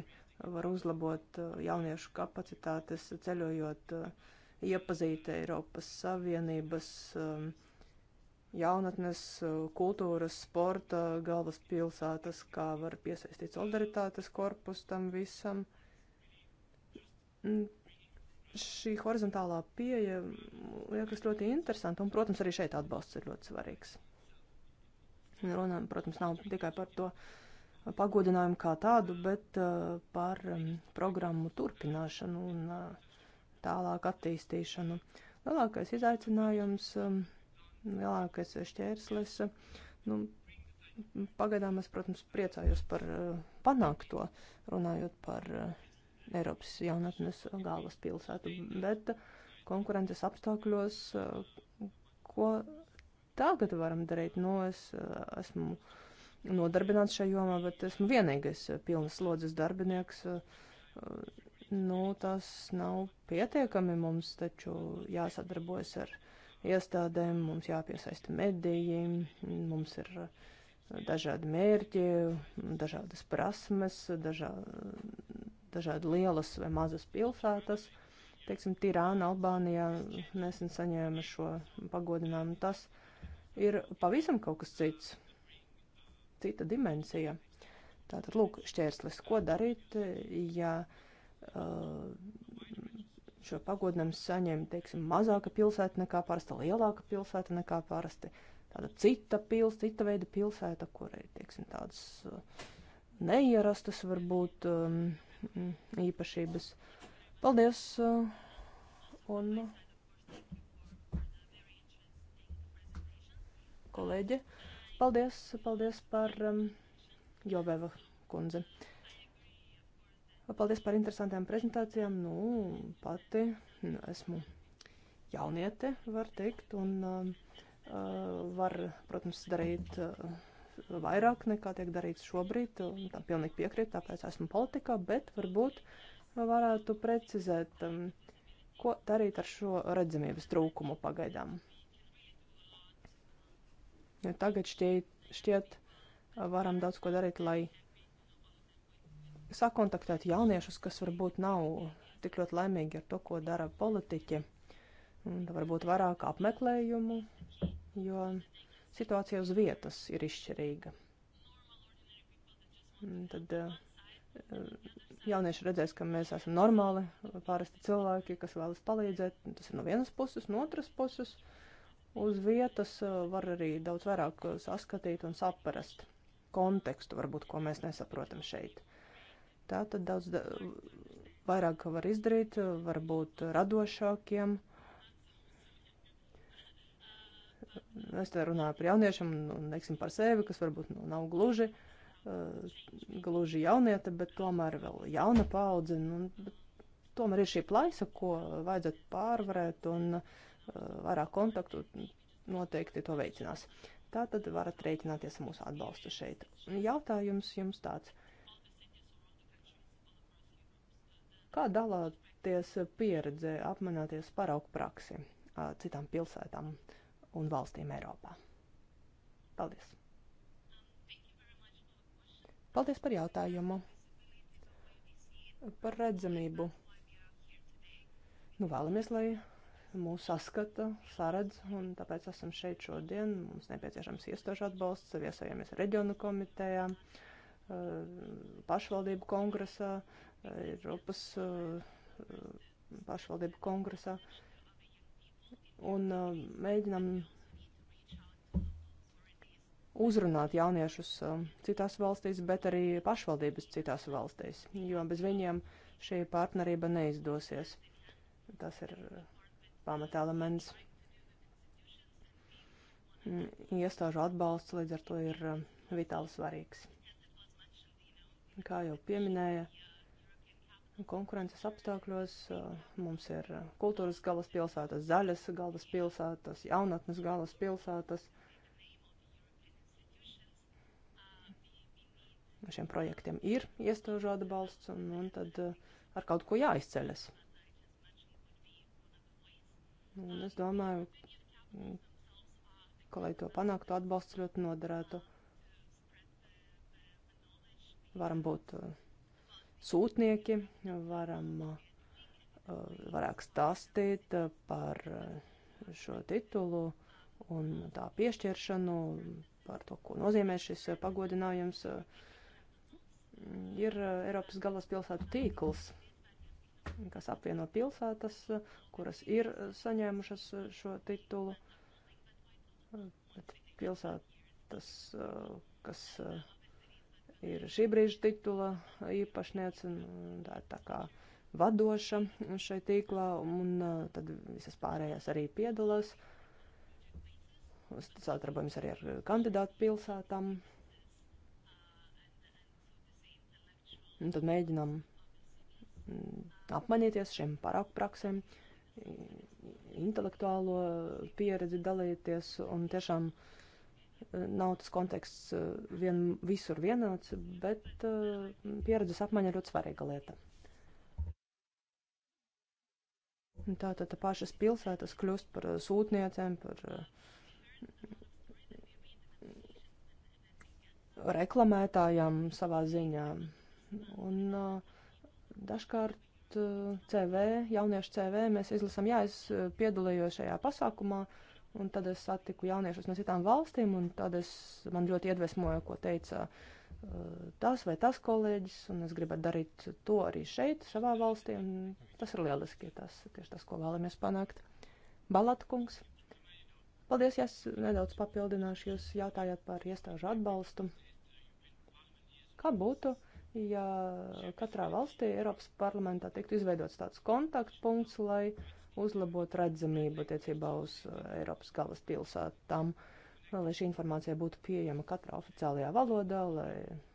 var uzlabot eh, jauniešu kapacitātes, ceļojot, eh, iepazīt Eiropas Savienības jaunatnes, kultūras, sporta galvaspilsētas, kā var piesaistīt solidaritātes korpus tam visam. Šī horizontālā pieeja mm, liekas ļoti interesanta, un, protams, arī šeit atbalsts ir ļoti svarīgs. Runa, protams, nav tikai par to pagodinājumu kā tādu, bet uh, par um, programmu turpināšanu un uh, tālāk attīstīšanu. Lielākais izaicinājums, um, lielākais šķērslis, nu, pagaidām es, protams, priecājos par uh, panākto, runājot par Eiropas jaunatnes galvaspilsētu, bet konkurences apstākļos, ko tagad varam darīt. Nu, es eh, esmu nodarbināts šajā jomā, bet esmu vienīgais eh, pilnas slodzes darbinieks. Eh, nu, tas nav pietiekami. Mums taču jāsadarbojas ar iestādēm, mums jāpiesaista mediji, mums ir dažādi mērķi, dažādas prasmes, dažā, dažādi lielas vai mazas pilsētas. Teiksim, Tirāna, Albānijā nesen saņēma šo pagodinājumu. Tas ir pavisam kaut kas cits, cita dimensija. Tātad, lūk, šķērslis, ko darīt, ja uh, šo pagodinājumu saņem, teiksim, mazāka pilsēta nekā parasta, lielāka pilsēta nekā parasti, tāda cita pils, cita veida pilsēta, kur ir, teiksim, tādas uh, neierastas varbūt um, mm, īpašības. Paldies! Uh, un kolēģe. Paldies, paldies par um, Joveva kundze. Paldies par interesantām prezentācijām. Nu, pati nu, esmu jauniete, var teikt, un um, uh, var, protams, darīt uh, vairāk nekā tiek darīts šobrīd. Tam pilnīgi piekrīt, tāpēc esmu politikā, bet varbūt varētu precizēt, um, ko darīt ar šo redzamības trūkumu pagaidām. Ja nu, tagad šķiet, šķiet eh, varam daudz ko darīt, lai sakontaktētu jauniešus, kas varbūt nav tik ļoti laimīgi ar to, ko dara politiķi. Un varbūt vairāk apmeklējumu, jo situācija uz vietas ir izšķirīga. Un tad eh, jaunieši redzēs, ka mēs esam normāli, pārasti cilvēki, kas vēlas palīdzēt. Tas ir no vienas puses, no otras puses. Uh, uz vietas eh, var arī daudz vairāk eh, saskatīt un saprast kontekstu, varbūt, ko mēs nesaprotam šeit. Tā tad daudz da vairāk var izdarīt, eh, var būt radošākiem. Es te runāju par jauniešiem un, teiksim, par sevi, kas varbūt nu, nav gluži, uh, gluži jaunieta, bet tomēr vēl jauna paudze. Nu, tomēr ir šī plaisa, ko vajadzētu pārvarēt, un Eh, vairāk kontaktu, noteikti to veicinās. Tā tad varat rēķināties mūsu atbalstu šeit. Jautājums jums tāds. Kā dalāties pieredze, apmanāties paraugu praksi citām pilsētām un valstīm Eiropā? Paldies! Paldies par jautājumu! Par redzamību! Nu, vēlamies, lai mūs saskata, saredz, un tāpēc esam šeit šodien. Mums nepieciešams iestāžu atbalsts, viesojamies reģionu komitejā, eh, pašvaldību kongresā, eh, Eiropas eh, pašvaldību kongresā, un mēģinam uzrunāt jauniešus citās valstīs, bet arī pašvaldības citās valstīs, jo bez viņiem šī partnerība neizdosies. Tas ir pamatelements. Mm, iestāžu atbalsts līdz ar to ir um, vitāli svarīgs. Kā jau pieminēja, konkurences apstākļos uh, mums ir uh, kultūras galvaspilsētas, zaļas galvaspilsētas, jaunatnes galvaspilsētas. Šiem projektiem ir iestāžu atbalsts, un, un tad uh, ar kaut ko jāizceļas. Un es domāju, mm, ka, lai to panāktu, atbalsts ļoti noderētu. Varam būt uh, sūtnieki, varam, uh, varētu stāstīt uh, par šo titulu un tā piešķiršanu, par to, ko nozīmē šis pagodinājums. Ir Eiropas galvaspilsētu tīkls kas apvieno pilsētas, kuras ir saņēmušas šo titulu. Bet pilsētas, kas ir šī brīža titula īpašniece, tā ir tā kā vadoša šai tīklā, un uh, tad visas pārējās arī piedalās. Sadarbojamies arī ar kandidātu pilsētām. Un tad mēģinām mm, apmainīties šiem parakpraksēm, intelektuālo pieredzi dalīties un tiešām eh, nav tas konteksts eh, vien, visur vienāds, bet eh, pieredzes apmaiņa ir ļoti svarīga lieta. Tātad tā pašas pilsētas kļūst par sūtniecēm, par reklamētājām savā ziņā. Un dažkārt Eh, CV, jauniešu CV mēs izlasām, jā, es eh, piedalījos šajā pasākumā, un tad es satiku jauniešus no citām valstīm, un tad es, man ļoti iedvesmoja, ko teica eh, tas vai tas kolēģis, un es gribētu darīt to arī šeit, savā valstī, un tas ir lieliski, tas tieši tas, ko vēlamies panākt. Balatkungs. Paldies, ja es nedaudz papildināšu, jūs jautājāt par iestāžu atbalstu. Kā būtu? ja katrā valstī Eiropas parlamentā tiktu izveidots tāds kontaktpunkts, lai uzlabotu redzamību attiecībā uz uh, Eiropas galvaspilsētām, nu, lai šī informācija būtu pieejama katrā oficiālajā valodā, lai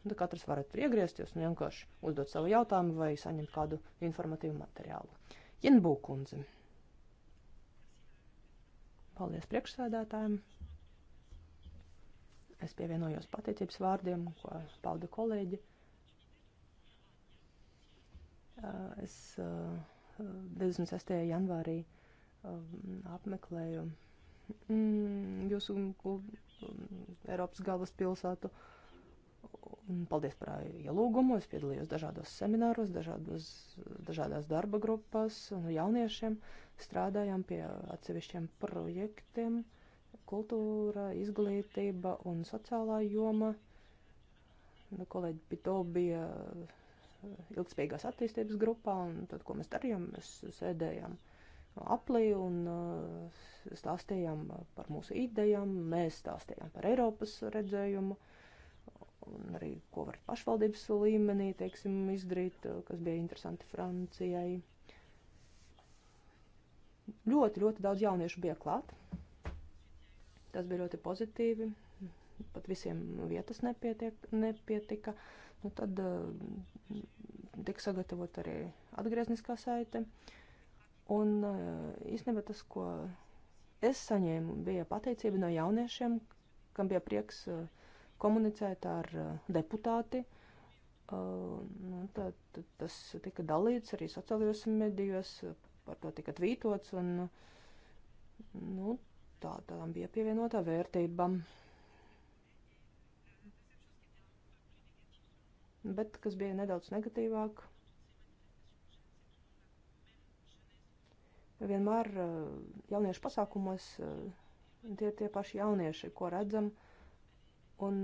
nu, katrs varētu iegriezties un vienkārši uzdot savu jautājumu vai saņemt kādu informatīvu materiālu. Jenbūkundze. Paldies priekšsēdētājiem. Es pievienojos pateicības vārdiem, ko pauda kolēģi. Es 26. janvārī apmeklēju mm, jūsu mm, Eiropas galvaspilsētu. Paldies par ielūgumu. Es piedalījos dažādos semināros, dažādos, dažādās darba grupās un jauniešiem. Strādājām pie atsevišķiem projektiem - kultūra, izglītība un sociālā joma. Nu, kolēģi Pito bija ilgspējīgās attīstības grupā, un tad, ko mēs darījām, mēs sēdējām aplī un uh, stāstījām par mūsu idejām, mēs stāstījām par Eiropas redzējumu, un arī, ko var pašvaldības līmenī, teiksim, izdarīt, uh, kas bija interesanti Francijai. Ļoti, ļoti daudz jauniešu bija klāt. Tas bija ļoti pozitīvi pat visiem vietas nepietiek, nepietika nu, tad uh, eh, tiks sagatavot arī atgriezniskā saite. Un uh, īstenībā tas, ko es saņēmu, bija pateicība no jauniešiem, kam bija prieks uh, komunicēt ar deputāti. Nu, tā, tā, tas tika dalīts arī sociālajos medijos, par to tika tvītots, un nu, tā, tādām bija pievienotā vērtībām. Bet kas bija nedaudz negatīvāk, vienmēr eh, jauniešu pasākumos eh, tie ir tie paši jaunieši, ko redzam. Un,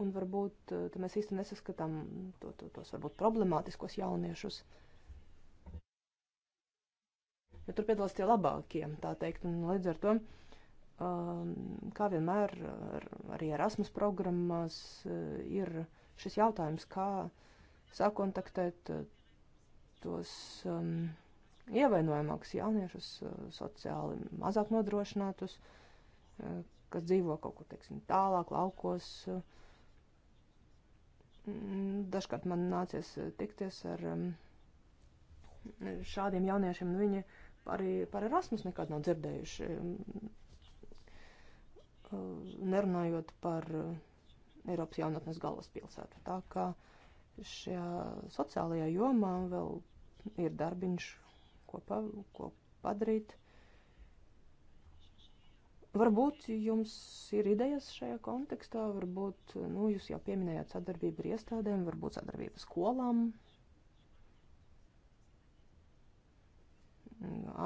un varbūt eh, mēs īsti nesaskatām to, to, tos varbūt problemātiskos jauniešus. Jo tur piedalās tie labākie, tā teikt, un līdz ar to. Uh, Ehm, kā vienmēr arī Erasmus programmās eh, ir šis jautājums, kā sakontaktēt eh, tos um, ievainojamākus jauniešus, eh, sociāli mazāk nodrošinātus, kas dzīvo kaut kur, teiksim, tālāk laukos. Mm, dažkārt man nācies tikties ar ehm, šādiem jauniešiem, un viņi arī par Erasmus nekad nav dzirdējuši nerunājot par Eiropas jaunatnes galvaspilsētu. Tā kā šajā sociālajā jomā vēl ir darbiņš, ko, pa, ko padarīt. Varbūt jums ir idejas šajā kontekstā, varbūt nu, jūs jau pieminējāt sadarbību ar iestādēm, varbūt sadarbību skolām.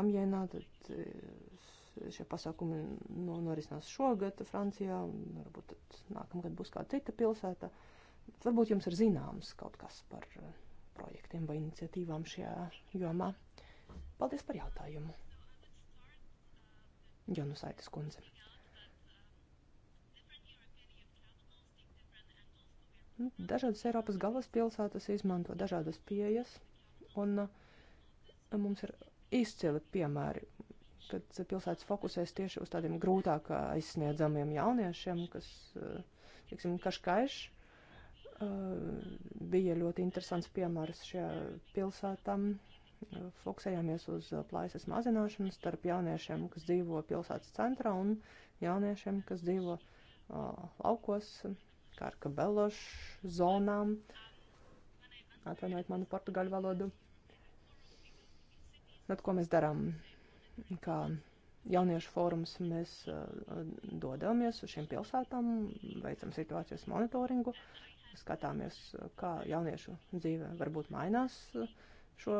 Amjēnā tad šie pasākumi no, norisinās šogad Francijā, un varbūt nākamgad būs kāda cita pilsēta. Varbūt jums ir zināms kaut kas par eh, projektiem vai iniciatīvām šajā jomā. Paldies par jautājumu. Jonusaitis kundze. Nu, dažādas Eiropas galvaspilsētas izmanto dažādas pieejas, un eh, mums ir izcili piemēri, kad pilsētas fokusēs tieši uz tādiem grūtāk aizsniedzamiem jauniešiem, kas, tiksim, kaškaiš eh, bija ļoti interesants piemērs šajā pilsētām. Fokusējāmies uz plaisas mazināšanu starp jauniešiem, kas dzīvo pilsētas centrā un jauniešiem, kas dzīvo eh, laukos, kā ar kabelošu zonām. Atvainojiet manu portugaļu valodu. Tad, ko mēs darām? kā jauniešu fórums mēs eh, dodamies uz šiem pilsētām, veicam situācijas monitoringu, skatāmies, kā jauniešu dzīve varbūt mainās šo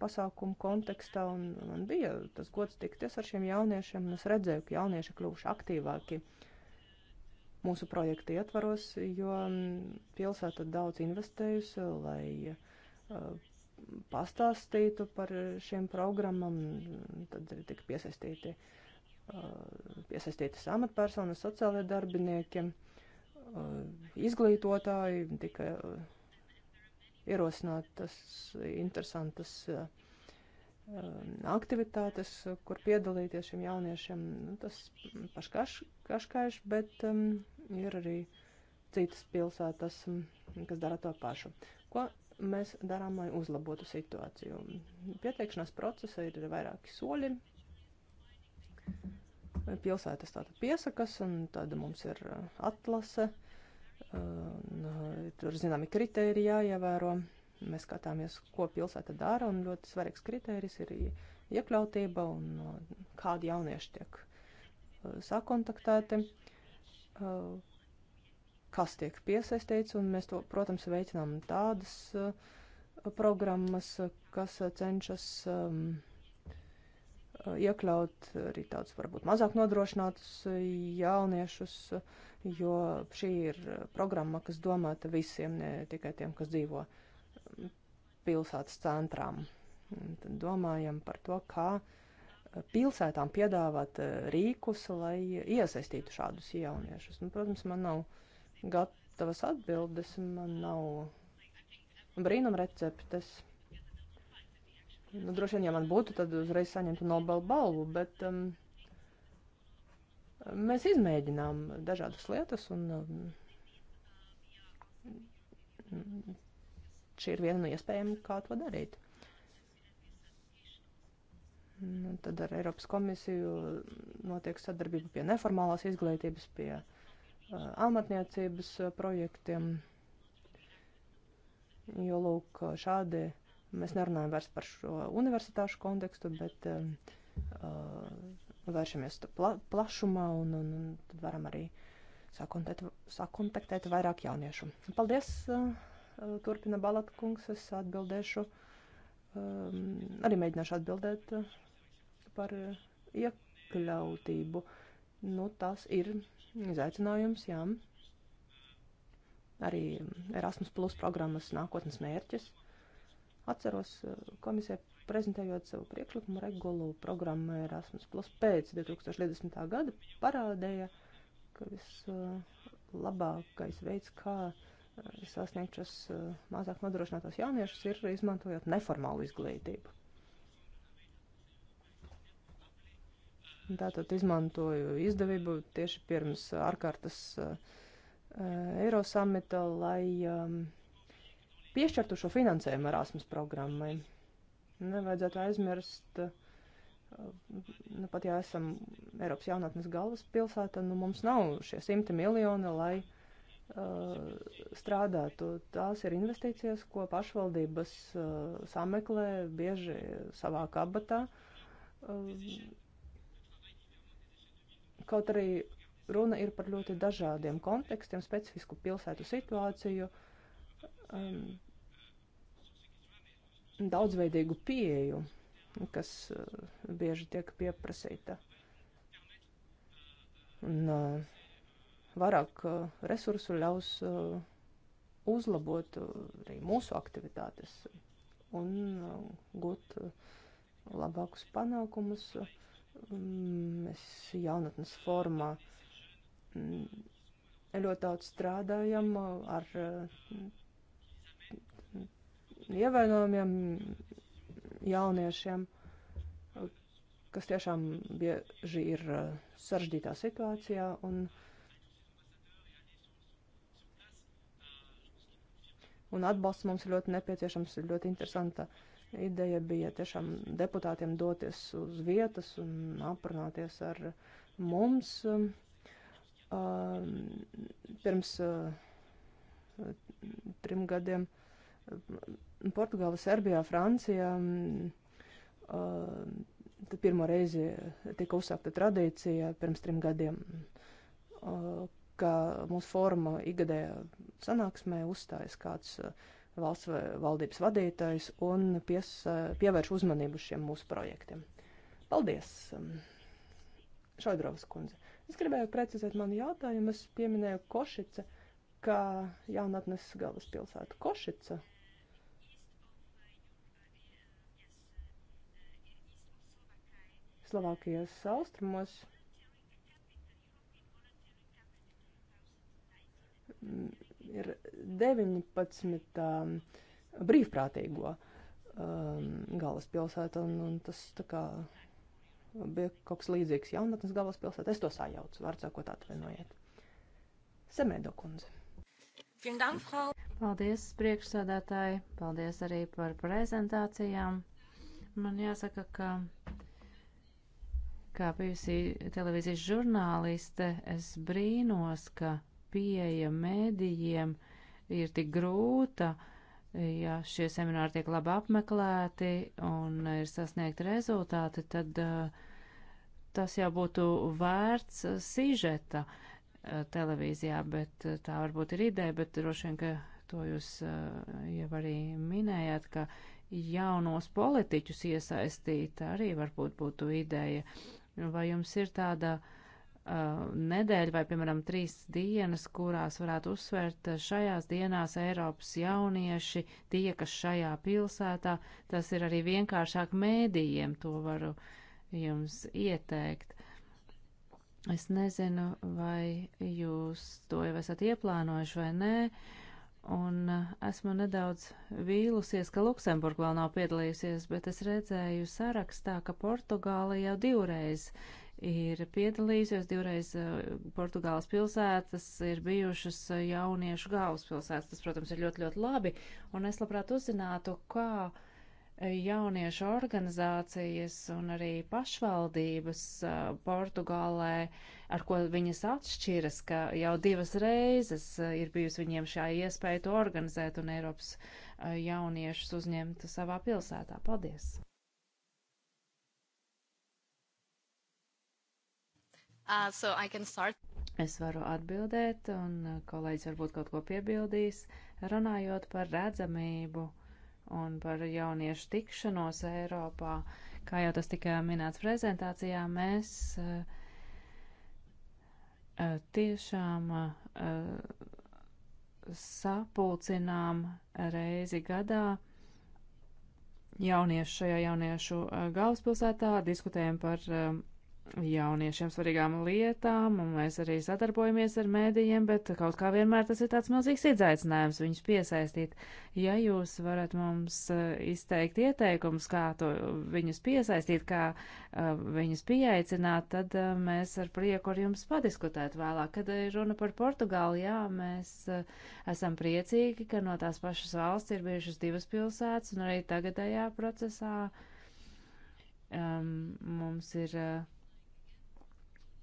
pasākumu kontekstā, un man bija tas gods tikties ar šiem jauniešiem, un es redzēju, ka jaunieši kļuvuši aktīvāki mūsu projekta ietvaros, jo mm, pilsēta daudz investējusi, lai eh, pastāstītu par šīm programmām, tad ir tik piesaistīti, piesaistītas amatpersonas, sociālie darbinieki, izglītotāji, tika ierosinātas interesantas aktivitātes, kur piedalīties šiem jauniešiem. Nu, tas paškaškaiš, bet um, ir arī citas pilsētas, kas dara to pašu. Ko mēs darām, lai uzlabotu situāciju. Pieteikšanās procesā ir vairāki soļi. Pilsētas tātad piesakas, un tāda mums ir uh, atlase. Uh, tur zināmi kriteriji jāievēro. Mēs skatāmies, ko pilsēta dara, un ļoti svarīgs kriterijs ir iekļautība un uh, kādi jaunieši tiek sakontaktēti kas tiek piesaistīts, un mēs to, protams, veicinām tādas uh, programmas, kas cenšas um, uh, iekļaut arī tādus varbūt mazāk nodrošinātus uh, jauniešus, jo šī ir programma, kas domāta visiem, ne tikai tiem, kas dzīvo um, pilsētas centrām. Un tad domājam par to, kā uh, pilsētām piedāvāt rīkus, lai iesaistītu šādus jauniešus. Nu, protams, man nav uh, gatavas atbildes man nav. Brīnum receptes. Nu, droši vien, ja man būtu, tad uzreiz saņemtu Nobelu balvu, bet um, mēs izmēģinām dažādas lietas, un um, šī ir viena no iespējām, kā to darīt. Un nu, tad ar Eiropas komisiju notiek sadarbība pie neformālās izglītības, pie uh, amatniecības projektiem. Jo, lūk, šādi mēs nerunājam vairs par šo universitāšu kontekstu, bet uh, vēršamies pla plašumā un, un, un varam arī sakontaktēt, sakontaktēt vairāk jauniešu. Paldies, uh, turpina Balatkungs, es atbildēšu, um, arī mēģināšu atbildēt par iekļautību. Nu, tas ir izaicinājums, jā. Arī Erasmus Plus programmas nākotnes mērķis. Atceros eh, komisija prezentējot savu priekšlikumu regulu programmu Erasmus Plus pēc 2020. gada parādēja, ka vislabākais veids, kā eh, sasniegt šos eh, mazāk nodrošinātos jauniešus, ir izmantojot neformālu izglītību. Tātad izmantoju izdevību tieši pirms ārkārtas uh, Eiro samita, lai um, ehm, piešķirtu šo finansējumu Erasmus programmai. Nevajadzētu aizmirst, uh, nu pat ja esam Eiropas jaunatnes galvaspilsēta, nu mums nav šie simti miljoni, lai uh, strādātu. Tās ir investīcijas, ko pašvaldības uh, sameklē bieži savā kabatā. Uh, Kaut arī runa ir par ļoti dažādiem kontekstiem, specifisku pilsētu situāciju, um, daudzveidīgu pieeju, kas uh, bieži tiek pieprasīta. Un uh, vairāk uh, resursu ļaus uh, uzlabot uh, arī mūsu aktivitātes un uh, gūt uh, labākus panākumus. Uh, Mēs mm, jaunatnes formā mm, ļoti daudz strādājam ar mm, ievainojumiem jauniešiem, kas tiešām bieži ir eh, sarežģītā situācijā. Un, un atbalsts mums ļoti nepieciešams, ir ļoti interesanta uh, Ideja bija tiešām deputātiem doties uz vietas un aprunāties ar mums. Um, um, pirms uh, trim gadiem um, Portugāla, Serbijā, Francijā uh, tad pirmo reizi tika uzsākta tradīcija pirms trim gadiem, uh, ka mūsu foruma igadējā sanāksmē uzstājas kāds uh, valsts valdības vadītājs un pies, pievērš uzmanību šiem mūsu projektiem. Paldies, um, Šoidrovas kundze. Es gribēju precizēt manu jautājumu. Es pieminēju Košice, kā jaunatnes galvaspilsētu. Košice. Slovākijas austrumos. Mm, ir 19. Um, brīvprātīgo um, galvaspilsētu, un, un tas tā kā bija kaut kas līdzīgs jaunatnes galvaspilsētā. Es to sajaucu, vārdsākot atvainojiet. Semēdo kundze. Paldies, priekšsādātāji, paldies arī par prezentācijām. Man jāsaka, ka kā bijusi televīzijas žurnāliste, es brīnos, ka pieeja mēdījiem uh, ir tik grūta, ja šie semināri tiek labi apmeklēti un ir sasniegti rezultāti, tad eh, tas jau būtu vērts eh, sižeta eh, televīzijā, bet tā varbūt ir ideja, bet droši vien, ka to jūs jau arī minējāt, ka jaunos politiķus iesaistīt arī varbūt būtu ideja. Vai jums ir tāda uh, Uh, nedēļa vai, piemēram, trīs dienas, kurās varētu uzsvērt uh, šajās dienās Eiropas jaunieši, tie, kas šajā pilsētā, tas ir arī vienkāršāk mēdījiem, to varu jums ieteikt. Es nezinu, vai jūs to jau esat ieplānojuši vai nē, un uh, esmu nedaudz vīlusies, ka Luksemburga vēl nav piedalījusies, bet es redzēju sarakstā, ka Portugāla jau divreiz uh, ir piedalījusies divreiz eh, Portugāles pilsētas, ir bijušas eh, jauniešu galvaspilsētas. Tas, protams, ir ļoti, ļoti labi. Un es labprāt uzzinātu, kā eh, jauniešu organizācijas un arī pašvaldības Portugālē, ar ko viņas atšķiras, ka jau divas reizes ir bijusi viņiem šā iespēja to organizēt un Eiropas jauniešus uzņemt savā pilsētā. Paldies! Uh, so I can start. Es varu atbildēt, un uh, kolēģis varbūt kaut ko piebildīs, runājot par redzamību un par jauniešu tikšanos Eiropā. Kā jau tas tika minēts prezentācijā, mēs uh, uh, tiešām sapulcinām reizi gadā jauniešu šajā jauniešu galvaspilsētā, diskutējam par um, jauniešiem svarīgām lietām, un mēs arī sadarbojamies ar mēdījiem, bet kaut kā vienmēr tas ir tāds milzīgs izaicinājums viņus piesaistīt. Ja jūs varat mums eh, izteikt ieteikums, kā to viņus piesaistīt, kā uh, viņus pieaicināt, tad uh, mēs ar prieku ar jums padiskutēt vēlāk. Kad ir runa par Portugāli, jā, mēs uh, esam priecīgi, ka no tās pašas valsts ir bijušas divas pilsētas, un arī tagadējā procesā um, mums ir. Uh,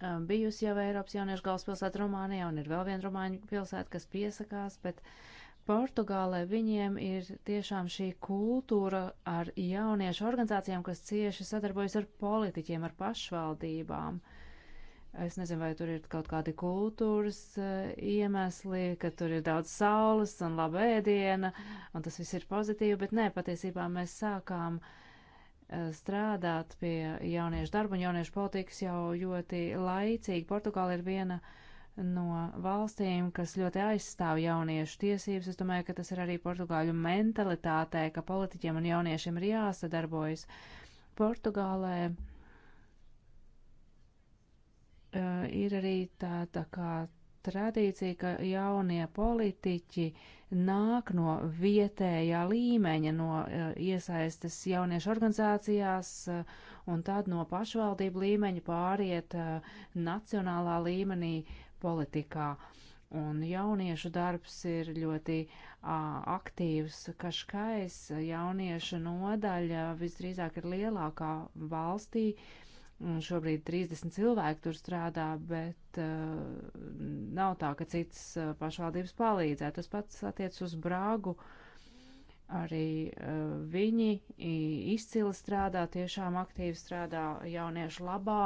Um, bijusi jau Eiropas jauniešu galvaspilsēta Rumānijā, un ir vēl viena Rumāņu pilsēta, kas piesakās, bet Portugālē viņiem ir tiešām šī kultūra ar jauniešu organizācijām, kas cieši sadarbojas ar politiķiem, ar pašvaldībām. Es nezinu, vai tur ir kaut kādi kultūras eh, iemesli, ka tur ir daudz saules un laba ēdiena, un tas viss ir pozitīvi, bet nē, patiesībā mēs sākām uh, strādāt pie jauniešu darba un jauniešu politikas jau ļoti laicīgi. Portugāla ir viena no valstīm, kas ļoti aizstāv jauniešu tiesības. Es domāju, ka tas ir arī portugāļu mentalitātē, ka politiķiem un jauniešiem ir jāsadarbojas. Portugālē uh, ir arī tāda tā kā tradīcija, ka jaunie politiķi nāk no vietējā līmeņa, no e, iesaistas jauniešu organizācijās e, un tad no pašvaldību līmeņa pāriet e, nacionālā līmenī politikā. Un jauniešu darbs ir ļoti a, aktīvs, ka skais jauniešu nodaļa visdrīzāk ir lielākā valstī, a, Un šobrīd 30 cilvēki tur strādā, bet uh, nav tā, ka citas uh, pašvaldības palīdzē. Tas pats attiec uz Brāgu. Arī uh, viņi izcili strādā, tiešām aktīvi strādā jauniešu labā,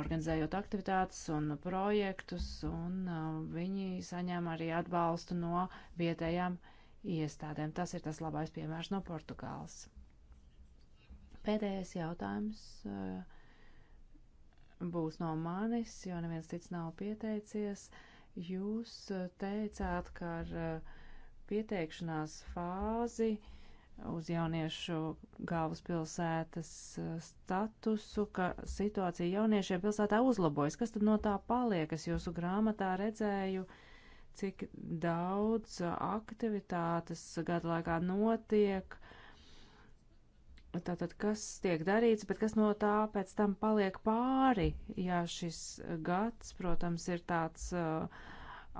organizējot aktivitātes un projektus, un uh, viņi saņem arī atbalstu no vietējām iestādēm. Tas ir tas labais piemērs no Portugāles. Pēdējais jautājums. Uh, būs no manis, jo neviens cits nav pieteicies. Jūs eh, teicāt, ka ar eh, pieteikšanās fāzi uz jauniešu galvaspilsētas eh, statusu, ka situācija jauniešiem pilsētā uzlabojas. Kas tad no tā paliek? Es jūsu grāmatā redzēju, cik daudz aktivitātes gadu laikā notiek Tātad, kas tiek darīts, bet kas no tā pēc tam paliek pāri, ja šis gads, protams, ir tāds uh,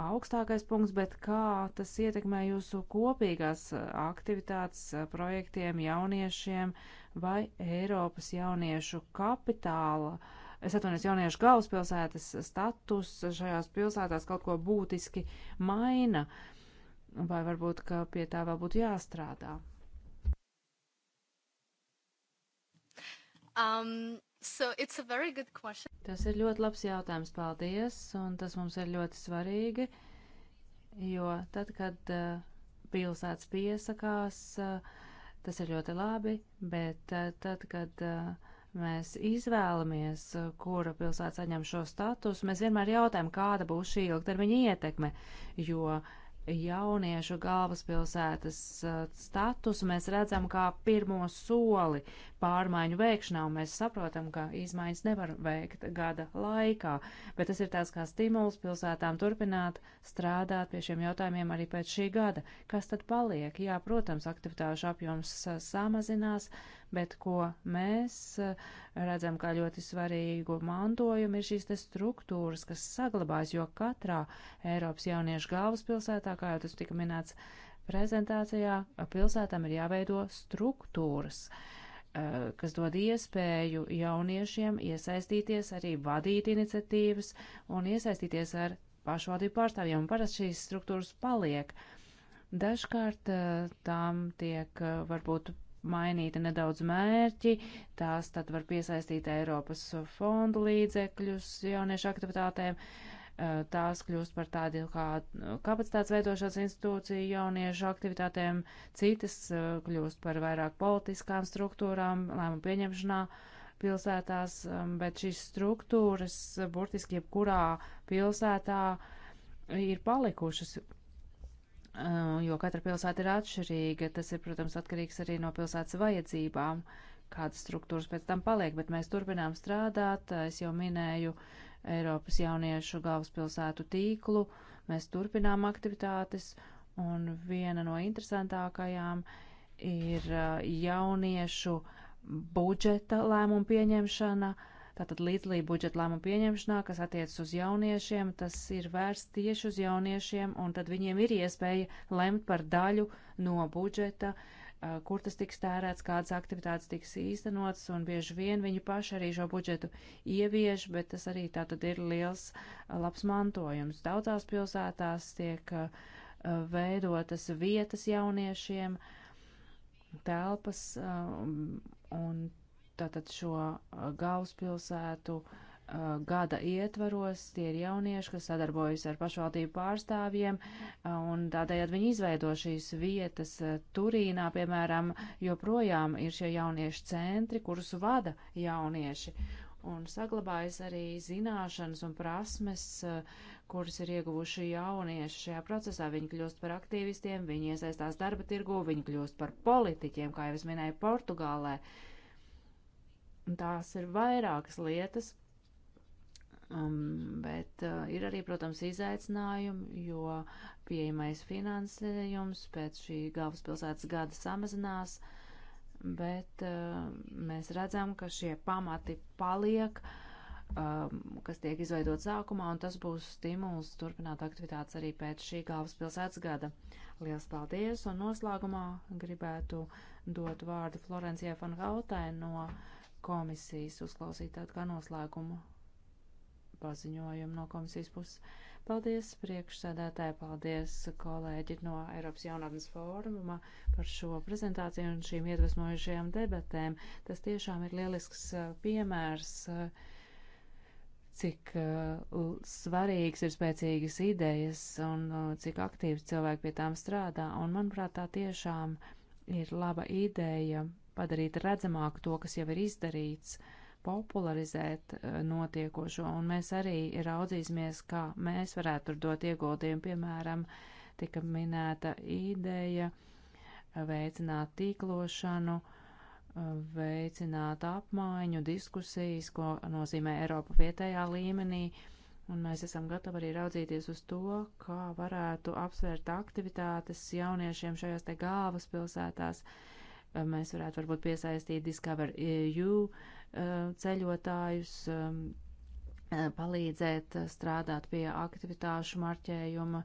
augstākais punkts, bet kā tas ietekmē jūsu kopīgās uh, aktivitātes uh, projektiem, jauniešiem vai Eiropas jauniešu kapitāla, es atvainojos, jauniešu galvaspilsētas status šajās pilsētās kaut ko būtiski maina, vai varbūt, ka pie tā vēl būtu jāstrādā. Um, so it's a very good question. Tas ir ļoti labs jautājums, paldies, un tas mums ir ļoti svarīgi, jo tad, kad uh, pilsētas piesakās, uh, tas ir ļoti labi, bet uh, tad, kad uh, mēs izvēlamies, uh, kura pilsēta saņem šo statusu, mēs vienmēr jautājam, kāda būs šī ilgtermiņa ietekme, jo jauniešu galvaspilsētas uh, statusu, mēs redzam kā pirmo soli pārmaiņu veikšanā, un mēs saprotam, ka izmaiņas nevar veikt gada laikā, bet tas ir tāds kā stimuls pilsētām turpināt strādāt pie šiem jautājumiem arī pēc šī gada. Kas tad paliek? Jā, protams, aktivitāšu apjoms uh, samazinās, uh, bet ko mēs eh, redzam kā ļoti svarīgu mantojumu, ir šīs te struktūras, kas saglabājas, jo katrā Eiropas jauniešu galvaspilsētā, kā jau tas tika minēts prezentācijā, pilsētām ir jāveido struktūras eh, kas dod iespēju jauniešiem iesaistīties, arī vadīt iniciatīvas un iesaistīties ar pašvaldību pārstāvjiem. Parasti šīs struktūras paliek. Dažkārt eh, tām tiek varbūt mainīti nedaudz mērķi, tās tad var piesaistīt Eiropas fondu līdzekļus jauniešu aktivitātēm, tās kļūst par tādu kā kapacitātes veidošanas institūciju jauniešu aktivitātēm, citas kļūst par vairāk politiskām struktūrām, lēmumu pieņemšanā pilsētās, bet šīs struktūras burtiski jebkurā pilsētā ir palikušas Eh, jo katra pilsēta ir atšķirīga. Tas ir, protams, atkarīgs arī no pilsētas vajadzībām, kādas struktūras pēc tam paliek, bet mēs turpinām strādāt. Eh, es jau minēju Eiropas jauniešu galvaspilsētu tīklu, mēs turpinām aktivitātes, un viena no interesantākajām ir eh, jauniešu budžeta lēmumu pieņemšana. Uh, Tātad līdzlīdz budžeta lēmumu pieņemšanā, kas attiecas uz jauniešiem, tas ir vērsts tieši uz jauniešiem, un tad viņiem ir iespēja lemt par daļu no budžeta, kur tas tiks tērēts, kādas aktivitātes tiks īstenotas, un bieži vien viņi paši arī šo budžetu ievieš, bet tas arī tātad ir liels labs mantojums. Daudzās pilsētās tiek veidotas vietas jauniešiem, telpas, un tātad šo galvaspilsētu gada ietvaros, tie ir jaunieši, kas sadarbojas ar pašvaldību pārstāvjiem, un tādējādi viņi izveido šīs vietas. Turīnā, piemēram, joprojām ir šie jauniešu centri, kurus vada jaunieši, un saglabājas arī zināšanas un prasmes, kuras ir ieguvuši jaunieši šajā procesā. Viņi kļūst par aktīvistiem, viņi iesaistās darba tirgu, viņi kļūst par politiķiem, kā jau es minēju, Portugālē. Uh, Tās ir vairākas lietas, um, bet uh, ir arī, protams, izaicinājumi, jo pieejamais finansējums pēc šī galvaspilsētas gada samazinās, bet uh, mēs redzam, ka šie pamati paliek. Um, kas tiek izveidot sākumā, un tas būs stimuls turpināt aktivitātes arī pēc šī galvaspilsētas gada. Liels paldies, un noslēgumā gribētu dot vārdu Florencijai Fanhautai no uh, komisijas uzklausīt tādu kā noslēgumu paziņojumu no komisijas puses. Paldies priekšsēdētāji, paldies kolēģi no Eiropas jaunatnes fóruma par šo prezentāciju un šīm iedvesmojušajām debatēm. Tas tiešām ir lielisks uh, piemērs, uh, cik uh, svarīgs ir spēcīgas idejas un cik aktīvi cilvēki pie tām strādā. Un, manuprāt, tā tiešām ir laba ideja padarīt redzamāk to, kas jau ir izdarīts, popularizēt eh, notiekošo, un mēs arī raudzīsimies, kā mēs varētu tur dot ieguldījumu. Piemēram, tika minēta ideja eh, veicināt tīklošanu, eh, veicināt apmaiņu, diskusijas, ko nozīmē Eiropa vietējā līmenī. Un mēs esam gatavi arī raudzīties uz to, kā varētu apsvērt aktivitātes jauniešiem šajās te galvaspilsētās, pilsētās Mēs varētu varbūt piesaistīt Discover EU e, ceļotājus, e, e, palīdzēt strādāt pie aktivitāšu marķējuma,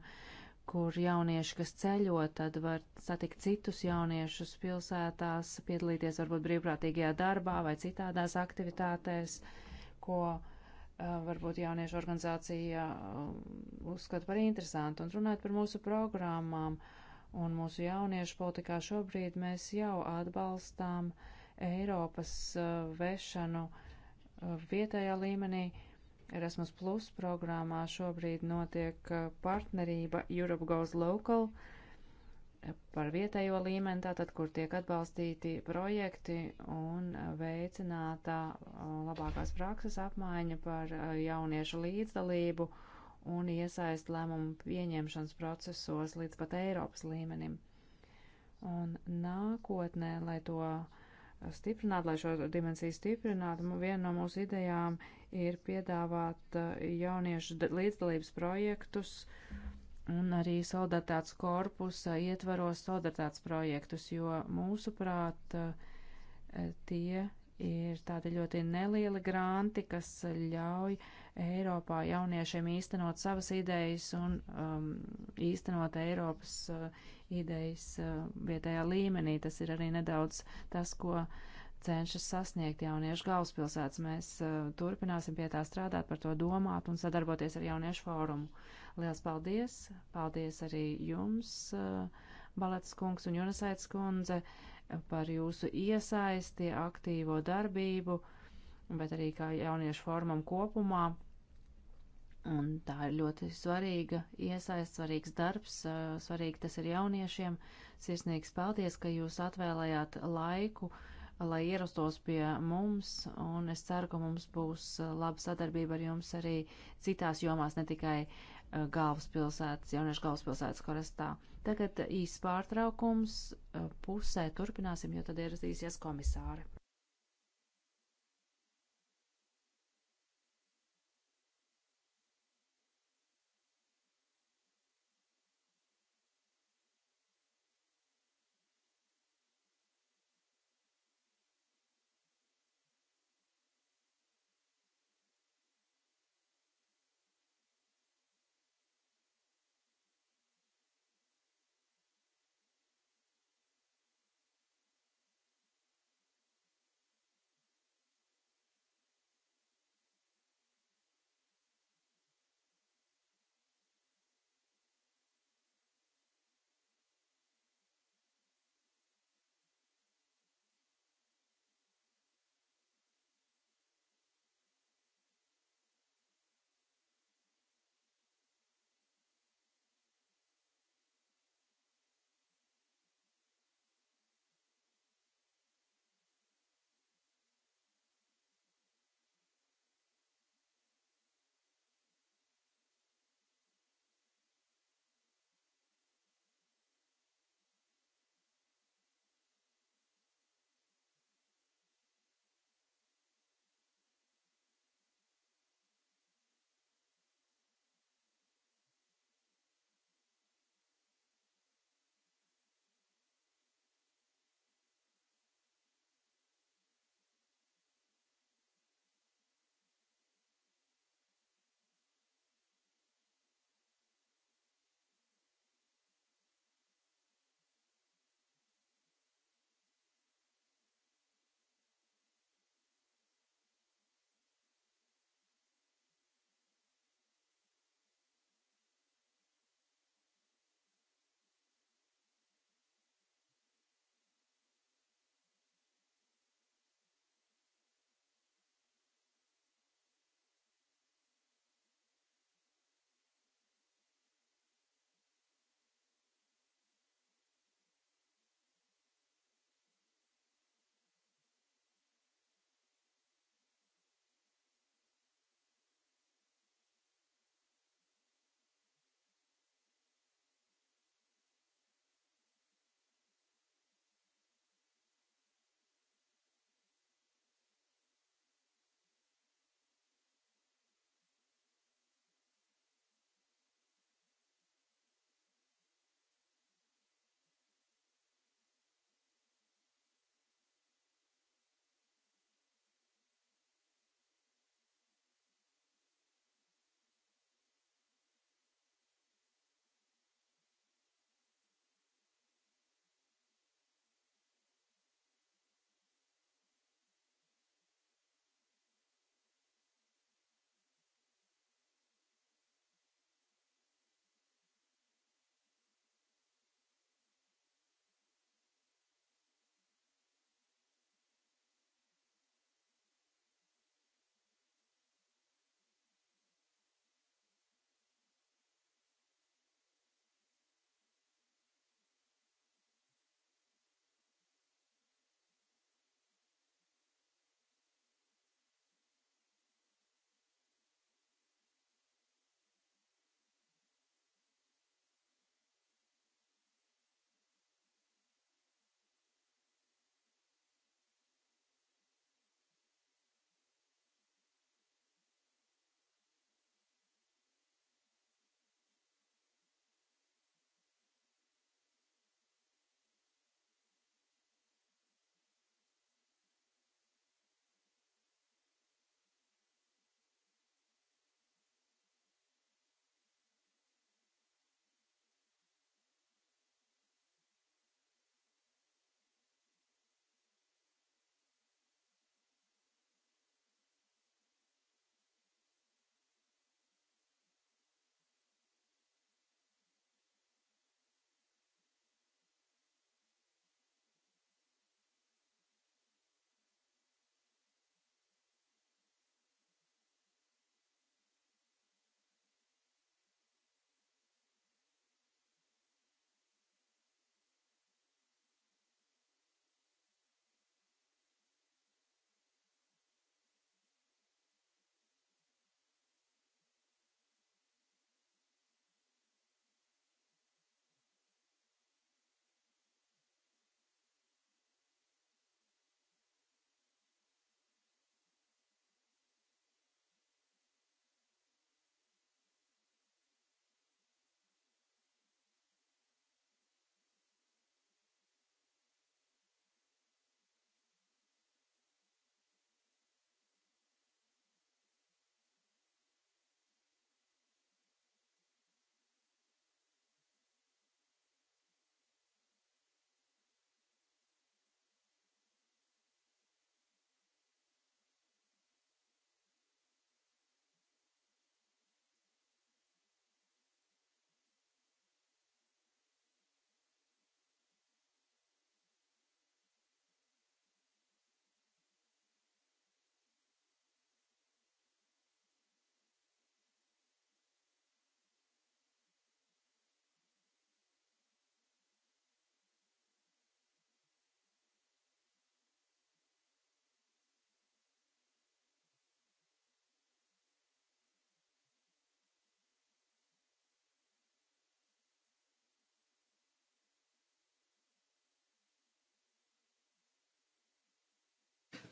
kur jaunieši, kas ceļo, tad var satikt citus jauniešus pilsētās, piedalīties varbūt brīvprātīgajā darbā vai citādās aktivitātēs, ko varbūt jauniešu organizācija uzskata par interesantu. Un runājot par mūsu programmām, uh, un mūsu jauniešu politikā šobrīd mēs jau atbalstām Eiropas uh, vešanu uh, vietējā līmenī. Erasmus Plus programmā šobrīd notiek uh, partnerība Europe Goes Local par vietējo līmeni, tātad, kur tiek atbalstīti projekti un veicinātā labākās prakses apmaiņa par jauniešu līdzdalību un iesaist lēmumu pieņemšanas procesos līdz pat Eiropas līmenim. Un nākotnē, lai to stiprinātu, lai šo dimensiju stiprinātu, viena no mūsu idejām ir piedāvāt uh, jauniešu līdzdalības projektus un arī solidaritātes korpusa ietvaros solidaritātes projektus, jo mūsuprāt uh, tie ir tādi ļoti nelieli granti, kas ļauj Eiropā jauniešiem īstenot savas idejas un um, īstenot Eiropas uh, idejas uh, vietējā līmenī. Tas ir arī nedaudz tas, ko cenšas sasniegt jauniešu galvaspilsētas. Mēs uh, turpināsim pie tā strādāt, par to domāt un sadarboties ar jauniešu fórumu. Liels paldies! Paldies arī jums, uh, Balets kungs un Junasaits kundze! Uh, par jūsu iesaisti, aktīvo darbību, bet arī kā jauniešu formam kopumā. Un tā ir ļoti svarīga iesaist, svarīgs darbs, svarīgi tas ir jauniešiem. Sirsnīgs paldies, ka jūs atvēlējāt laiku, lai ierastos pie mums, un es ceru, ka mums būs laba sadarbība ar jums arī citās jomās, ne tikai galvaspilsētas, jauniešu galvaspilsētas korestā. Tagad īsts pārtraukums, uh, pusē turpināsim, jo tad ieradīsies komisāri.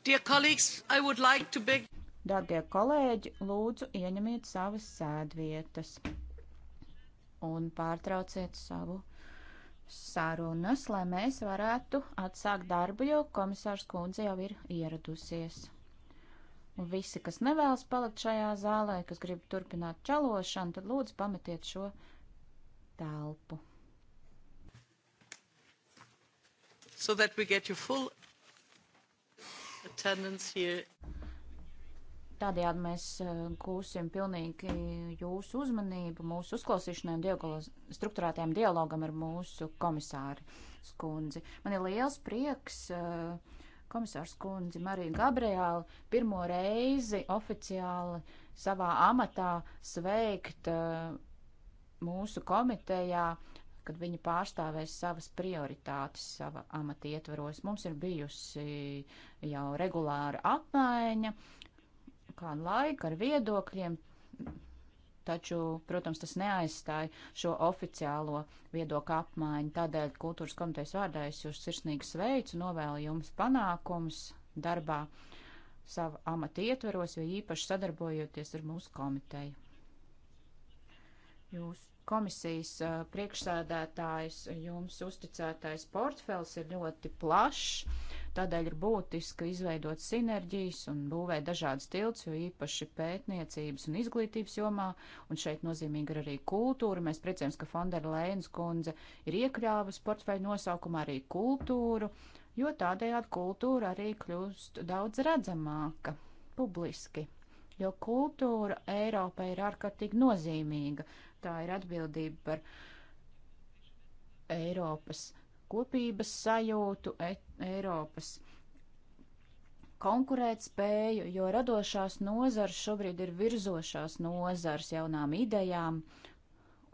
Like beg... Darbie kolēģi, lūdzu ieņemiet savas sēdvietas un pārtrauciet savu sarunas, lai mēs varētu atsākt darbu, jo komisārs kundze jau ir ieradusies. Un visi, kas nevēlas palikt šajā zālē, kas grib turpināt čalošanu, tad lūdzu pametiet šo telpu. So that we get you full Tādējādi mēs eh, gūsim pilnīgi jūsu uzmanību, mūsu uzklausīšanai un dialogu, struktūrētajam dialogam ar mūsu komisāru skundzi. Man ir liels prieks eh, komisārs skundzi Mariju Gabriēlu pirmo reizi oficiāli savā amatā sveikt eh, mūsu komitejā kad viņa pārstāvēs savas prioritātes sava amata ietvaros. Mums ir bijusi jau regulāra apmaiņa kādu laiku ar viedokļiem, taču, protams, tas neaizstāja šo oficiālo viedokļu apmaiņu. Tādēļ kultūras komitejas vārdā es jūs sirsnīgi sveicu, novēlu jums panākums darbā savu amatu ietveros, jo īpaši sadarbojoties ar mūsu komiteju. Jūs komisijas priekšsēdētājs jums uzticētais portfels ir ļoti plašs, tādēļ ir būtiski izveidot sinerģijas un būvēt dažādas tilts, jo īpaši pētniecības un izglītības jomā, un šeit nozīmīga ir arī kultūra. Mēs priecājams, ka Fondera Lēnas kundze ir iekļāvusi portfeļu nosaukumā arī kultūru, jo tādējādi kultūra arī kļūst daudz redzamāka publiski jo kultūra Eiropai ir ārkārtīgi nozīmīga tā ir atbildība par Eiropas kopības sajūtu, e Eiropas konkurētspēju, jo radošās nozars šobrīd ir virzošās nozars jaunām idejām,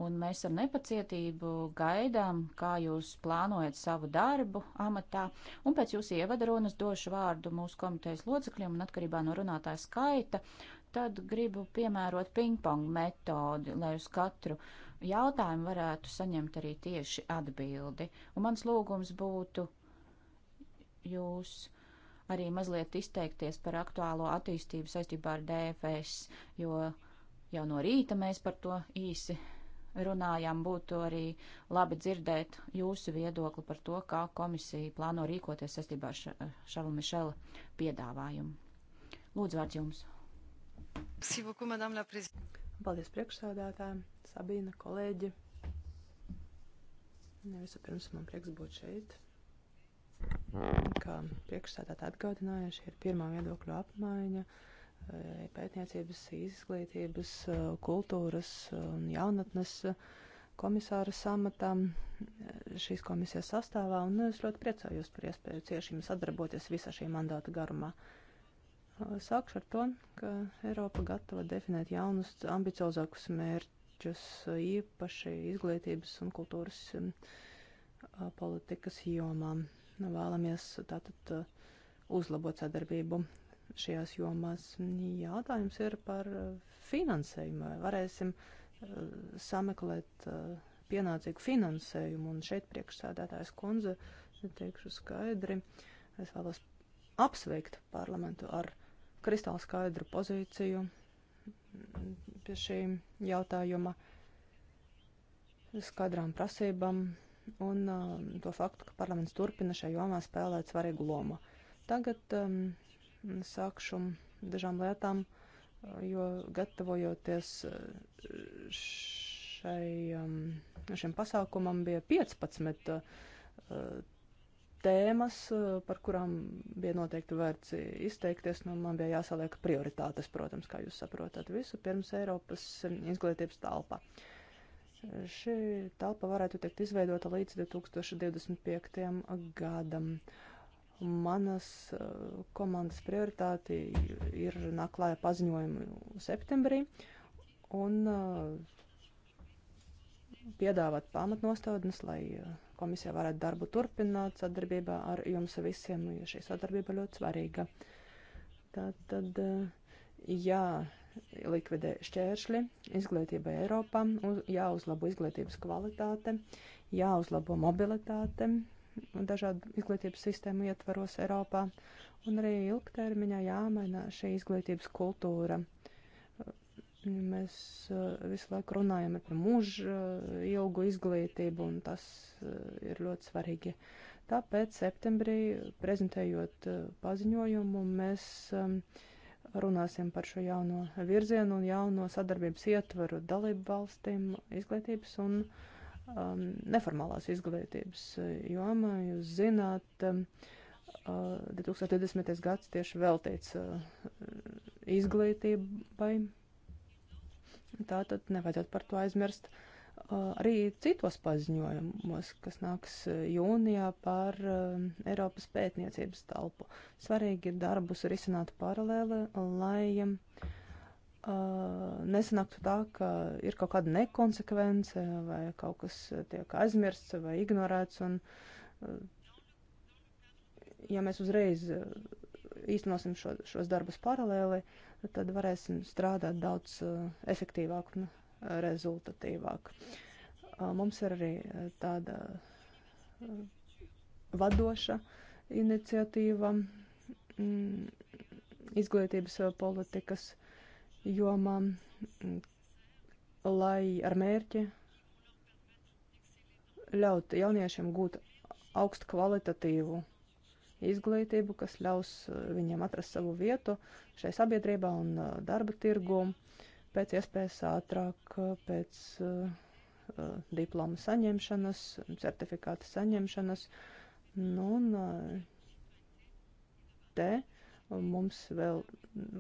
un mēs ar nepacietību gaidām, kā jūs plānojat savu darbu amatā, un pēc jūsu ievadarunas došu vārdu mūsu komitejas locekļiem, un atkarībā no runātāja skaita tad gribu piemērot pingpong metodi, lai uz katru jautājumu varētu saņemt arī tieši atbildi. Un mans lūgums būtu jūs arī mazliet izteikties par aktuālo attīstību saistībā ar DFS, jo jau no rīta mēs par to īsi runājām, būtu arī labi dzirdēt jūsu viedokli par to, kā komisija plāno rīkoties saistībā ar Šavu Mišela piedāvājumu. Lūdzu, vārds jums! Paldies priekšsādātājiem, Sabīna, kolēģi. Nevisu pirms man prieks būt šeit. Kā priekšsādātāji atgādināja, šī ir pirmā viedokļu apmaiņa eh, pētniecības, izglītības, eh, kultūras un jaunatnes komisāra samatam eh, šīs komisijas sastāvā, un nu, es ļoti priecājos par iespēju cieši jums sadarboties visā šī mandāta garumā. Uh, Sākšu ar to, ka Eiropa gatava definēt jaunus, ambiciozākus mērķus īpaši izglītības un kultūras um, politikas jomā. Vēlamies tātad uh, uzlabot sadarbību šajās jomās. Jautājums ir par uh, finansējumu. Vai varēsim uh, sameklēt pienācīgu finansējumu? Un šeit priekšsēdētājs kundze, teikšu skaidri, es vēlos apsveikt parlamentu ar kristāli skaidru pozīciju pie šī jautājuma, skaidrām prasībām un uh, to faktu, ka parlaments turpina šajā jomā spēlēt svarīgu lomu. Tagad um, sākšu dažām lietām, jo gatavojoties uh, šai, um, šim pasākumam bija 15 uh, tēmas, eh, par kurām bija noteikti vērts izteikties, nu, man bija jāsaliek prioritātes, protams, kā jūs saprotat, visu pirms Eiropas eh, izglītības telpa. Šī telpa varētu tikt izveidota līdz 2025. gadam. Manas eh, komandas prioritāte ir naklāja paziņojumu septembrī un piedāvāt pamatnostādnes, lai uh, komisija varētu darbu turpināt sadarbībā ar jums visiem, jo šī sadarbība ļoti svarīga. Tā tad eh, jālikvidē šķēršļi izglītībai Eiropā, uz, jāuzlabo izglītības kvalitāte, jāuzlabo mobilitāte dažādu izglītības sistēmu ietvaros Eiropā, un arī ilgtermiņā jāmaina šī izglītības kultūra Mēs uh, visu laiku runājam par mūža uh, ilgu izglītību, un tas uh, ir ļoti svarīgi. Tāpēc septembrī, prezentējot paziņojumu, mēs um, runāsim par šo jauno virzienu un jauno sadarbības ietvaru dalību valstīm izglītības un um, neformālās izglītības jomā. Jūs zināt, um, 2020. gads tieši veltīts uh, izglītībai Tā tad nevajadzētu par to aizmirst arī citos paziņojumos, kas nāks jūnijā par Eiropas pētniecības telpu. Svarīgi ir darbus risināt paralēli, lai nesanāktu tā, ka ir kaut kāda nekonsekvence vai kaut kas tiek aizmirsts vai ignorēts. Un, ja mēs uzreiz īstenosim šo, šos darbus paralēli, uh, tad varēsim strādāt daudz eh, efektīvāk un eh, rezultatīvāk. Mums ir arī eh, tāda vadoša iniciatīva mm, izglītības politikas jomā, mm, lai ar mērķi ļaut jauniešiem gūt augstu kvalitatīvu izglītību, kas ļaus uh, viņiem atrast savu vietu šai sabiedrībā un uh, darba tirgu pēc iespējas ātrāk, uh, pēc diploma saņemšanas, certifikāta saņemšanas. Nu, un te mums vēl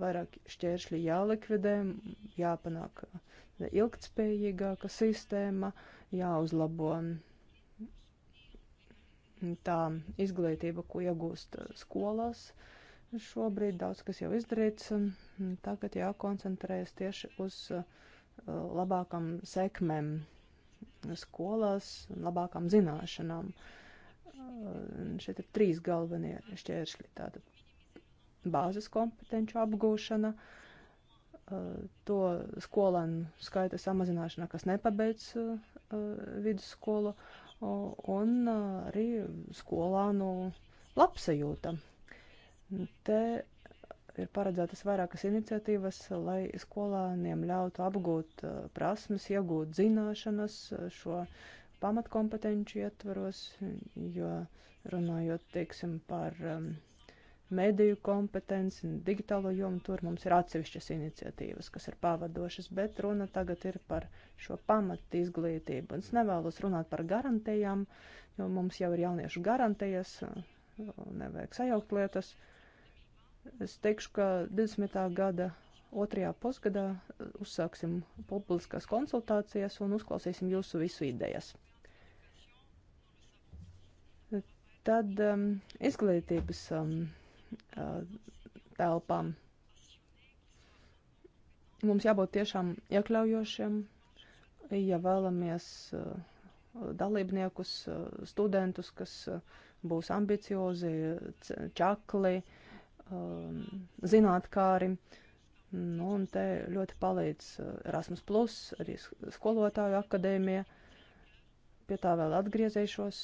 vairāk šķēršļi jālikvidē, jāpanāk ilgtspējīgāka sistēma, jāuzlabo tā izglītība, ko iegūst uh, skolās. Šobrīd daudz kas jau izdarīts, tagad jākoncentrējas tieši uz uh, labākam sekmēm skolās un labākām zināšanām. Šeit ir trīs galvenie šķēršļi. Tātad bāzes kompetenču apgūšana, uh, to skolēnu skaita samazināšana, kas nepabeidz vidusskolu, un uh, arī skolānu labsajūta. Te ir paredzētas vairākas iniciatīvas, lai skolāniem ļautu apgūt uh, prasmes, iegūt zināšanas uh, šo pamatkompetenci ietvaros, jo runājot, teiksim, par um, mediju kompetenci, digitālo jomu, tur mums ir atsevišķas iniciatīvas, kas ir pavadošas, bet runa tagad ir par šo pamatu izglītību. Un es nevēlos runāt par garantijām, jo mums jau ir jauniešu garantijas, nevajag sajaukt lietas. Es teikšu, ka 20. gada otrajā pusgadā uzsāksim publiskās konsultācijas un uzklausīsim jūsu visu idejas. Tad um, izglītības um, Uh, telpām. Mums jābūt tiešām iekļaujošiem, ja vēlamies uh, dalībniekus, uh, studentus, kas būs ambiciozi, čakli, um, zinātkāri. Nu, un te ļoti palīdz Erasmus, arī skolotāju akadēmija pie tā vēl atgriezīšos.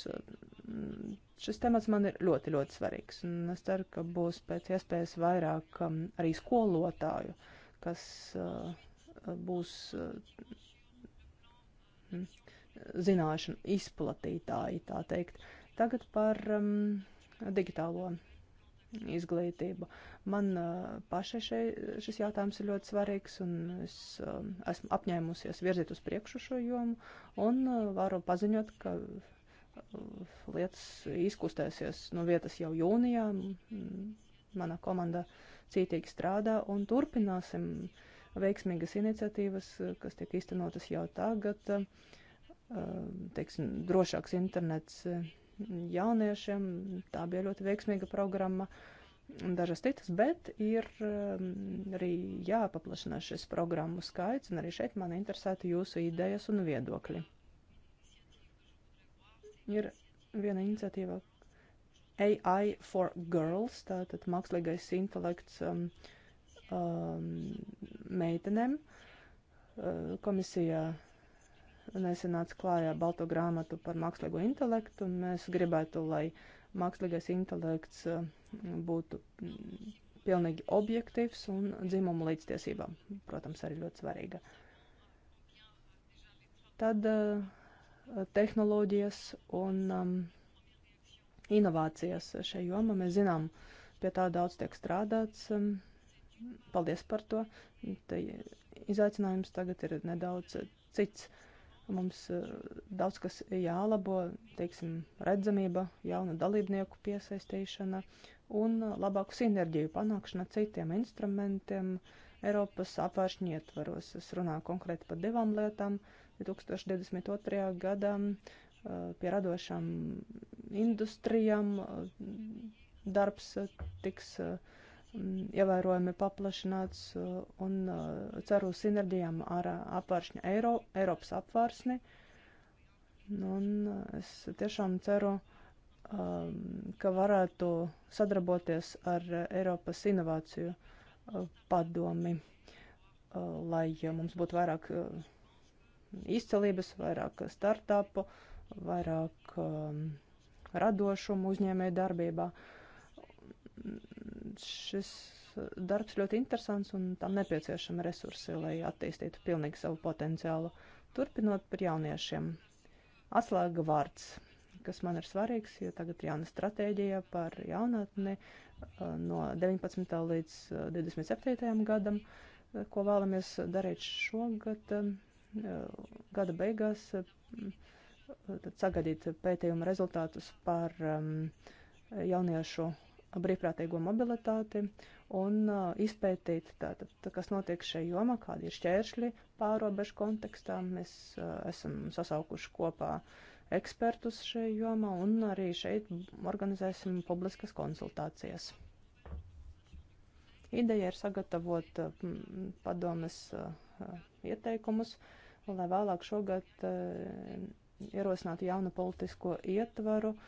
Šis temats man ir ļoti, ļoti svarīgs, un es ceru, ka būs pēc iespējas vairāk um, arī skolotāju, kas uh, būs uh, zināšanu izplatītāji, tā teikt. Tagad par um, digitālo izglītību. Man pašai šai, šis jautājums ir ļoti svarīgs, un es esmu apņēmusies virzīt uz priekšu šo jomu, un varu paziņot, ka lietas izkustēsies no vietas jau jūnijā. Mana komanda cītīgi strādā, un turpināsim veiksmīgas iniciatīvas, kas tiek īstenotas jau tagad. Teiksim, drošāks internets jauniešiem. Tā bija ļoti veiksmīga programma un dažas citas, bet ir um, arī jāpaplašina šis programmu skaits, un arī šeit man interesētu jūsu idejas un viedokļi. Ir viena iniciatīva AI for Girls, tātad mākslīgais intelekts um, um, meitenēm. Uh, komisija uh, nesenāca klājā balto grāmatu par mākslīgo intelektu. Mēs gribētu, lai mākslīgais intelekts mm, būtu mm, pilnīgi objektīvs un dzimumu līdztiesībā, protams, arī ļoti svarīga. Tad eh, tehnoloģijas un um, inovācijas šajā jomā. Mēs zinām, pie tā daudz tiek strādāts. Um, paldies par to. Te izaicinājums tagad ir nedaudz cits. Uh, Mums e, daudz kas jālabo, teiksim, redzamība, jauna dalībnieku piesaistīšana un labāku sinerģiju panākšana citiem instrumentiem Eiropas apvāršņu ietvaros. Es runāju konkrēti par divām lietām. 2022. gadā e, pie radošām industrijām e, darbs tiks uh, ievērojami paplašināts uh, un uh, ceru sinerģijām ar uh, apvāršņu Eiro, Eiropas apvārsni. Nu, un es tiešām ceru, um, ka varētu sadarboties ar Eiropas inovāciju padomi, lai mums būtu vairāk izcelības, vairāk startupu, vairāk um, radošumu uzņēmēju darbībā. Uh, šis uh, darbs ļoti interesants un tam nepieciešami resursi, lai attīstītu pilnīgi savu potenciālu. Turpinot par jauniešiem. Atslēga vārds, kas man ir svarīgs, jo tagad ir jauna stratēģija par jaunatni uh, no 19. līdz 27. Uh, gadam, ko vēlamies darīt šogad, gada beigās, tad sagadīt pētījuma rezultātus par um, jauniešu brīvprātīgo mobilitāti un izpētīt, tātad, kas notiek šajā jomā, kādi ir šķēršļi pārobežu kontekstā. Mēs esam sasaukuši kopā ekspertus šajā jomā un arī šeit organizēsim publiskas konsultācijas. Ideja ir sagatavot padomes ieteikumus, lai vēlāk šogad ierosinātu jaunu politisko ietvaru uh,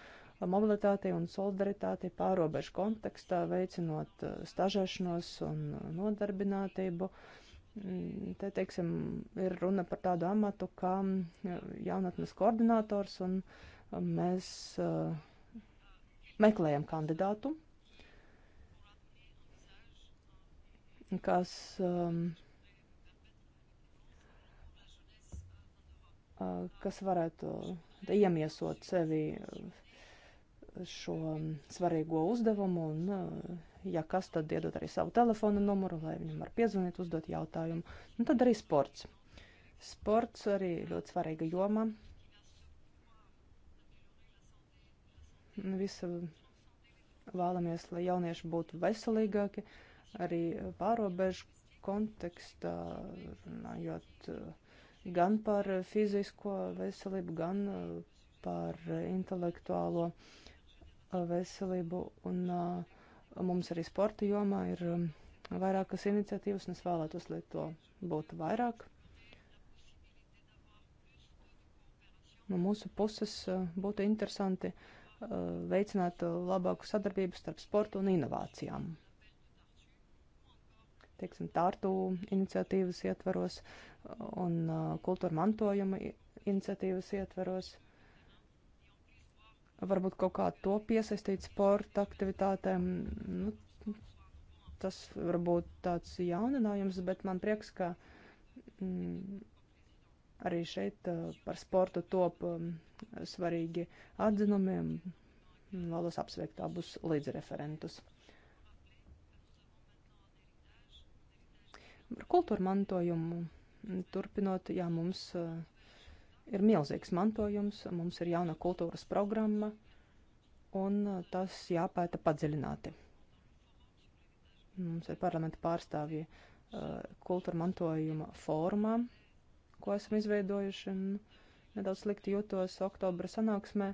mobilitātei un solidaritātei pārobežu kontekstā, veicinot eh, stažēšanos un nodarbinātību. Mm, te, teiksim, ir runa par tādu amatu kā mm, jaunatnes koordinators, un mēs eh, meklējam kandidātu, kas eh, kas varētu iemiesot sevi uh, šo svarīgo uzdevumu. Un, eh, ja kas, tad iedot arī savu telefona numuru, lai viņam var piezvanīt, uzdot jautājumu. Un nu, tad arī sports. Sports arī ļoti svarīga joma. Nu, visi vēlamies, lai jaunieši būtu veselīgāki, arī pārobežu kontekstā, runājot eh, gan par fizisko veselību, gan eh, par intelektuālo veselību veselību, un mums arī sporta jomā ir vairākas iniciatīvas, un es vēlētos, lai to būtu vairāk. No mūsu puses būtu interesanti veicināt labāku sadarbību starp sportu un inovācijām teiksim, tārtu iniciatīvas ietvaros un uh, kultūra mantojuma iniciatīvas ietvaros varbūt kaut kā to piesaistīt sporta aktivitātēm. Nu, tas varbūt tāds jauninājums, bet man prieks, ka mm, arī šeit par sportu top svarīgi atzinumiem. Vēlos apsveikt abus līdzreferentus. Par kultūra mantojumu turpinot, jā, mums uh, ir milzīgs mantojums, mums ir jauna kultūras programma, un tas jāpēta padziļināti. Mums ir parlamenta pārstāvji uh, kultūra mantojuma fórumā, ko esam izveidojuši, un nedaudz slikti jūtos oktobra sanāksmē,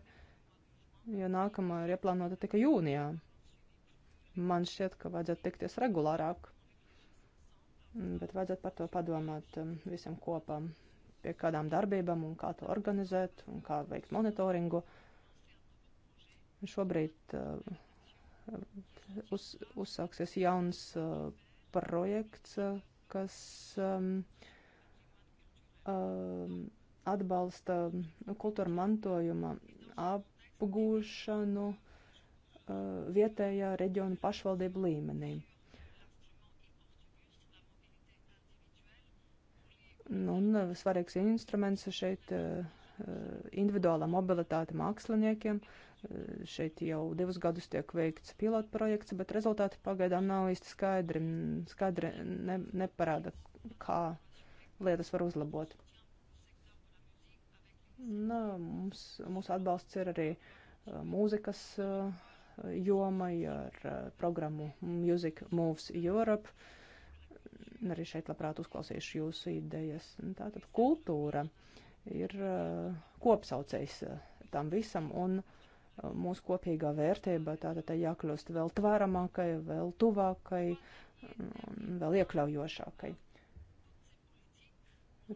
jo nākamā ir ieplānota tikai jūnijā. Man šķiet, ka vajadzētu tikties regulārāk, bet vajadzētu par to padomāt um, visiem kopām pie kādām darbībām un kā to organizēt un kā veikt monitoringu. Šobrīd uh, uz, uzsāksies jauns uh, projekts, uh, kas um, um, atbalsta kultūra mantojuma apgūšanu uh, vietējā reģiona pašvaldību līmenī. Un uh, svarīgs instruments šeit uh, uh, individuālā mobilitāte māksliniekiem. Šeit jau divus gadus tiek veikts pilotprojekts, bet rezultāti pagaidām nav īsti skaidri. Skaidri ne, neparāda, kā lietas var uzlabot. Nu, mums, mūsu atbalsts ir arī mūzikas jomai ar programmu Music Moves Europe. Uh, arī šeit labprāt uzklausīšu jūsu idejas. Tātad kultūra ir eh, kopsaucējs eh, tam visam un eh, mūsu kopīgā vērtība, tātad tā jākļūst vēl tvaramākai, vēl tuvākai, vēl iekļaujošākai.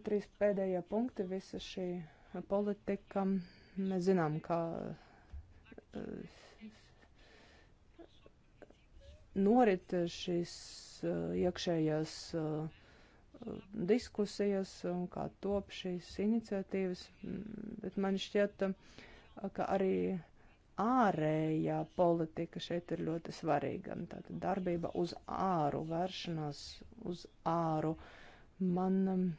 Trīs pēdējie punkti visa šī politika. Mēs zinām, ka norit šīs eh, iekšējās eh, diskusijas un kā top šīs iniciatīvas, mm, bet man šķiet, eh, ka arī ārējā politika šeit ir ļoti svarīga. Tātad darbība uz āru, vēršanās uz āru. Man mm,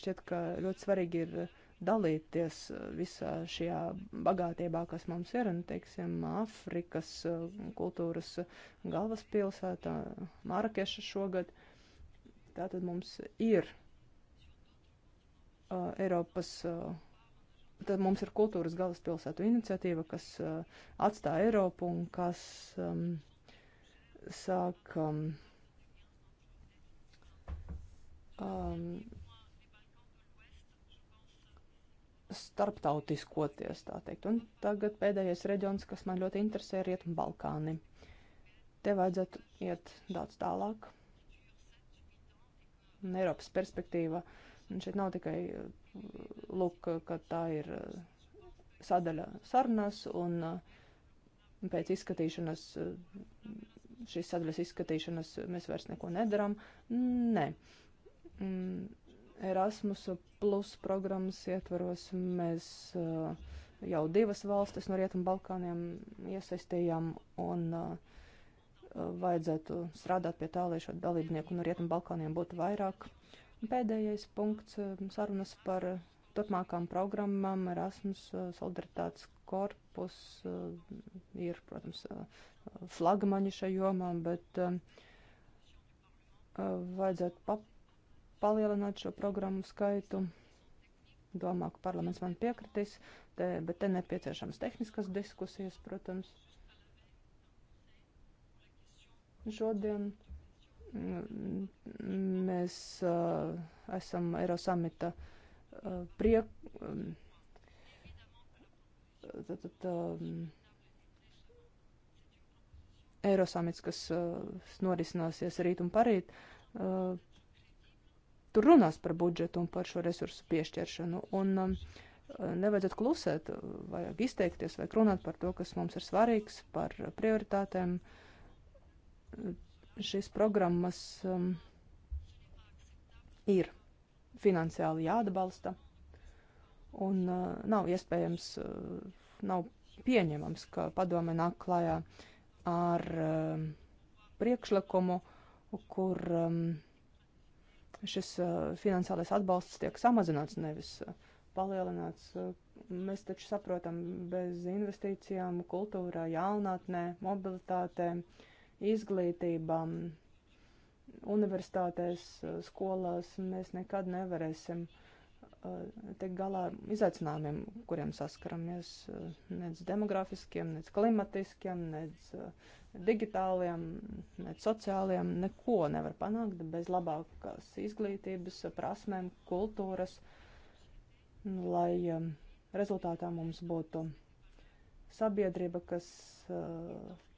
šķiet, ka ļoti svarīgi ir dalīties eh, visā šajā bagātībā, kas mums ir, un, teiksim, Afrikas eh, kultūras galvaspilsētā, Marakeša šogad. Tātad mums ir uh, Eiropas, uh, tad mums ir kultūras galvaspilsētu iniciatīva, kas uh, atstāja Eiropu un kas um, sāk um, um, starptautiskoties, tā teikt. Un tagad pēdējais reģions, kas man ļoti interesē, ir Rietumbalkāni. Te vajadzētu iet daudz tālāk. Un Eiropas perspektīva. Un šeit nav tikai uh, lūk, ka tā ir uh, sadaļa sarunās un uh, pēc izskatīšanas, šīs sadaļas izskatīšanas mēs vairs neko nedaram. Nē. Ne mm, Erasmus Plus programmas ietvaros mēs uh, jau divas valstis no Rietumu Balkāniem iesaistījām un uh, uh, vajadzētu strādāt pie tā, lai šo dalībnieku no Rietumu Balkāniem būtu vairāk. Pēdējais punkts - sarunas par turpmākām programmām Erasmus solidaritātes korpus ir, protams, flagmaņi šajā jomā, bet vajadzētu pap palielināt šo programmu skaitu. Domāju, ka parlaments man piekritīs, te, bet te nepieciešams tehniskas diskusijas, protams. Šodien mm, mēs uh, esam Eirosamita uh, priek. Um, tad, tad, um, Eirosamits, kas uh, norisināsies rīt un parīt, uh, tur runās par budžetu un par šo resursu piešķiršanu. Un um, nevajadzētu klusēt, vajag izteikties, vajag runāt par to, kas mums ir svarīgs, par prioritātēm. Šīs programmas um, ir finansiāli jāatbalsta, un uh, nav iespējams, uh, nav pieņemams, ka padome nāk klājā ar uh, priekšlikumu, kur um, šis finansiālais atbalsts tiek samazināts, nevis palielināts. Mēs taču saprotam, bez investīcijām kultūrā, jaunatnē, mobilitātē, izglītībām, universitātēs, skolās mēs nekad nevarēsim uh, Uh, tiek galā ar izaicinājumiem, kuriem saskaramies, uh, nec demografiskiem, nec klimatiskiem, nec uh, digitāliem, nec sociāliem. Neko nevar panākt bez labākās izglītības, prasmēm, kultūras, nu, lai um, rezultātā mums būtu sabiedrība, kas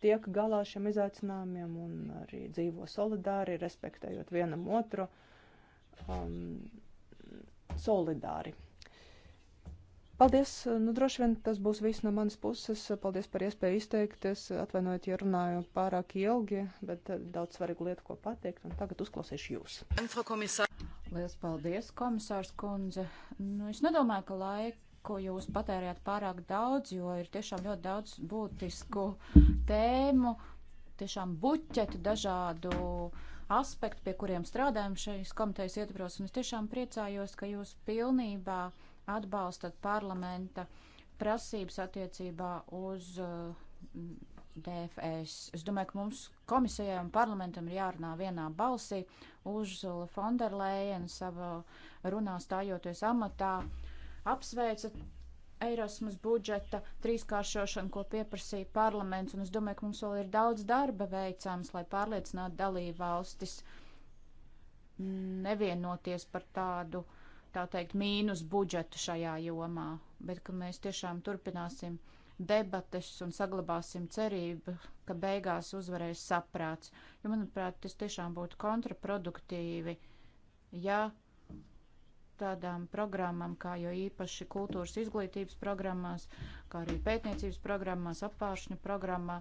tiek galā ar šiem izaicinājumiem un arī dzīvo solidāri, respektējot vienam otru. Um, solidāri. Paldies! Nu, droši vien tas būs viss no manas puses. Paldies par iespēju izteikties. Atvainojiet, ja runāju pārāk ilgi, bet eh, daudz svarīgu lietu, ko pateikt. Un tagad uzklausīšu jūs. Lielas paldies, komisārs kundze. Nu, es nedomāju, ka laika ko jūs patērējat pārāk daudz, jo ir tiešām ļoti daudz būtisku tēmu, tiešām buķetu dažādu uh, aspekti, pie kuriem strādājam šīs komitejas ietvaros, un es tiešām priecājos, ka jūs pilnībā atbalstat parlamenta prasības attiecībā uz uh, DFS. Es domāju, ka mums komisijai un parlamentam ir jārunā vienā balsī. Urzula Fonderlējena savā runā stājoties amatā apsveica Eirasmus budžeta trīskāršošanu, ko pieprasīja parlaments, un es domāju, ka mums vēl ir daudz darba veicams, lai pārliecinātu dalību valstis nevienoties par tādu, tā teikt, mīnus budžetu šajā jomā, bet ka mēs tiešām turpināsim debates un saglabāsim cerību, ka beigās uzvarēs saprāts, jo, manuprāt, tas tiešām būtu kontraproduktīvi, ja tādām programmām, kā jo īpaši kultūras izglītības programmās, kā arī pētniecības programmās, apvāršņu programmā,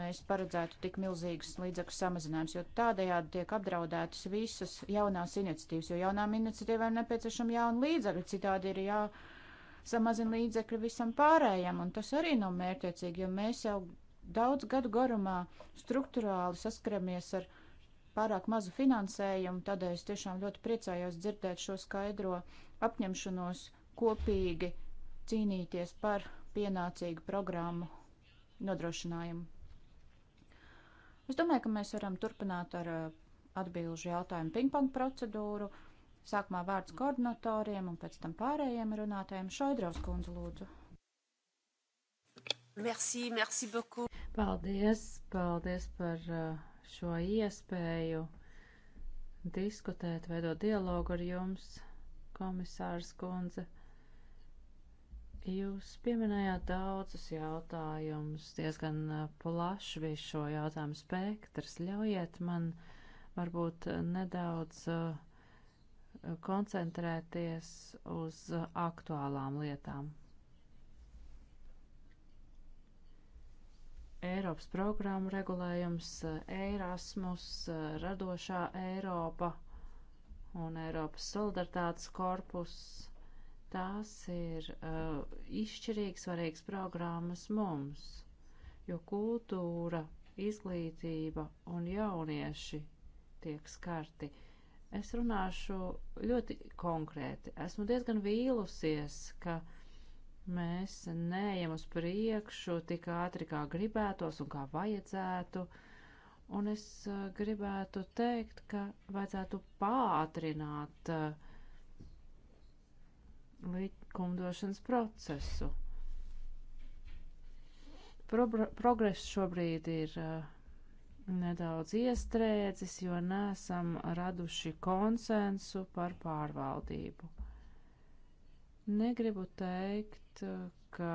mēs paredzētu tik milzīgas līdzekļu samazinājums, jo tādējādi tiek apdraudētas visas jaunās iniciatīvas, jo jaunām iniciatīvām nepieciešama jauna līdzekļa, citādi ir jā. Samazina līdzekļi visam pārējiem, un tas arī nav mērķiecīgi, jo mēs jau daudz gadu garumā struktūrāli saskaramies ar uh, pārāk mazu finansējumu, tādēļ es tiešām ļoti priecājos dzirdēt šo skaidro apņemšanos kopīgi cīnīties par pienācīgu programmu nodrošinājumu. Es domāju, ka mēs varam turpināt ar uh, atbilžu jautājumu pingpong procedūru. Sākumā vārds koordinatoriem un pēc tam pārējiem runātājiem Šoidrovs kundze lūdzu. Merci, merci beaucoup. Paldies, paldies par uh, šo iespēju diskutēt, veidot dialogu ar jums, komisārs kundze. Jūs pieminējāt daudzus jautājumus, diezgan uh, plašs bija šo jautājumu spektrs. Ļaujiet man varbūt uh, nedaudz uh, koncentrēties uz aktuālām lietām. Eiropas programmu regulējums, Eirasmus, eh, eh, Radošā Eiropa un Eiropas solidaritātes korpus. Tās ir uh, eh, izšķirīgi svarīgas programmas mums, jo kultūra, izglītība un jaunieši tiek skarti. Es runāšu ļoti konkrēti. Esmu diezgan vīlusies, ka uh, Mēs neejam uz priekšu tik ātri, kā gribētos un kā vajadzētu. Un es eh, gribētu teikt, ka vajadzētu pātrināt eh, likumdošanas procesu. Pro progress šobrīd ir eh, nedaudz iestrēdzis, jo nesam raduši konsensu par pārvaldību. Negribu teikt, ka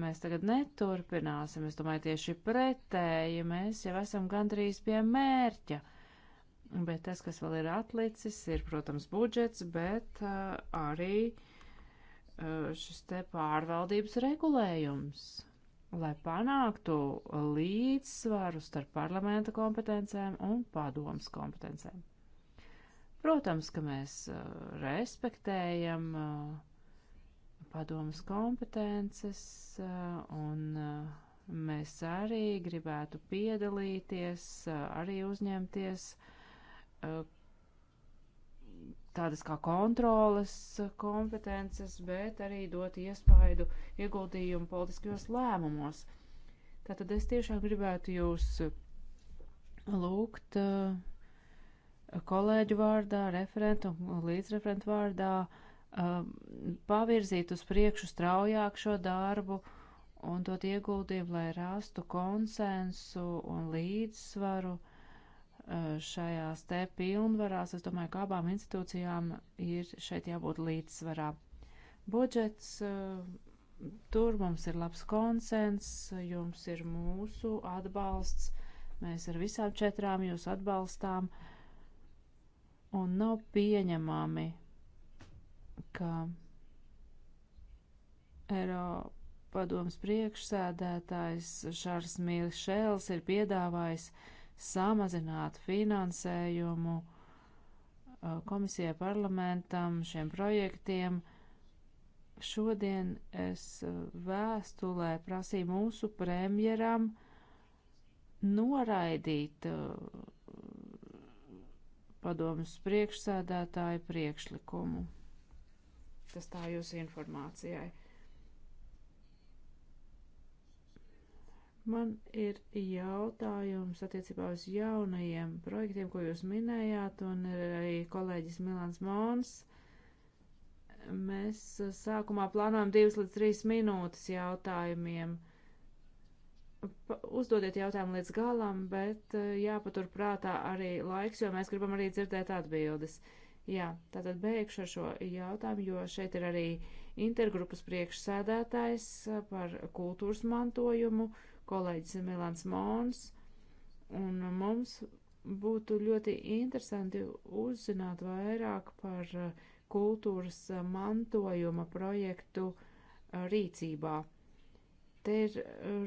mēs tagad neturpināsim. Es domāju, tieši pretēji mēs jau esam gandrīz pie mērķa. Bet tas, kas vēl ir atlicis, ir, protams, budžets, bet uh, arī uh, šis te pārvaldības regulējums, lai panāktu līdzsvaru starp parlamenta kompetencēm un padomas kompetencēm. Protams, ka mēs uh, respektējam uh, padomas kompetences uh, un mēs arī gribētu piedalīties, arī uzņemties tādas kā kontrolas kompetences, bet arī dot iespaidu ieguldījumu politiskajos lēmumos. Tātad es tiešām gribētu jūs lūgt uh, kolēģu vārdā, referentu un līdzreferentu vārdā um, pavirzīt uz priekšu straujāk šo darbu un dot ieguldījumu, lai rastu konsensu un līdzsvaru uh, šajās te pilnvarās. Es domāju, ka abām institūcijām ir šeit jābūt līdzsvarā. Budžets, uh, tur mums ir labs konsens, jums ir mūsu atbalsts, mēs ar visām četrām jūs atbalstām. Uh, un nav pieņemami, ka Eiropadomas priekšsēdētājs Šārs Mīlšēls ir piedāvājis samazināt finansējumu uh, komisijai parlamentam šiem projektiem. Šodien es uh, vēstulē prasīju mūsu premjeram noraidīt uh, padomas priekšsēdētāja priekšlikumu. Tas tā jūsu informācijai. Man ir jautājums attiecībā uz jaunajiem projektiem, ko jūs minējāt, un ir arī kolēģis Milans Mons. Mēs sākumā plānojam divas līdz trīs minūtes jautājumiem. Uh, uzdodiet jautājumu līdz galam, bet eh, jāpatur prātā arī laiks, jo mēs gribam arī dzirdēt atbildes. Jā, tātad beigšu ar šo jautājumu, jo šeit ir arī intergrupas priekšsēdētājs eh, par kultūras mantojumu, kolēģis Milans Mons, un mums būtu ļoti interesanti uzzināt vairāk par eh, kultūras mantojuma projektu rīcībā Te ir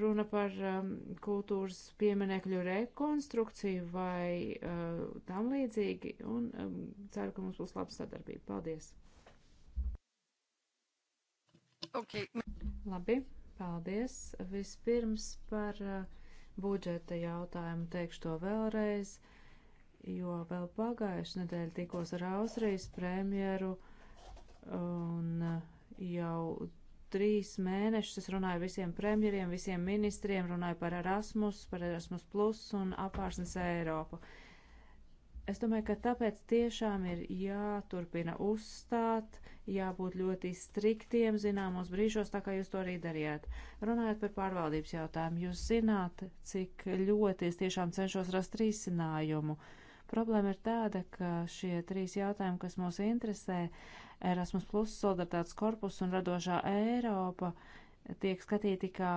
runa par um, kultūras pieminekļu rekonstrukciju vai uh, tam līdzīgi, un um, ceru, ka mums būs laba sadarbība. Paldies! Okay. Labi, paldies. Vispirms par uh, budžeta jautājumu teikšu to vēlreiz, jo vēl pagājuši nedēļ tikos ar Austrijas premjeru un uh, jau trīs mēnešus es runāju visiem premjeriem, visiem ministriem, runāju par Erasmus, par Erasmus Plus un apvārsnes Eiropu. Es domāju, ka tāpēc tiešām ir jāturpina uzstāt, jābūt ļoti striktiem zināmos brīžos, tā kā jūs to arī darījāt. Runājot par pārvaldības jautājumu, jūs zināt, cik ļoti es tiešām cenšos rast risinājumu. Uh, Problēma ir tāda, ka šie trīs jautājumi, kas mūs interesē, Erasmus, Solidaritātes korpus un radošā Eiropa, tiek skatīti kā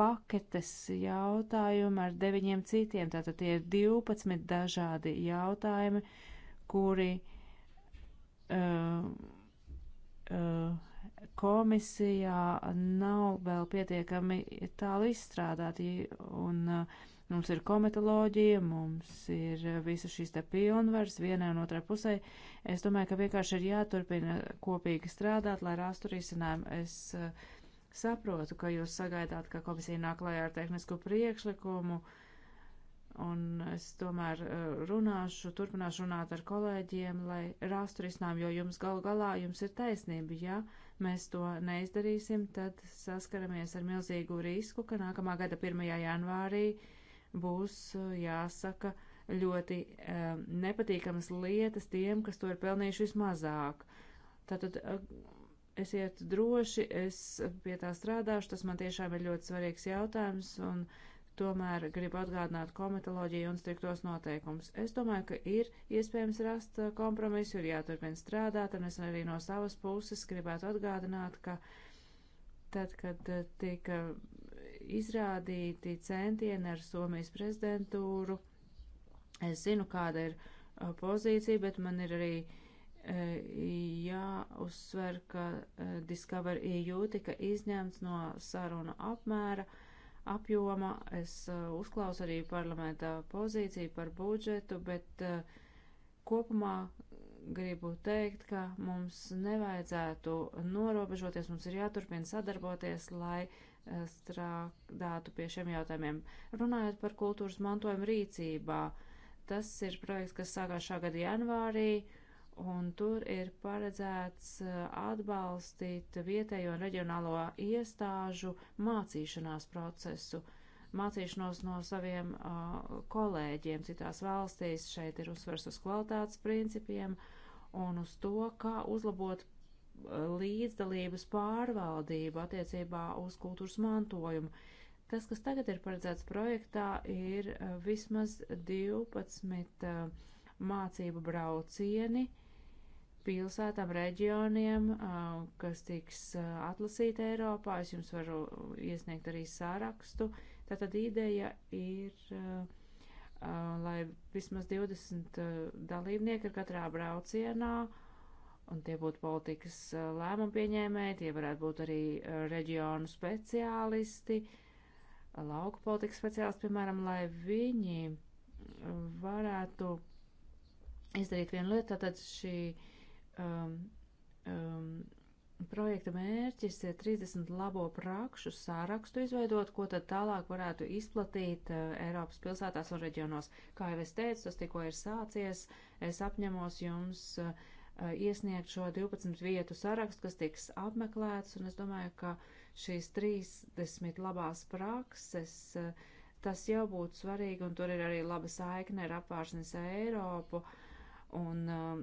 paketes jautājumi ar deviņiem citiem. Tātad tie ir 12 dažādi jautājumi, kuri uh, uh, komisijā nav vēl pietiekami tālu izstrādāti. Un, uh, Mums ir komitoloģija, mums ir visas šīs te pilnvaras vienā un otrā pusē. Es domāju, ka vienkārši ir jāturpina kopīgi strādāt, lai rastu risinājumu. Es uh, saprotu, ka jūs sagaidāt, ka komisija nāk klajā ar tehnisku priekšlikumu, un es tomēr eh, runāšu, turpināšu runāt ar kolēģiem, lai rastu risinājumu, jo jums galu galā jums ir taisnība, ja mēs to neizdarīsim, tad saskaramies ar milzīgu risku, ka nākamā gada 1. janvārī uh, būs eh, jāsaka ļoti eh, nepatīkamas lietas tiem, kas to ir pelnījuši vismazāk. Tātad eh, esiet droši, es pie tā strādāšu, tas man tiešām ir ļoti svarīgs jautājums, un tomēr gribu atgādināt komitoloģiju un striktos noteikumus. Es domāju, ka ir iespējams rast kompromisu, ir jāturpina strādāt, un es arī no savas puses gribētu atgādināt, ka tad, kad tika izrādīti centieni ar Somijas prezidentūru. Es zinu, kāda ir uh, pozīcija, bet man ir arī uh, jāuzsver, ka uh, Discover EU tika izņemts no saruna apmēra apjoma. Es uzklausu arī parlamentā pozīciju par budžetu, bet kopumā gribu teikt, ka mums nevajadzētu norobežoties, mums ir jāturpina sadarboties, lai uh, strādātu pie šiem jautājumiem. Runājot par kultūras mantojumu rīcībā, tas ir projekts, kas sākās šā gada janvārī, un tur ir paredzēts uh, atbalstīt vietējo un reģionālo iestāžu mācīšanās procesu mācīšanos no saviem uh, kolēģiem citās valstīs. Šeit ir uzsvers uz kvalitātes principiem un uz to, kā uzlabot līdzdalības pārvaldību attiecībā uz kultūras mantojumu. Tas, kas tagad ir paredzēts projektā, ir e, vismaz 12 e, mācību braucieni pilsētām, reģioniem, e, kas tiks atlasīti Eiropā. Es jums varu iesniegt arī sārakstu. Tātad ideja ir, lai vismaz 20 dalībnieki ir katrā braucienā un tie būtu politikas lēmumu pieņēmēji, tie varētu būt arī reģionu speciālisti, lauku politikas speciālisti, piemēram, lai viņi varētu izdarīt vienu lietu, tātad šī um, um, projekta mērķis ir 30 labo prakšu sārakstu izveidot, ko tad tālāk varētu izplatīt uh, Eiropas pilsētās un reģionos. Kā jau es teicu, tas tikko ir sācies, es apņemos jums uh, Eh, iesniegt šo 12 vietu sarakstu, kas tiks apmeklēts, un es domāju, ka šīs 30 labās prakses, eh, tas jau būtu svarīgi, un tur ir arī laba saikne ar apvāršanas Eiropu, un eh,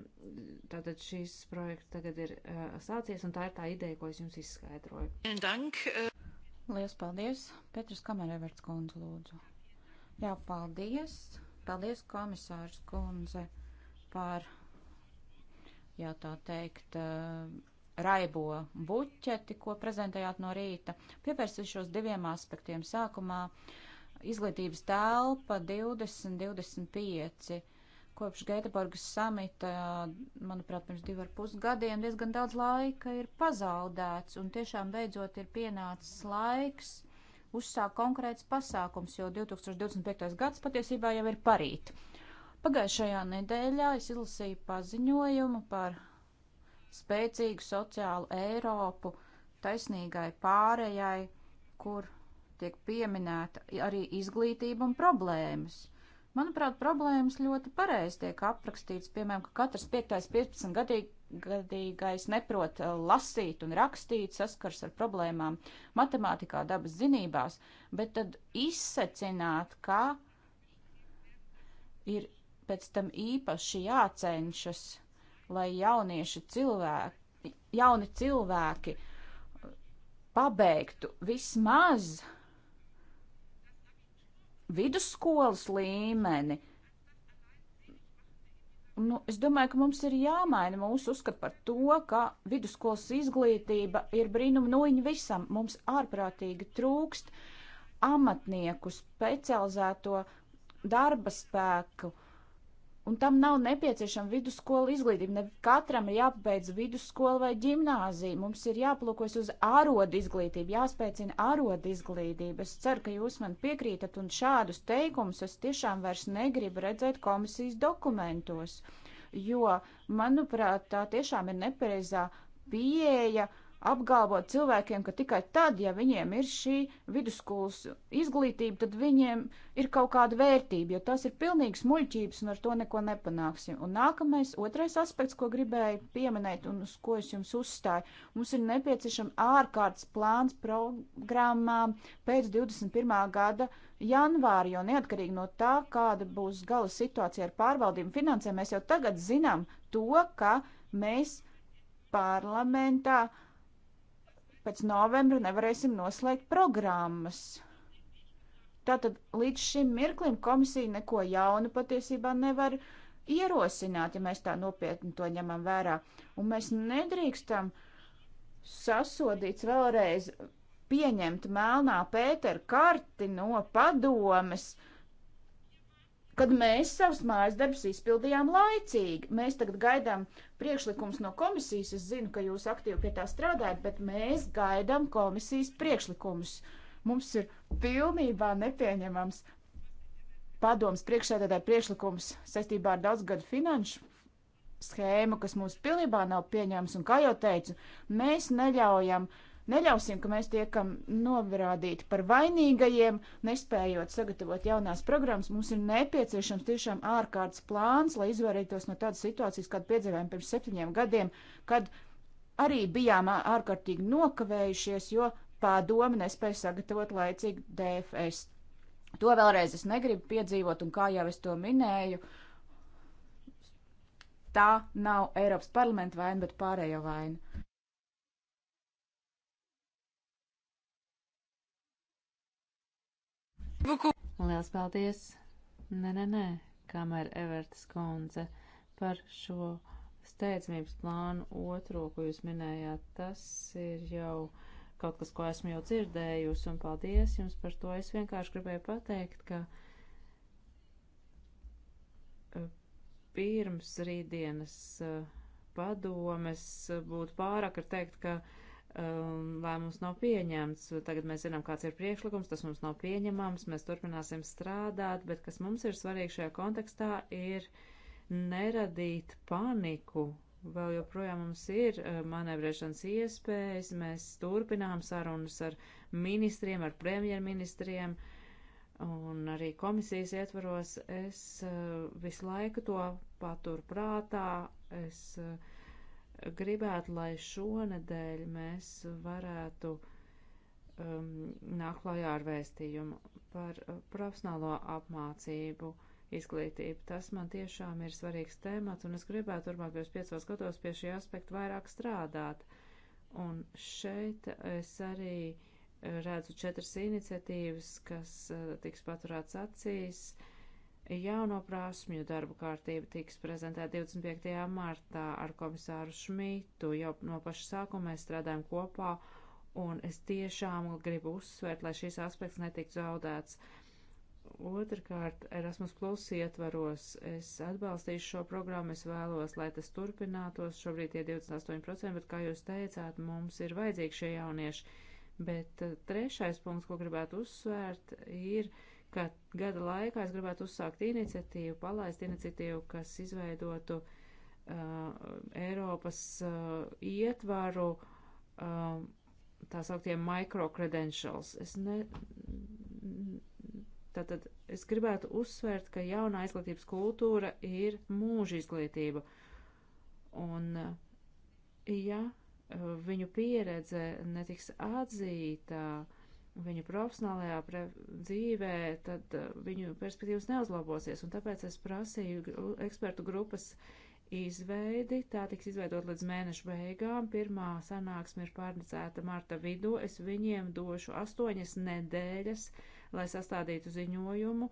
tātad šīs projekts tagad ir sācies, un tā ir tā ideja, ko es jums izskaidroju. Lielas paldies! Petras Kamerēverts kundze lūdzu. Jā, paldies! Paldies, komisārs kundze, par ja tā teikt, eh, raibo buķeti, ko prezentējāt no rīta. Pievērsīšos diviem aspektiem. Sākumā izglītības telpa 2025. Kopš Gēteborgas samita, manuprāt, pirms divi ar pus gadiem diezgan daudz laika ir pazaudēts, un tiešām beidzot ir pienācis laiks uzsākt konkrēts pasākums, jo 2025. gads patiesībā jau ir parīt. Uh, Pagājušajā nedēļā es izlasīju paziņojumu par spēcīgu sociālu Eiropu, taisnīgai pārējai, kur tiek pieminēta arī izglītība un problēmas. Manuprāt, problēmas ļoti pareizi tiek aprakstīts, piemēram, ka katrs 5-15 gadīgi, gadīgais neprot uh, lasīt un rakstīt, saskars ar problēmām matemātikā, dabas zinībās, bet tad izsecināt, ka ir pēc tam īpaši jācenšas, lai jaunieši cilvēki, jauni cilvēki pabeigtu vismaz vidusskolas līmeni. Nu, es domāju, ka mums ir jāmaina mūsu uzskatu par to, ka vidusskolas izglītība ir brīnuma nūjiņa visam. Mums ārprātīgi trūkst amatnieku, specializēto darba spēku, uh, Un tam nav nepieciešama vidusskola izglītība. Ne katram ir jāpabeidz vidusskola vai ģimnāzija. Mums ir jāplūkojas uz ārodu izglītību, jāspēcina ārodu izglītība. Es ceru, ka jūs man piekrītat, un šādus teikumus es tiešām vairs negribu redzēt komisijas dokumentos. Jo, manuprāt, tā tiešām ir nepareizā pieeja. Uh, apgalvot cilvēkiem, ka tikai tad, ja viņiem ir šī vidusskolas izglītība, tad viņiem ir kaut kāda vērtība, jo tas ir pilnīgs muļķības un ar to neko nepanāksim. Un nākamais, otrais aspekts, ko gribēju pieminēt un uz ko es jums uzstāju, mums ir nepieciešama ārkārtas plāns programmām pēc 21. gada janvāri, jo neatkarīgi no tā, kāda būs gala situācija ar pārvaldību finansēm, mēs jau tagad zinām to, ka mēs parlamentā uh, pēc novembra nevarēsim noslēgt programmas. Tātad līdz šim mirklim komisija neko jaunu patiesībā nevar ierosināt, ja mēs tā nopietni to ņemam vērā. Un mēs nedrīkstam sasodīts vēlreiz pieņemt melnā Pētera karti no padomes, uh, kad mēs savus mājas darbus izpildījām laicīgi. Mēs tagad gaidām priekšlikums no komisijas. Es zinu, ka jūs aktīvi pie tā strādājat, bet mēs gaidām komisijas priekšlikumus. Mums ir pilnībā nepieņemams padoms priekšsēdētāja priekšlikums saistībā ar daudzgadu finanšu schēmu, kas mums pilnībā nav pieņemams. Un kā jau teicu, mēs neļaujam uh, Neļausim, ka mēs tiekam novirādīti par vainīgajiem, nespējot sagatavot jaunās programmas. Mums ir nepieciešams tiešām ārkārtas plāns, lai izvairītos no tādas situācijas, kādu piedzīvējām pirms septiņiem gadiem, kad arī bijām ārkārtīgi nokavējušies, jo pārdomi nespēja sagatavot laicīgi DFS. To vēlreiz es negribu piedzīvot, un kā jau es to minēju, tā nav Eiropas parlamenta vaina, bet pārējo vaina. Lielas paldies! Nē, nē, nē, kamēr Evertas kundze par šo steidzamības plānu otro, ko jūs minējāt, tas ir jau kaut kas, ko esmu jau dzirdējusi, un paldies jums par to. Es vienkārši gribēju pateikt, ka eh, pirms rītdienas eh, padomes eh, būtu pārāk ar teikt, ka um, lēmums nav pieņemts. Tagad mēs zinām, kāds ir priekšlikums, tas mums nav pieņemams, mēs turpināsim strādāt, bet kas mums ir svarīgi šajā kontekstā ir neradīt paniku. Vēl joprojām mums ir uh, manevrēšanas iespējas, mēs turpinām sarunas ar ministriem, ar premjerministriem un arī komisijas ietvaros. Es uh, visu laiku to paturu prātā. Es, uh, gribētu, lai šonadēļ mēs varētu um, nākt klajā ar vēstījumu par uh, profesionālo apmācību, izglītību. Tas man tiešām ir svarīgs tēmats, un es gribētu turpmākajos piecos gados pie šī aspekta vairāk strādāt. Un šeit es arī uh, redzu četras iniciatīvas, kas uh, tiks paturēts acīs. Uh, Jauno prasmju darba kārtība tiks prezentēta 25. martā ar komisāru Šmītu. Jau no paša sākuma mēs strādājam kopā, un es tiešām gribu uzsvērt, lai šīs aspekts netiktu zaudēts. Otrakārt, Erasmus Plus ietvaros es atbalstīšu šo programmu, es vēlos, lai tas turpinātos. Šobrīd ir 28%, bet, kā jūs teicāt, mums ir vajadzīgi šie jaunieši. Bet eh, trešais punkts, ko gribētu uzsvērt, ir ka gada laikā es gribētu uzsākt iniciatīvu, palaist iniciatīvu, kas izveidotu uh, Eiropas uh, ietvaru uh, tā sauktiem microcredentials. Es ne, tātad es gribētu uzsvērt, ka jaunā izglītības kultūra ir mūža izglītība. Un, uh, ja uh, viņu pieredze netiks atzīta, uh, viņu profesionālajā dzīvē, tad uh, viņu perspektīvas neuzlabosies. Un tāpēc es prasīju ekspertu grupas izveidi. Tā tiks izveidot līdz mēneša beigām. Pirmā sanāksme ir pārnicēta marta vidū. Es viņiem došu astoņas nedēļas, lai sastādītu ziņojumu.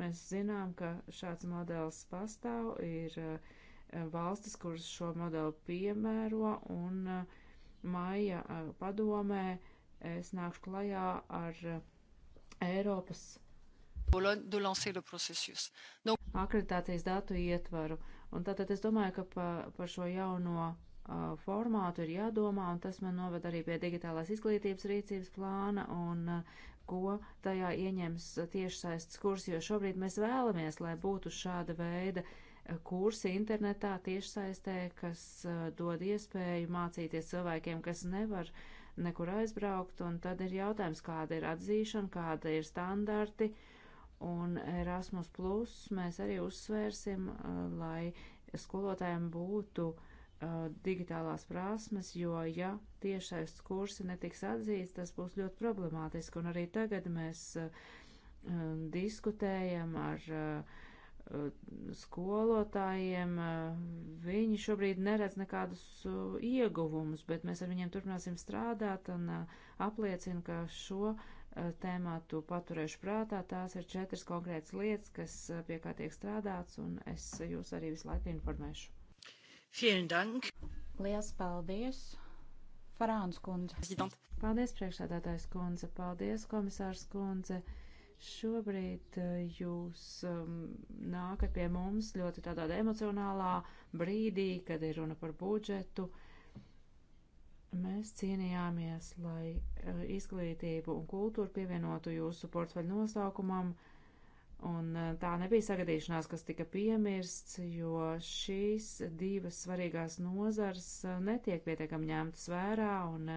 Mēs zinām, ka šāds modelis pastāv, ir uh, valstis, kuras šo modeli piemēro, un uh, maija padomē es nākšu klajā ar eh, Eiropas akreditācijas datu ietvaru. Un tātad es domāju, ka pa, par šo jauno uh, formātu ir jādomā, un tas man noved arī pie digitālās izglītības rīcības plāna, un uh, ko tajā ieņems tiešsaistes kursi, jo šobrīd mēs vēlamies, lai būtu šāda veida kursi internetā tiešsaistē, kas uh, dod iespēju mācīties cilvēkiem, kas nevar uh, nekur aizbraukt, un tad ir jautājums, kāda ir atzīšana, kāda ir standarti, un Erasmus Plus mēs arī uzsvērsim, eh, lai skolotājiem būtu eh, digitālās prasmes, jo ja tiešais kursi netiks atzīts, tas būs ļoti problemātiski, un arī tagad mēs eh, diskutējam ar uh, Eh, skolotājiem, eh, viņi šobrīd neredz nekādus eh, ieguvumus, bet mēs ar viņiem turpināsim strādāt un apliecinu, ka šo tēmātu paturēšu prātā. Tās ir četras konkrētas lietas, kas pie kā tiek strādāts, un es jūs arī visu laiku informēšu. Vielen Dank! Lielas paldies! Farāns kundze! Paldies, priekšsādātājs kundze! Paldies, komisārs kundze! Šobrīd eh, jūs um, nākat pie mums ļoti tādā emocionālā brīdī, kad ir runa par budžetu. Mēs cīnījāmies, lai uh, izglītību un kultūru pievienotu jūsu portfeļu nosaukumam. Un eh, tā nebija sagadīšanās, kas tika piemirsts, jo šīs divas svarīgās nozars netiek pietiekami ņemtas vērā, un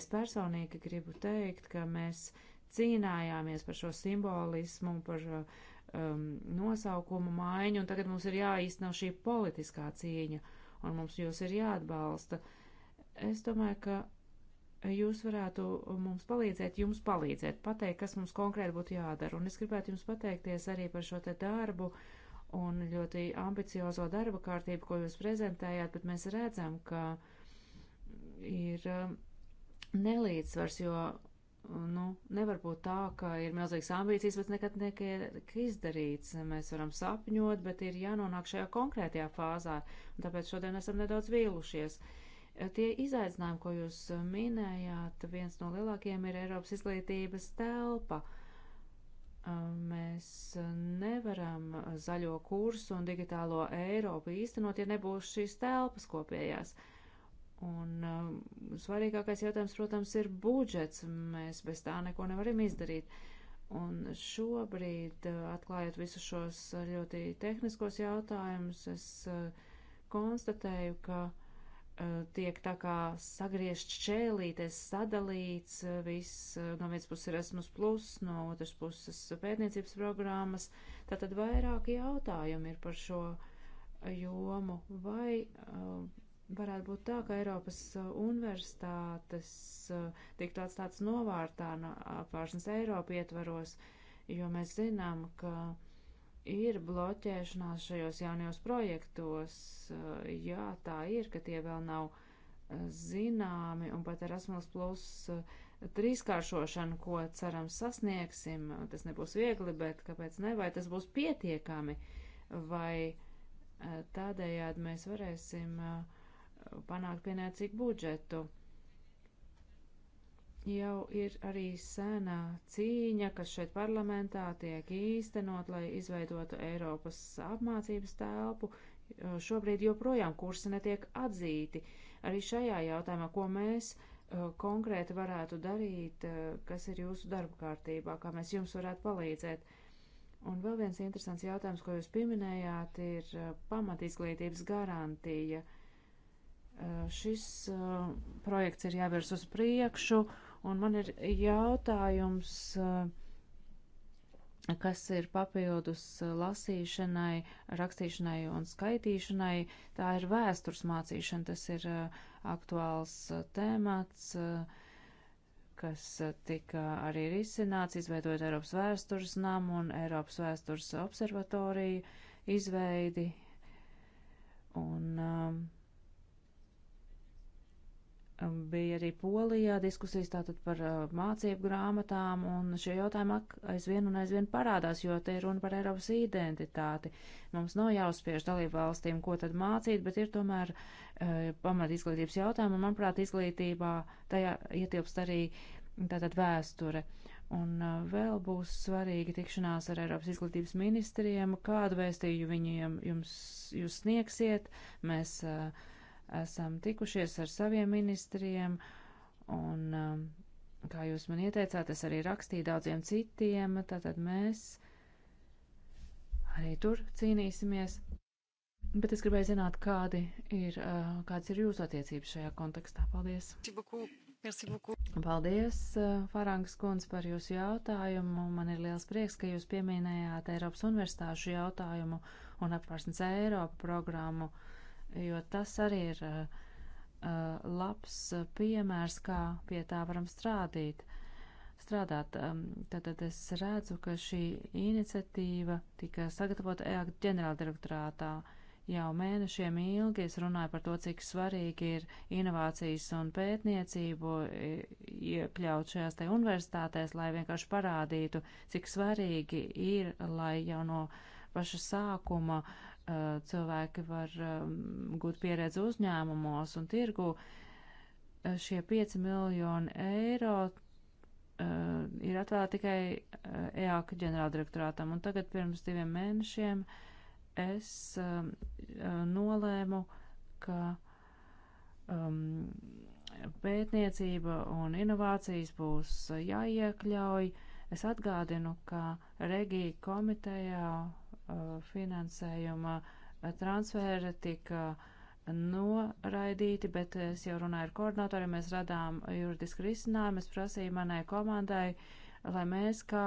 es personīgi gribu teikt, ka mēs cīnājāmies par šo simbolismu, par um, nosaukumu maiņu, un tagad mums ir jāīsteno šī politiskā cīņa, un mums jūs ir jāatbalsta. Es domāju, ka jūs varētu mums palīdzēt, jums palīdzēt, pateikt, kas mums konkrēti būtu jādara, un es gribētu jums pateikties arī par šo te darbu un ļoti ambiciozo darba kārtību, ko jūs prezentējāt, bet mēs redzam, ka ir um, nelīdzsvars, jo Nu, nevar būt tā, ka ir milzīgas ambīcijas, bet nekad netiek izdarīts. Mēs varam sapņot, bet ir jānonāk šajā konkrētajā fāzā, un tāpēc šodien esam nedaudz vīlušies. Tie izaicinājumi, ko jūs minējāt, viens no lielākajiem ir Eiropas izglītības telpa. Mēs nevaram zaļo kursu un digitālo Eiropu īstenot, ja nebūs šīs telpas kopējās. Uh, Un uh, svarīgākais jautājums, protams, ir budžets. Mēs bez tā neko nevaram izdarīt. Un šobrīd, uh, atklājot visus šos ļoti tehniskos jautājumus, es uh, konstatēju, ka uh, tiek tā kā sagriezt šķēlīties, sadalīts, uh, viss uh, no vienas puses ir Erasmus, plus, no otras puses pētniecības programmas. Tātad vairāki jautājumi ir par šo jomu. Vai, uh, varētu būt tā, ka Eiropas uh, universitātes uh, tiktu atstātas novārtā no apvāršanas Eiropa ietvaros, jo mēs zinām, ka ir bloķēšanās šajos jaunajos projektos. Uh, jā, tā ir, ka tie vēl nav zināmi, un pat Erasmus Plus trīskāršošanu, ko ceram sasniegsim, tas nebūs viegli, bet kāpēc ne, vai tas būs pietiekami, vai tādējādi mēs varēsim uh, panākt pienācīgu budžetu. Jau ir arī sēnā cīņa, kas šeit parlamentā tiek īstenot, lai izveidotu Eiropas apmācības telpu. Šobrīd joprojām kursi netiek atzīti. Arī šajā jautājumā, ko mēs uh, konkrēti varētu darīt, uh, kas ir jūsu darba kārtībā, kā mēs jums varētu palīdzēt. Un vēl viens interesants jautājums, ko jūs pieminējāt, ir uh, pamatizglītības garantija. Uh, Eh, šis eh, projekts ir jāvirs uz priekšu, un man ir jautājums, eh, kas ir papildus lasīšanai, rakstīšanai un skaitīšanai. Tā ir vēstures mācīšana, tas ir aktuāls tēmats kas tika arī risināts, izveidot Eiropas vēstures namu un Eiropas vēstures observatoriju izveidi. Un um, Um, bija arī Polijā diskusijas tātad par uh, mācību grāmatām, un šie jautājumi aizvien un aizvien parādās, jo te ir runa par Eiropas identitāti. Mums nav jāuzspiež dalību valstīm, ko tad mācīt, bet ir tomēr e, pamat izglītības jautājumi, un manuprāt, izglītībā tajā ietilpst arī tātad vēsture. Un uh, vēl būs svarīgi tikšanās ar Eiropas izglītības ministriem, kādu vēstīju viņiem jums, jūs sniegsiet. Mēs uh, esam tikušies ar saviem ministriem, un, um, kā jūs man ieteicāt, es arī rakstīju daudziem citiem, tātad mēs arī tur cīnīsimies. Bet es gribēju zināt, kādi ir, uh, kāds ir jūsu attiecības šajā kontekstā. Paldies! Paldies, uh, Farangas kundze, par jūsu jautājumu. Man ir liels prieks, ka jūs pieminējāt Eiropas universitāšu jautājumu un apvārsnes Eiropu programmu. Uh, jo tas arī ir uh, uh labs uh, piemērs, kā pie tā varam strādīt. strādāt. Um, tātad es redzu, ka šī iniciatīva tika sagatavota EAG ģenerāldirektorātā. Jau mēnešiem ilgi es runāju par to, cik svarīgi ir inovācijas un pētniecību iekļaut šajās te universitātēs, lai vienkārši parādītu, cik svarīgi ir, lai jau no paša sākuma uh, Eh, cilvēki var ehm, gūt pieredzi uzņēmumos un tirgu. Eh, šie 5 miljoni eiro eh, ir atvēlēti tikai EAK e ģenerāldirektorātam, un tagad pirms diviem mēnešiem es ehm, nolēmu, ka um, pētniecība un inovācijas būs jāiekļauj. Es atgādinu, ka Regija komitejā finansējuma transferi tika noraidīti, bet es jau runāju ar koordinatoriem, mēs radām juridisku risinājumu, es prasīju manai komandai, lai mēs kā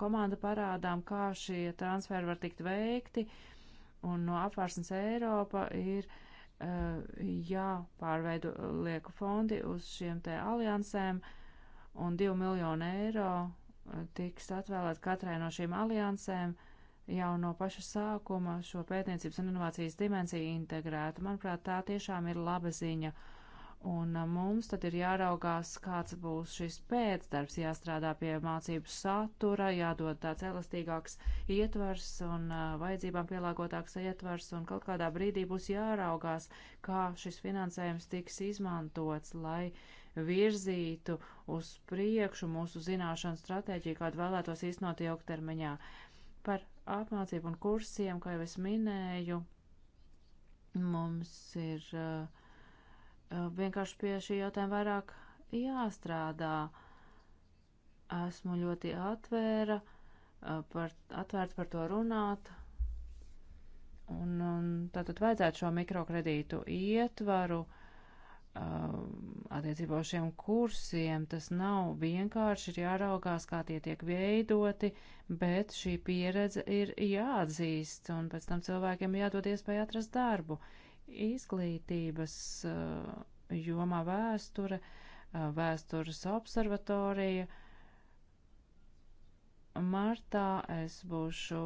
komanda parādām, kā šie transferi var tikt veikti, un no apvārsnes Eiropa ir jāpārveido lieku fondi uz šiem te aliansēm, un 2 miljonu eiro tiks atvēlēt katrai no šīm aliansēm, uh, jau no paša sākuma šo pētniecības un inovācijas dimensiju integrētu. Manuprāt, tā tiešām ir laba ziņa. Un mums tad ir jāraugās, kāds būs šis pēcdarbs, jāstrādā pie mācību satura, jādod tāds elastīgāks ietvars un uh, vajadzībām pielāgotāks ietvars, un kaut kādā brīdī būs jāraugās, kā šis finansējums tiks izmantots, lai virzītu uz priekšu mūsu zināšanu stratēģiju, kādu vēlētos īstenot ilgtermiņā. Par apmācību un kursiem, kā jau es minēju, mums ir uh, uh, vienkārši pie šī jautājuma vairāk jāstrādā. Esmu ļoti atvēra, uh, par, atvērta par to runāt. Un, un tātad vajadzētu šo mikrokredītu ietvaru uh, Um, attiecībā uz šiem kursiem tas nav vienkārši, ir jāraugās, kā tie tiek veidoti, bet šī pieredze ir jāatzīst, un pēc tam cilvēkiem jādod iespēja atrast darbu. Izglītības uh, jomā vēsture, uh, vēstures observatorija. Martā es būšu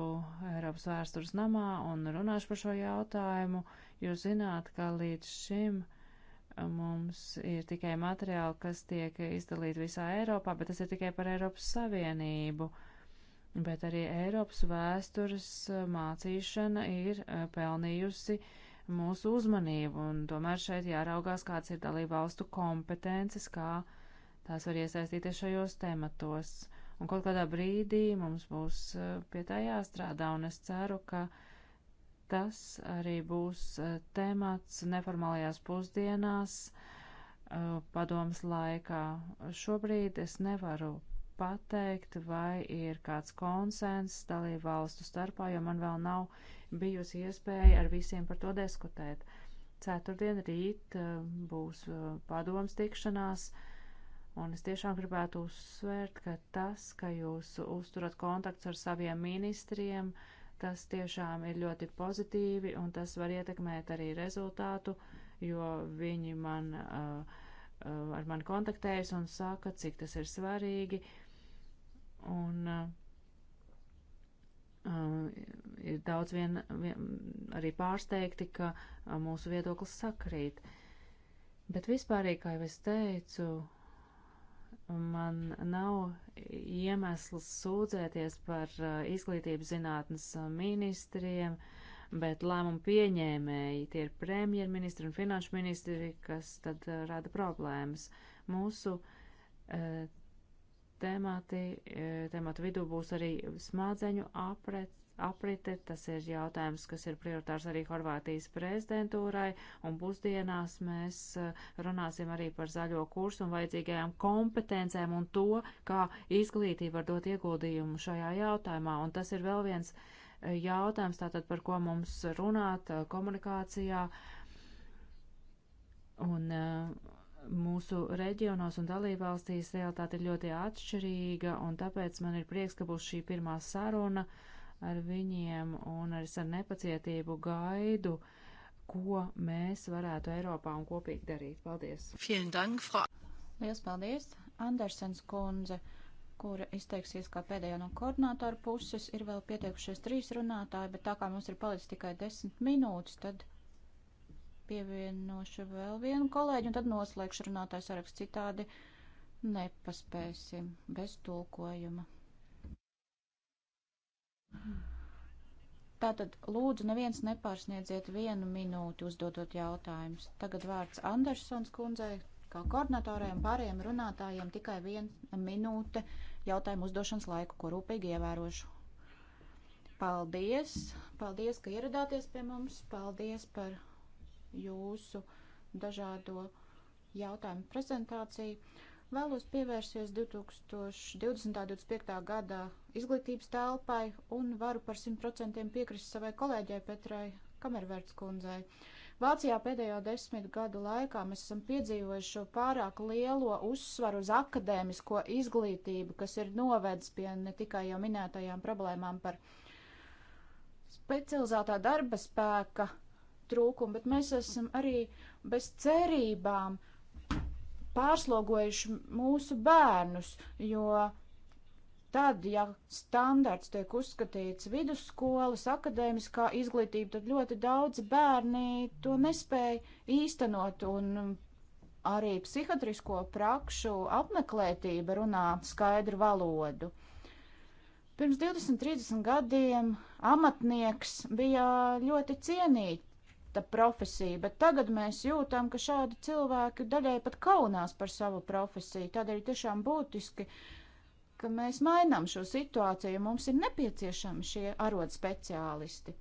Eiropas vēstures namā un runāšu par šo jautājumu. Jūs zināt, ka līdz šim uh, Mums ir tikai materiāli, kas tiek izdalīti visā Eiropā, bet tas ir tikai par Eiropas Savienību. Bet arī Eiropas vēstures eh, mācīšana ir eh, pelnījusi mūsu uzmanību, un tomēr šeit jāraugās, kāds ir dalību valstu kompetences, kā tās var iesaistīties šajos tematos. Un kaut kādā brīdī mums būs eh, pie tā jāstrādā, un es ceru, ka uh, Tas arī būs temats neformālajās pusdienās padomas laikā. Šobrīd es nevaru pateikt, vai ir kāds konsens dalību valstu starpā, jo man vēl nav bijusi iespēja ar visiem par to diskutēt. Ceturtdien rīt būs padomas tikšanās, un es tiešām gribētu uzsvērt, ka tas, ka jūs uzturat kontakts ar saviem ministriem, uh, Tas tiešām ir ļoti pozitīvi un tas var ietekmēt arī rezultātu, jo viņi man, uh, uh, ar mani kontaktējas un saka, cik tas ir svarīgi. Un uh, ir daudz vien, vien arī pārsteigti, ka mūsu viedoklis sakrīt. Bet vispārīgi, kā jau es teicu, man nav iemesls sūdzēties par uh, izglītības zinātnes uh, ministriem, bet lēmumu pieņēmēji tie ir premjerministri un finanšu ministri, kas tad uh, rada problēmas. Mūsu temati, tematu vidū būs arī smadzeņu apret aprite. Tas ir jautājums, kas ir prioritārs arī Horvātijas prezidentūrai, un pusdienās mēs eh, runāsim arī par zaļo kursu un vajadzīgajām kompetencēm un to, kā izglītība var dot ieguldījumu šajā jautājumā. Un tas ir vēl viens eh, jautājums, tātad par ko mums runāt eh, komunikācijā. Un, uh, mūsu reģionos un dalībvalstīs realitāte ir ļoti atšķirīga, un tāpēc man ir prieks, ka būs šī pirmā saruna uh, ar viņiem un es ar nepacietību gaidu, ko mēs varētu Eiropā un kopīgi darīt. Paldies! Dank, Liels paldies, Andersens kundze, kura izteiksies kā pēdējā no koordinātora puses. Ir vēl pieteikušies trīs runātāji, bet tā kā mums ir palicis tikai desmit minūtes, tad pievienošu vēl vienu kolēģi un tad noslēgšu runātāju sarakstu citādi. Nepaspēsim bez tulkojuma. Tātad, lūdzu, neviens nepārsniedziet vienu minūti uzdodot jautājumus. Tagad vārds Andersons kundzei, kā koordinatoriem pārējiem runātājiem tikai viena minūte jautājumu uzdošanas laiku, ko rūpīgi ievērošu. Paldies! Paldies, ka ieradāties pie mums! Paldies par jūsu dažādo jautājumu prezentāciju! Vēlos pievērsties 2020. un 2025. gada izglītības telpai un varu par 100% piekrist savai kolēģei Petrai Kamervērts kundzei. Vācijā pēdējo desmit gadu laikā mēs esam piedzīvojuši šo pārāk lielo uzsvaru uz akadēmisko izglītību, kas ir novedis pie ne tikai jau minētajām problēmām par specializētā darba spēka trūkumu, bet mēs esam arī bez cerībām uh, pārslogojuši mūsu bērnus, jo tad, ja standarts tiek uzskatīts vidusskolas, akadēmiskā izglītība, tad ļoti daudz bērni to nespēja īstenot un arī psihiatrisko prakšu apmeklētība runā skaidru valodu. Pirms 20-30 gadiem amatnieks bija ļoti cienīts ta profesija, bet tagad mēs jūtam, ka šādi cilvēki daļai pat kaunās par savu profesiju. Tādēļ tiešām būtiski, ka mēs mainām šo situāciju, ja mums ir nepieciešami šie arot speciālisti.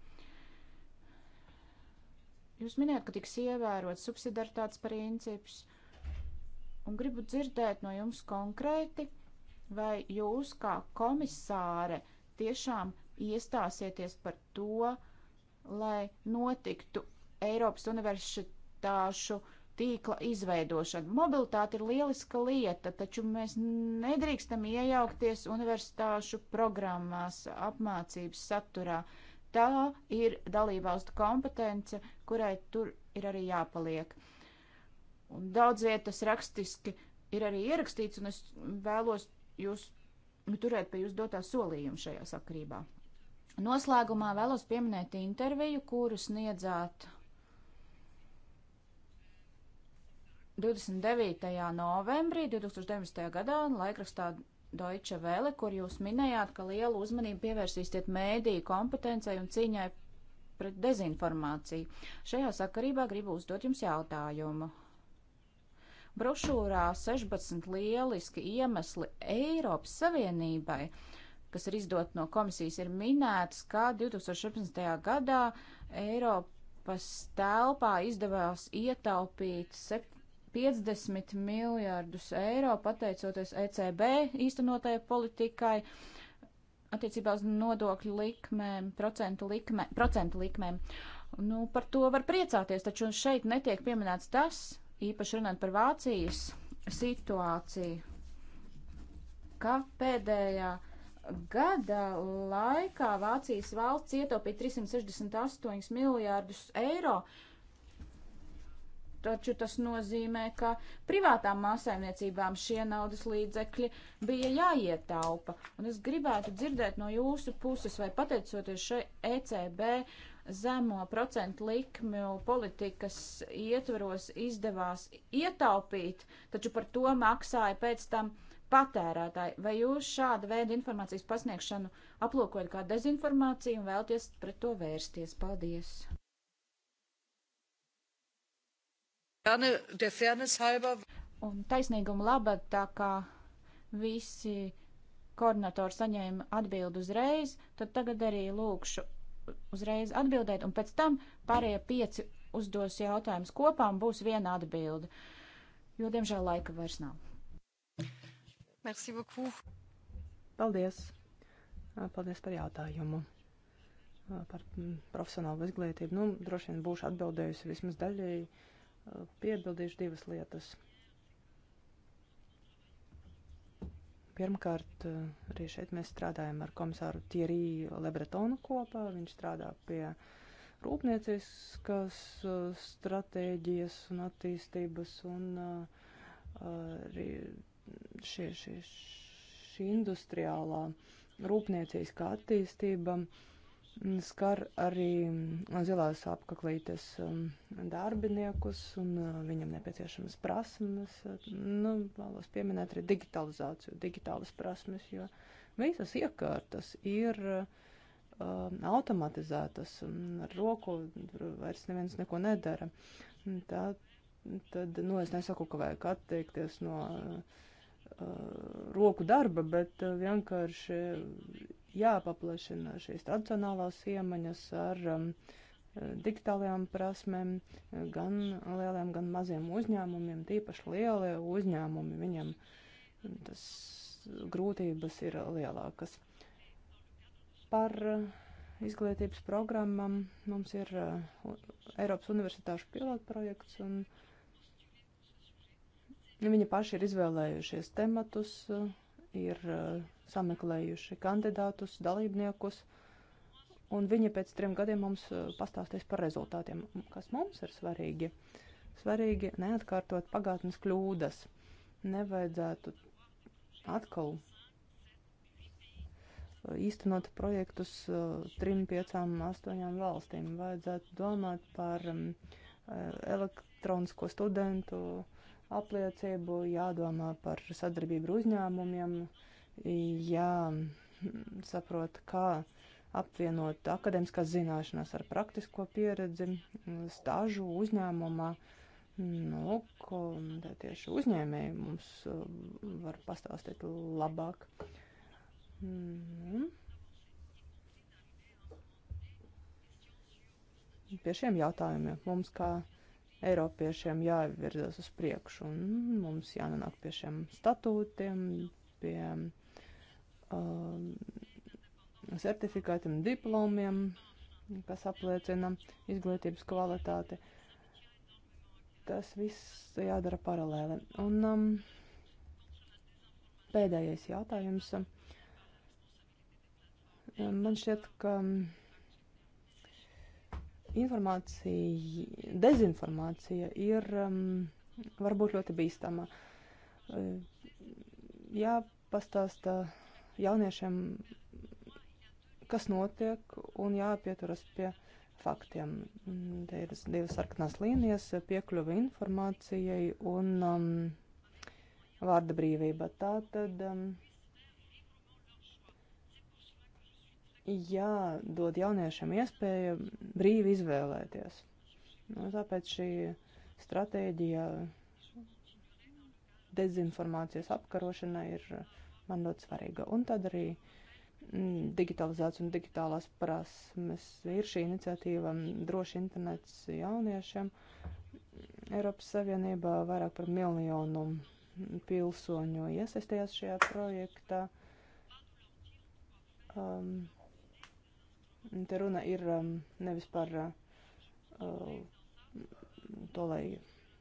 Jūs minējat, ka tiks ievērots subsidaritātes princips, un gribu dzirdēt no jums konkrēti, vai jūs kā komisāre tiešām iestāsieties par to, lai notiktu Eiropas universitāšu tīkla izveidošanu. Mobilitāte ir lieliska lieta, taču mēs nedrīkstam iejaukties universitāšu programmās, apmācības saturā. Tā ir dalībvalstu kompetence, kurai tur ir arī jāpaliek. Un daudz vietas rakstiski ir arī ierakstīts, un es vēlos jūs nu, turēt pie jūs dotā solījuma šajā sakarībā. Noslēgumā vēlos pieminēt interviju, kuru sniedzāt 29. novembrī 2019. gadā laikrakstā Deutsche Welle, kur jūs minējāt, ka lielu uzmanību pievērsīsiet mēdīju kompetencei un cīņai pret dezinformāciju. Šajā sakarībā gribu uzdot jums jautājumu. Brošūrā 16 lieliski iemesli Eiropas Savienībai, kas ir izdot no komisijas, ir minēts, kā 2017. gadā Eiropas telpā izdevās ietaupīt 7 50 miljārdus eiro pateicoties ECB īstenotajai politikai attiecībā uz nodokļu likmēm, procentu, likmē, procentu likmēm. Nu, par to var priecāties, taču šeit netiek pieminēts tas, īpaši runājot par Vācijas situāciju, ka pēdējā gada laikā Vācijas valsts ietaupīja 368 miljārdus eiro. Uh, taču tas nozīmē, ka privātām mājsaimniecībām šie naudas līdzekļi bija jāietaupa. Un es gribētu dzirdēt no jūsu puses, vai pateicoties šai ECB zemo procentu likmju politikas ietvaros izdevās ietaupīt, taču par to maksāja pēc tam patērētāji. Vai jūs šāda veida informācijas pasniegšanu aplūkojat kā dezinformāciju un vēlties pret to vērsties? Paldies! Un taisnīguma labad, tā kā visi koordinatori saņēma atbildi uzreiz, tad tagad arī lūkšu uzreiz atbildēt, un pēc tam pārējie pieci uzdos jautājumus kopā un būs viena atbilde, jo, diemžēl, laika vairs nav. Merci beaucoup. Paldies. Paldies par jautājumu. Par mm, profesionālu izglītību. Nu, droši vien būšu atbildējusi vismaz daļēji piebildīšu divas lietas. Pirmkārt, eh, arī šeit mēs strādājam ar komisāru Tieriju Lebretonu kopā. Viņš strādā pie rūpnieciskas eh, stratēģijas un attīstības, un eh, arī šī, šī, šī industriālā rūpnieciskā attīstība. Uh, skar arī mm, zilās apaklītes mm, darbiniekus un mm, viņam nepieciešamas prasmes. Nu, vēlos pieminēt arī digitalizāciju, digitālas prasmes, jo visas iekārtas ir uh, automatizētas un ar roku vairs neviens neko nedara. Tā, tad, nu, es nesaku, ka vajag atteikties no uh, roku darba, bet vienkārši jāpaplašina šīs tradicionālās iemaņas ar um, digitālajām prasmēm gan lieliem, gan maziem uzņēmumiem, tīpaši lielie uzņēmumi, viņiem tas grūtības ir lielākas. Par uh, izglītības programmam mums ir uh, Eiropas universitāšu pilotprojekts, un viņi paši ir izvēlējušies tematus, uh, ir e, sameklējuši kandidātus, dalībniekus, un viņi pēc trim gadiem mums e, pastāstīs par rezultātiem, kas mums ir svarīgi. Svarīgi neatkārtot pagātnes kļūdas. Nevajadzētu atkal e, īstenot projektus trim, piecām, astoņām valstīm. Vajadzētu domāt par elektronisko studentu uh, apliecību, jādomā par sadarbību ar uzņēmumiem, jāsaprot, kā apvienot akadēmiskās zināšanas ar praktisko pieredzi, stāžu uzņēmumā. Nu, ko tieši uzņēmēji mums uh, var pastāstīt labāk. Mm. Pie šiem jautājumiem mums kā Eiropiešiem jāvirzās uz priekšu, un mums jānonāk pie šiem statūtiem, pie uh, certifikātiem, diplomiem, kas apliecina izglītības kvalitāti. Tas viss jādara paralēli. Un um, pēdējais jautājums. Um, man šķiet, ka. Um, informācija, dezinformācija ir um, varbūt ļoti bīstama. Uh, Jāpastāsta jauniešiem, kas notiek, un jāpieturas pie faktiem. Te ir divas sarkanās līnijas - piekļuva informācijai un um, vārda brīvība. Tātad. Um, jādod jauniešiem iespēja brīvi izvēlēties. Nu, tāpēc šī stratēģija dezinformācijas apkarošana ir man ļoti svarīga. Un tad arī mm, digitalizācija un digitālās prasmes ir šī iniciatīva mm, Droši internets jauniešiem. Eiropas Savienībā vairāk par miljonu pilsoņu iesaistījās šajā projektā. Um, Te runa ir um, nevis par uh, to, lai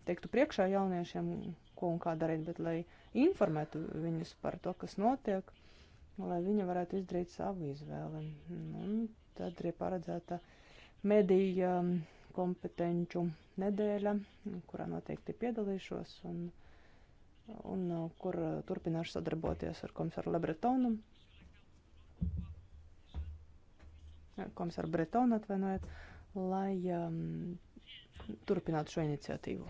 teiktu priekšā jauniešiem, ko un kā darīt, bet lai informētu viņus par to, kas notiek, lai viņi varētu izdarīt savu izvēli. Nu, un tad ir paredzēta medija um, kompetenču nedēļa, kurā noteikti piedalīšos un, un uh, kur uh, turpināšu sadarboties ar komisāru Lebretonu komisāru Bretonu atvainojiet, lai um, turpinātu šo iniciatīvu.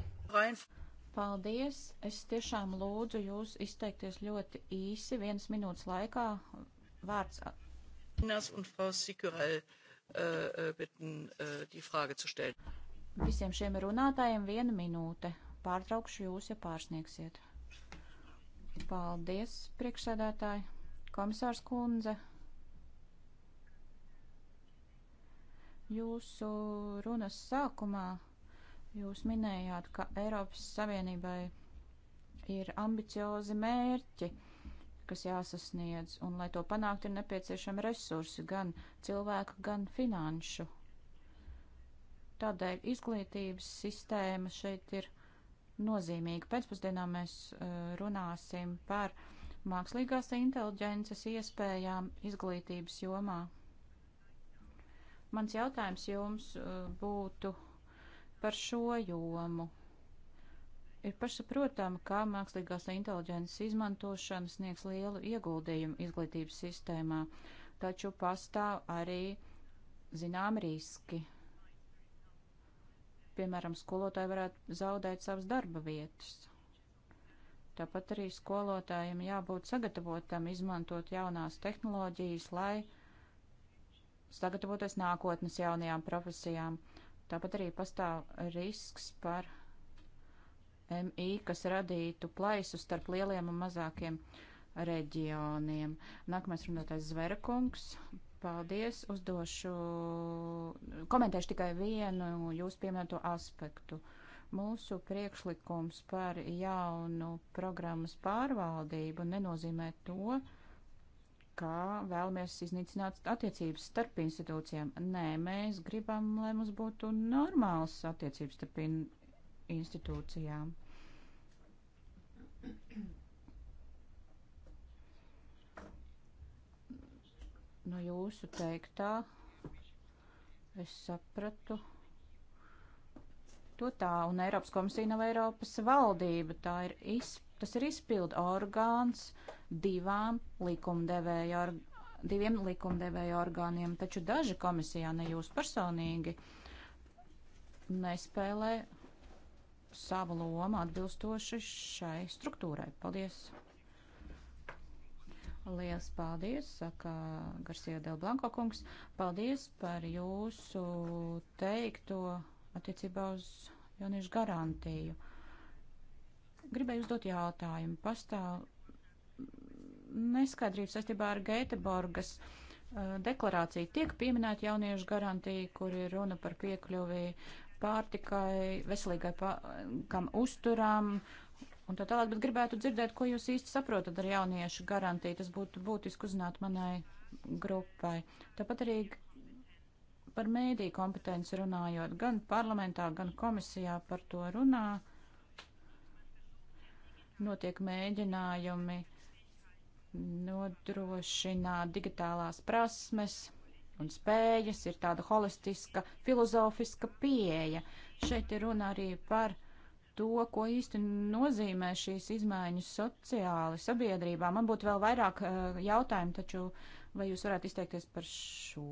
Paldies! Es tiešām lūdzu jūs izteikties ļoti īsi, vienas minūtes laikā. Vārds. Äh, äh, äh, Visiem šiem runātājiem viena minūte. Pārtraukšu jūs, ja pārsniegsiet. Paldies, priekšsēdētāji, komisārs kundze, Jūsu runas sākumā jūs minējāt, ka Eiropas Savienībai ir ambiciozi mērķi, kas jāsasniedz, un lai to panākt, ir nepieciešami resursi gan cilvēku, gan finanšu. Tādēļ izglītības sistēma šeit ir nozīmīga. Pēcpusdienā mēs uh, runāsim par mākslīgās inteliģences iespējām izglītības jomā. Mans jautājums jums uh, būtu par šo jomu. Ir pašsaprotama, ka mākslīgās inteliģences izmantošana sniegs lielu ieguldījumu izglītības sistēmā, taču pastāv arī zinām riski. Piemēram, skolotāji varētu zaudēt savas darba vietas. Tāpat arī skolotājiem jābūt sagatavotam izmantot jaunās tehnoloģijas, lai sagatavoties nākotnes jaunajām profesijām. Tāpat arī pastāv risks par MI, kas radītu plaisu starp lieliem un mazākiem reģioniem. Nākamais runātais Zverakungs. Paldies, uzdošu, komentēšu tikai vienu jūs pieminēto aspektu. Mūsu priekšlikums par jaunu programmas pārvaldību nenozīmē to, ka kā vēlamies iznīcināt attiecības starp institūcijām. Nē, mēs gribam, lai mums būtu normāls attiecības starp in institūcijām. No jūsu teiktā es sapratu to tā, un Eiropas komisija nav Eiropas valdība, tā ir izpēta Tas ir izpildu orgāns divām likumdevēja, diviem likumdevēja orgāniem, taču daži komisijā, ne jūs personīgi, nespēlē savu lomu atbilstoši šai struktūrai. Paldies! Lielas paldies, saka Garcia Del Blanko kungs. Paldies par jūsu teikto attiecībā uz jauniešu garantiju. Gribēju uzdot jautājumu. Pastāv neskaidrības saistībā ar Gēteborgas uh, deklarāciju. Tiek pieminēta jauniešu garantija, kur ir runa par piekļuvi pārtikai, veselīgai pā, uzturām un tā tālāk, bet gribētu dzirdēt, ko jūs īsti saprotat ar jauniešu garantiju. Tas būtu būtiski uzzināt manai grupai. Tāpat arī par mēdīju kompetenci runājot, gan parlamentā, gan komisijā par to runā notiek mēģinājumi nodrošināt digitālās prasmes un spējas, ir tāda holistiska, filozofiska pieeja. Šeit ir runa arī par to, ko īsti nozīmē šīs izmaiņas sociāli sabiedrībā. Man būtu vēl vairāk uh, jautājumu, taču vai jūs varētu izteikties par šo?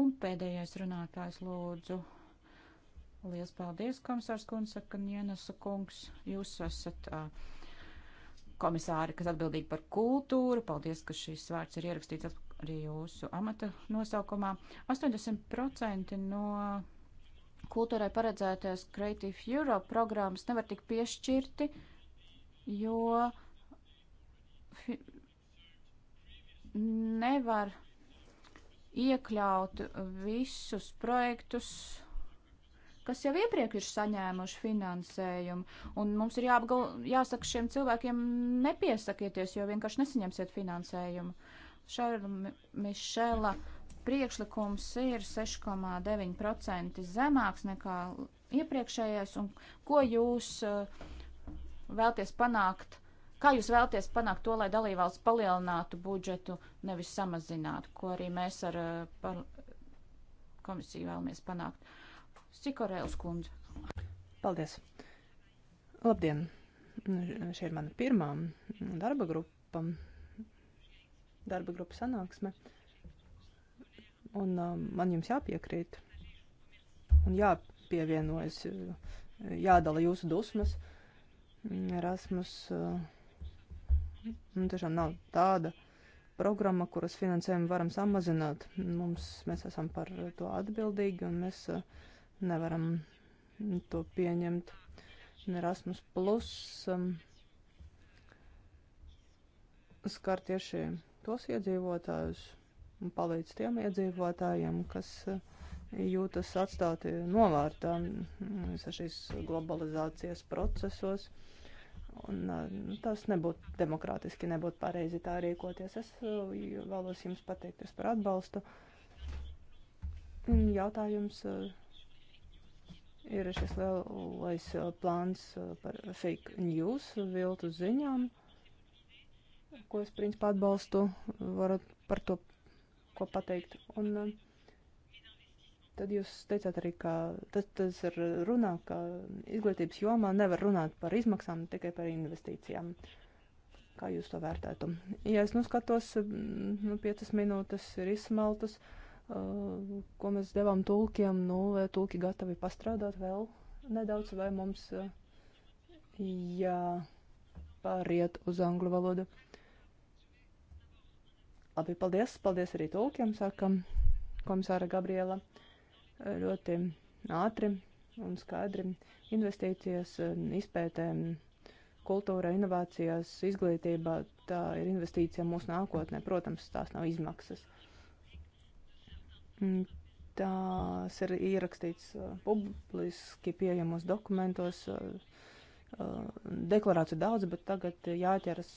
Un pēdējais runātājs lūdzu. Lielas paldies, komisārs Kungs, saka Nienas kungs. Jūs esat uh, komisāri, kas atbildīgi par kultūru. Paldies, ka šis vārds ir ierakstīts arī jūsu amata nosaukumā. 80% no kultūrai paredzētajās Creative Europe programmas nevar tik piešķirti, jo nevar iekļaut visus projektus kas jau iepriekš ir saņēmuši finansējumu. Un mums ir jāapgal, jāsaka šiem cilvēkiem nepiesakieties, jo vienkārši nesaņemsiet finansējumu. Šāda Mišela priekšlikums ir 6,9% zemāks nekā iepriekšējais. Un ko jūs uh, vēlties panākt? Kā jūs vēlaties panākt to, lai dalībvalsts palielinātu budžetu, nevis samazinātu, ko arī mēs ar uh, par, komisiju vēlamies panākt? Uh, Sikorēls kundze. Paldies. Labdien. Nu, Šī ir mana pirmā darba grupa, darba grupa sanāksme. Un um, man jums jāpiekrīt un jāpievienojas, jādala jūsu dusmas. Erasmus uh, nu, tiešām nav tāda programma, kuras finansējumu varam samazināt. Mums, mēs esam par to atbildīgi un mēs uh, nevaram to pieņemt. Erasmus Plus um, skar tieši tos iedzīvotājus un palīdz tiem iedzīvotājiem, kas uh, jūtas atstāti novārtā visā šīs globalizācijas procesos. Un, uh, nu, tas nebūtu demokrātiski, nebūtu pareizi tā rīkoties. Es uh, vēlos jums pateikties par atbalstu. Jautājums. Uh, ir šis lielais eh, plāns eh, par fake news, viltu ziņām, ko es principā atbalstu, varu par to ko pateikt. Un eh, tad jūs teicāt arī, ka tas, tas ir runā, ka izglītības jomā nevar runāt par izmaksām, tikai par investīcijām. Kā jūs to vērtētu? Ja es nu skatos, nu, piecas minūtes ir izsmeltas. Uh, ko mēs devām tulkiem, nu, vai tulki gatavi pastrādāt vēl nedaudz, vai mums jāpāriet uz angļu valodu. Labi, paldies, paldies arī tulkiem, saka komisāra Gabriela. Ļoti ātri un skaidri investīcijas izpētē kultūra, inovācijās, izglītībā, tā ir investīcija mūsu nākotnē. Protams, tās nav izmaksas. Tās ir ierakstīts uh, publiski pieejamos dokumentos, uh, uh, deklarāciju daudz, bet tagad jāķeras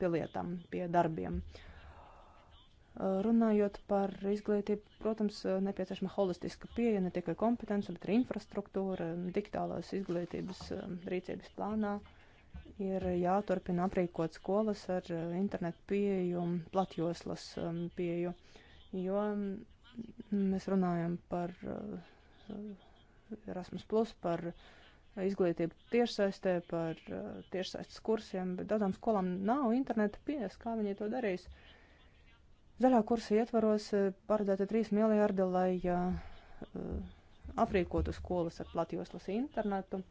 pie lietām, pie darbiem. Runājot par izglītību, protams, nepieciešama holistiska pieeja, ne tikai kompetence, bet arī infrastruktūra, um, digitālās izglītības um, rīcības plānā ir jāturpina aprīkot skolas ar internetu pieeju, platjoslas um, pieeju, jo Mēs runājam par eh, Erasmus, plus, par izglītību tiešsaistē, par eh, tiešsaistes kursiem, bet daudzām skolām nav interneta pieejas, kā viņi to darīs. Zaļā kursa ietvaros eh, paredzēta 3 miljārdi, lai aprīkotu skolas ar platjoslas internetu.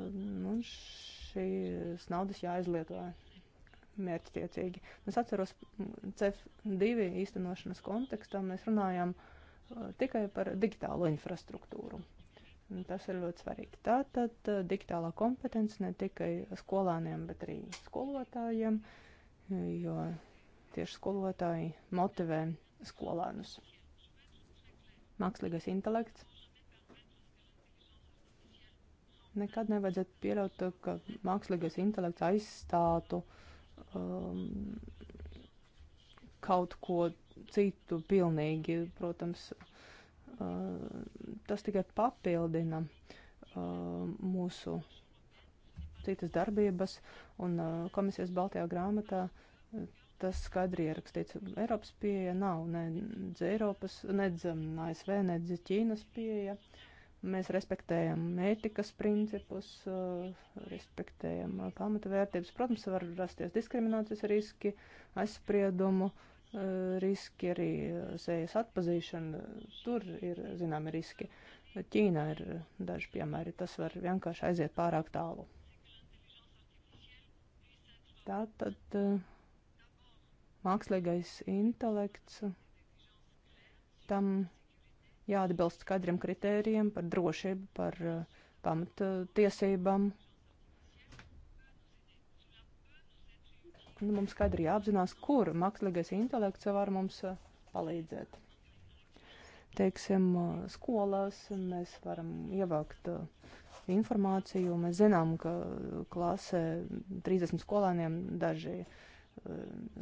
Un šīs naudas jāizlieto mērķtiecīgi. Es atceros, CEF2 īstenošanas kontekstā mēs runājām uh, tikai par digitālo infrastruktūru. Tas ir ļoti svarīgi. Tātad uh, digitālā kompetence ne tikai skolāniem, bet arī skolotājiem, jo tieši skolotāji motivē skolānus. Mākslīgais intelekts. Nekad nevajadzētu pieļaut, ka mākslīgais intelekts aizstātu uh, um, kaut ko citu pilnīgi. Protams, uh, tas tikai papildina uh, mūsu citas darbības, un uh, komisijas Baltajā grāmatā uh, tas skaidri ierakstīts. Eiropas pieeja nav nedz Eiropas, nedz um, ASV, nedz Ķīnas pieeja. Uh, Mēs respektējam ētikas principus, eh, respektējam eh, pamatvērtības. Protams, var rasties diskriminācijas riski, aizspriedumu eh, riski, arī sejas atpazīšana. Tur ir zināmi riski. Ķīnā ir daži piemēri, tas var vienkārši aiziet pārāk tālu. Tā tad mākslīgais intelekts tam jāatbilst skaidriem kritērijiem par drošību, par eh, pamatiesībām. Nu, mums skaidri jāapzinās, kur mākslīgais intelekts var mums eh, palīdzēt. Teiksim, eh, skolās mēs varam ievākt informāciju. Mēs zinām, ka klasē 30 skolēniem daži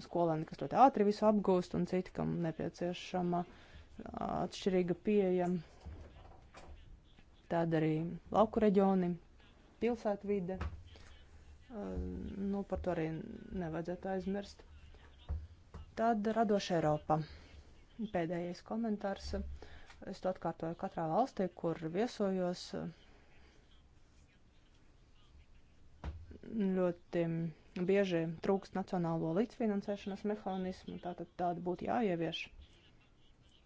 skolēni, kas ļoti ātri visu apgūst, un citi, kam nepieciešama uh, atšķirīga pieeja. Tāda arī lauku reģioni, pilsētvide. Nu, par to arī nevajadzētu aizmirst. Tad radoša Eiropa. Pēdējais komentārs. Es to atkārtoju katrā valstī, kur viesojos. Ļoti bieži trūkst nacionālo līdzfinansēšanas mehānismu, tātad tāda būtu jāievieš.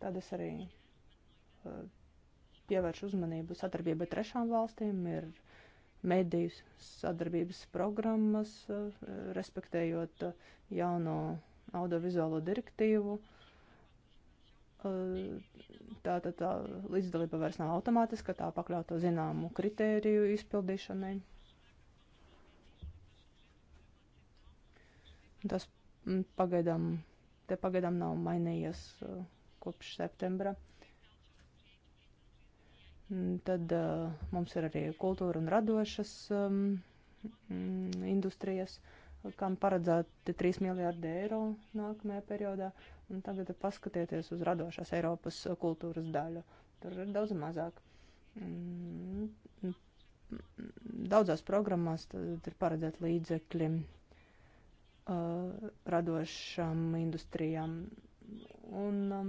Tad es arī uh, pievēršu uzmanību sadarbībai trešām valstīm, ir mediju sadarbības programmas, uh, respektējot uh, jauno audiovizuālo direktīvu. Uh, tā, tā, tā līdzdalība vairs nav automātiska, tā pakļauta zināmu kritēriju izpildīšanai. Tas mm, pagaidām, te pagaidām nav mainījies uh, kopš septembra. Mm, tad uh, mums ir arī kultūra un radošas um, mm, industrijas, kam paredzēti 3 miljārdi eiro nākamajā periodā. Un tagad paskatieties uz radošās Eiropas kultūras daļu. Tur ir daudz mazāk. Mm, daudzās programmās ir paredzēti līdzekļi uh, radošām industrijām. Un, um,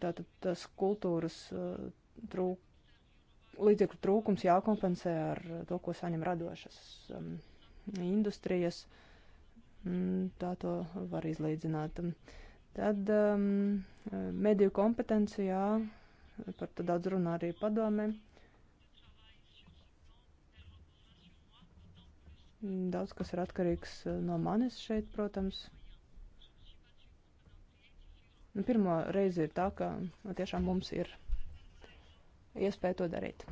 Tātad tas kultūras uh, trūk, līdzekļu trūkums jākompensē ar uh, to, ko saņem radošas um, industrijas. Mm, tā to var izlīdzināt. Tad um, mediju kompetenci, jā, par to daudz runā arī padomē. Daudz kas ir atkarīgs uh, no manis šeit, protams. Nu, pirmo reizi ir tā, ka nu, tiešām mums ir iespēja to darīt.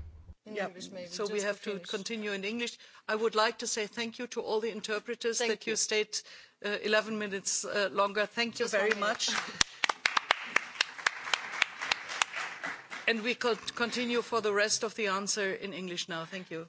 Yeah, so we have to continue in English. I would like to say thank you to all the interpreters thank that you, you stayed uh, 11 minutes uh, longer. Thank you Just very much. [LAUGHS] and we could continue for the rest of the answer in English now. Thank you.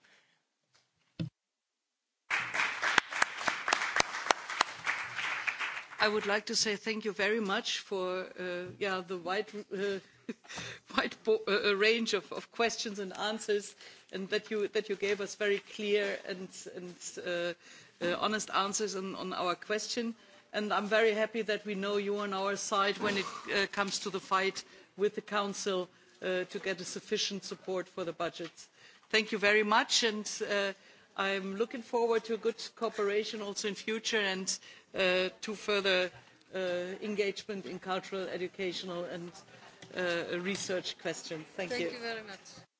I would like to say thank you very much for uh, yeah, the wide, uh, [LAUGHS] wide bo- uh, uh, range of, of questions and answers and that you, that you gave us very clear and, and uh, uh, honest answers on, on our question. And I'm very happy that we know you on our side when it uh, comes to the fight with the Council uh, to get a sufficient support for the budget. Thank you very much, and uh, I'm looking forward to good cooperation also in future. And uh, to further uh, engagement in cultural, educational and uh, research questions. Thank, Thank you. you very much.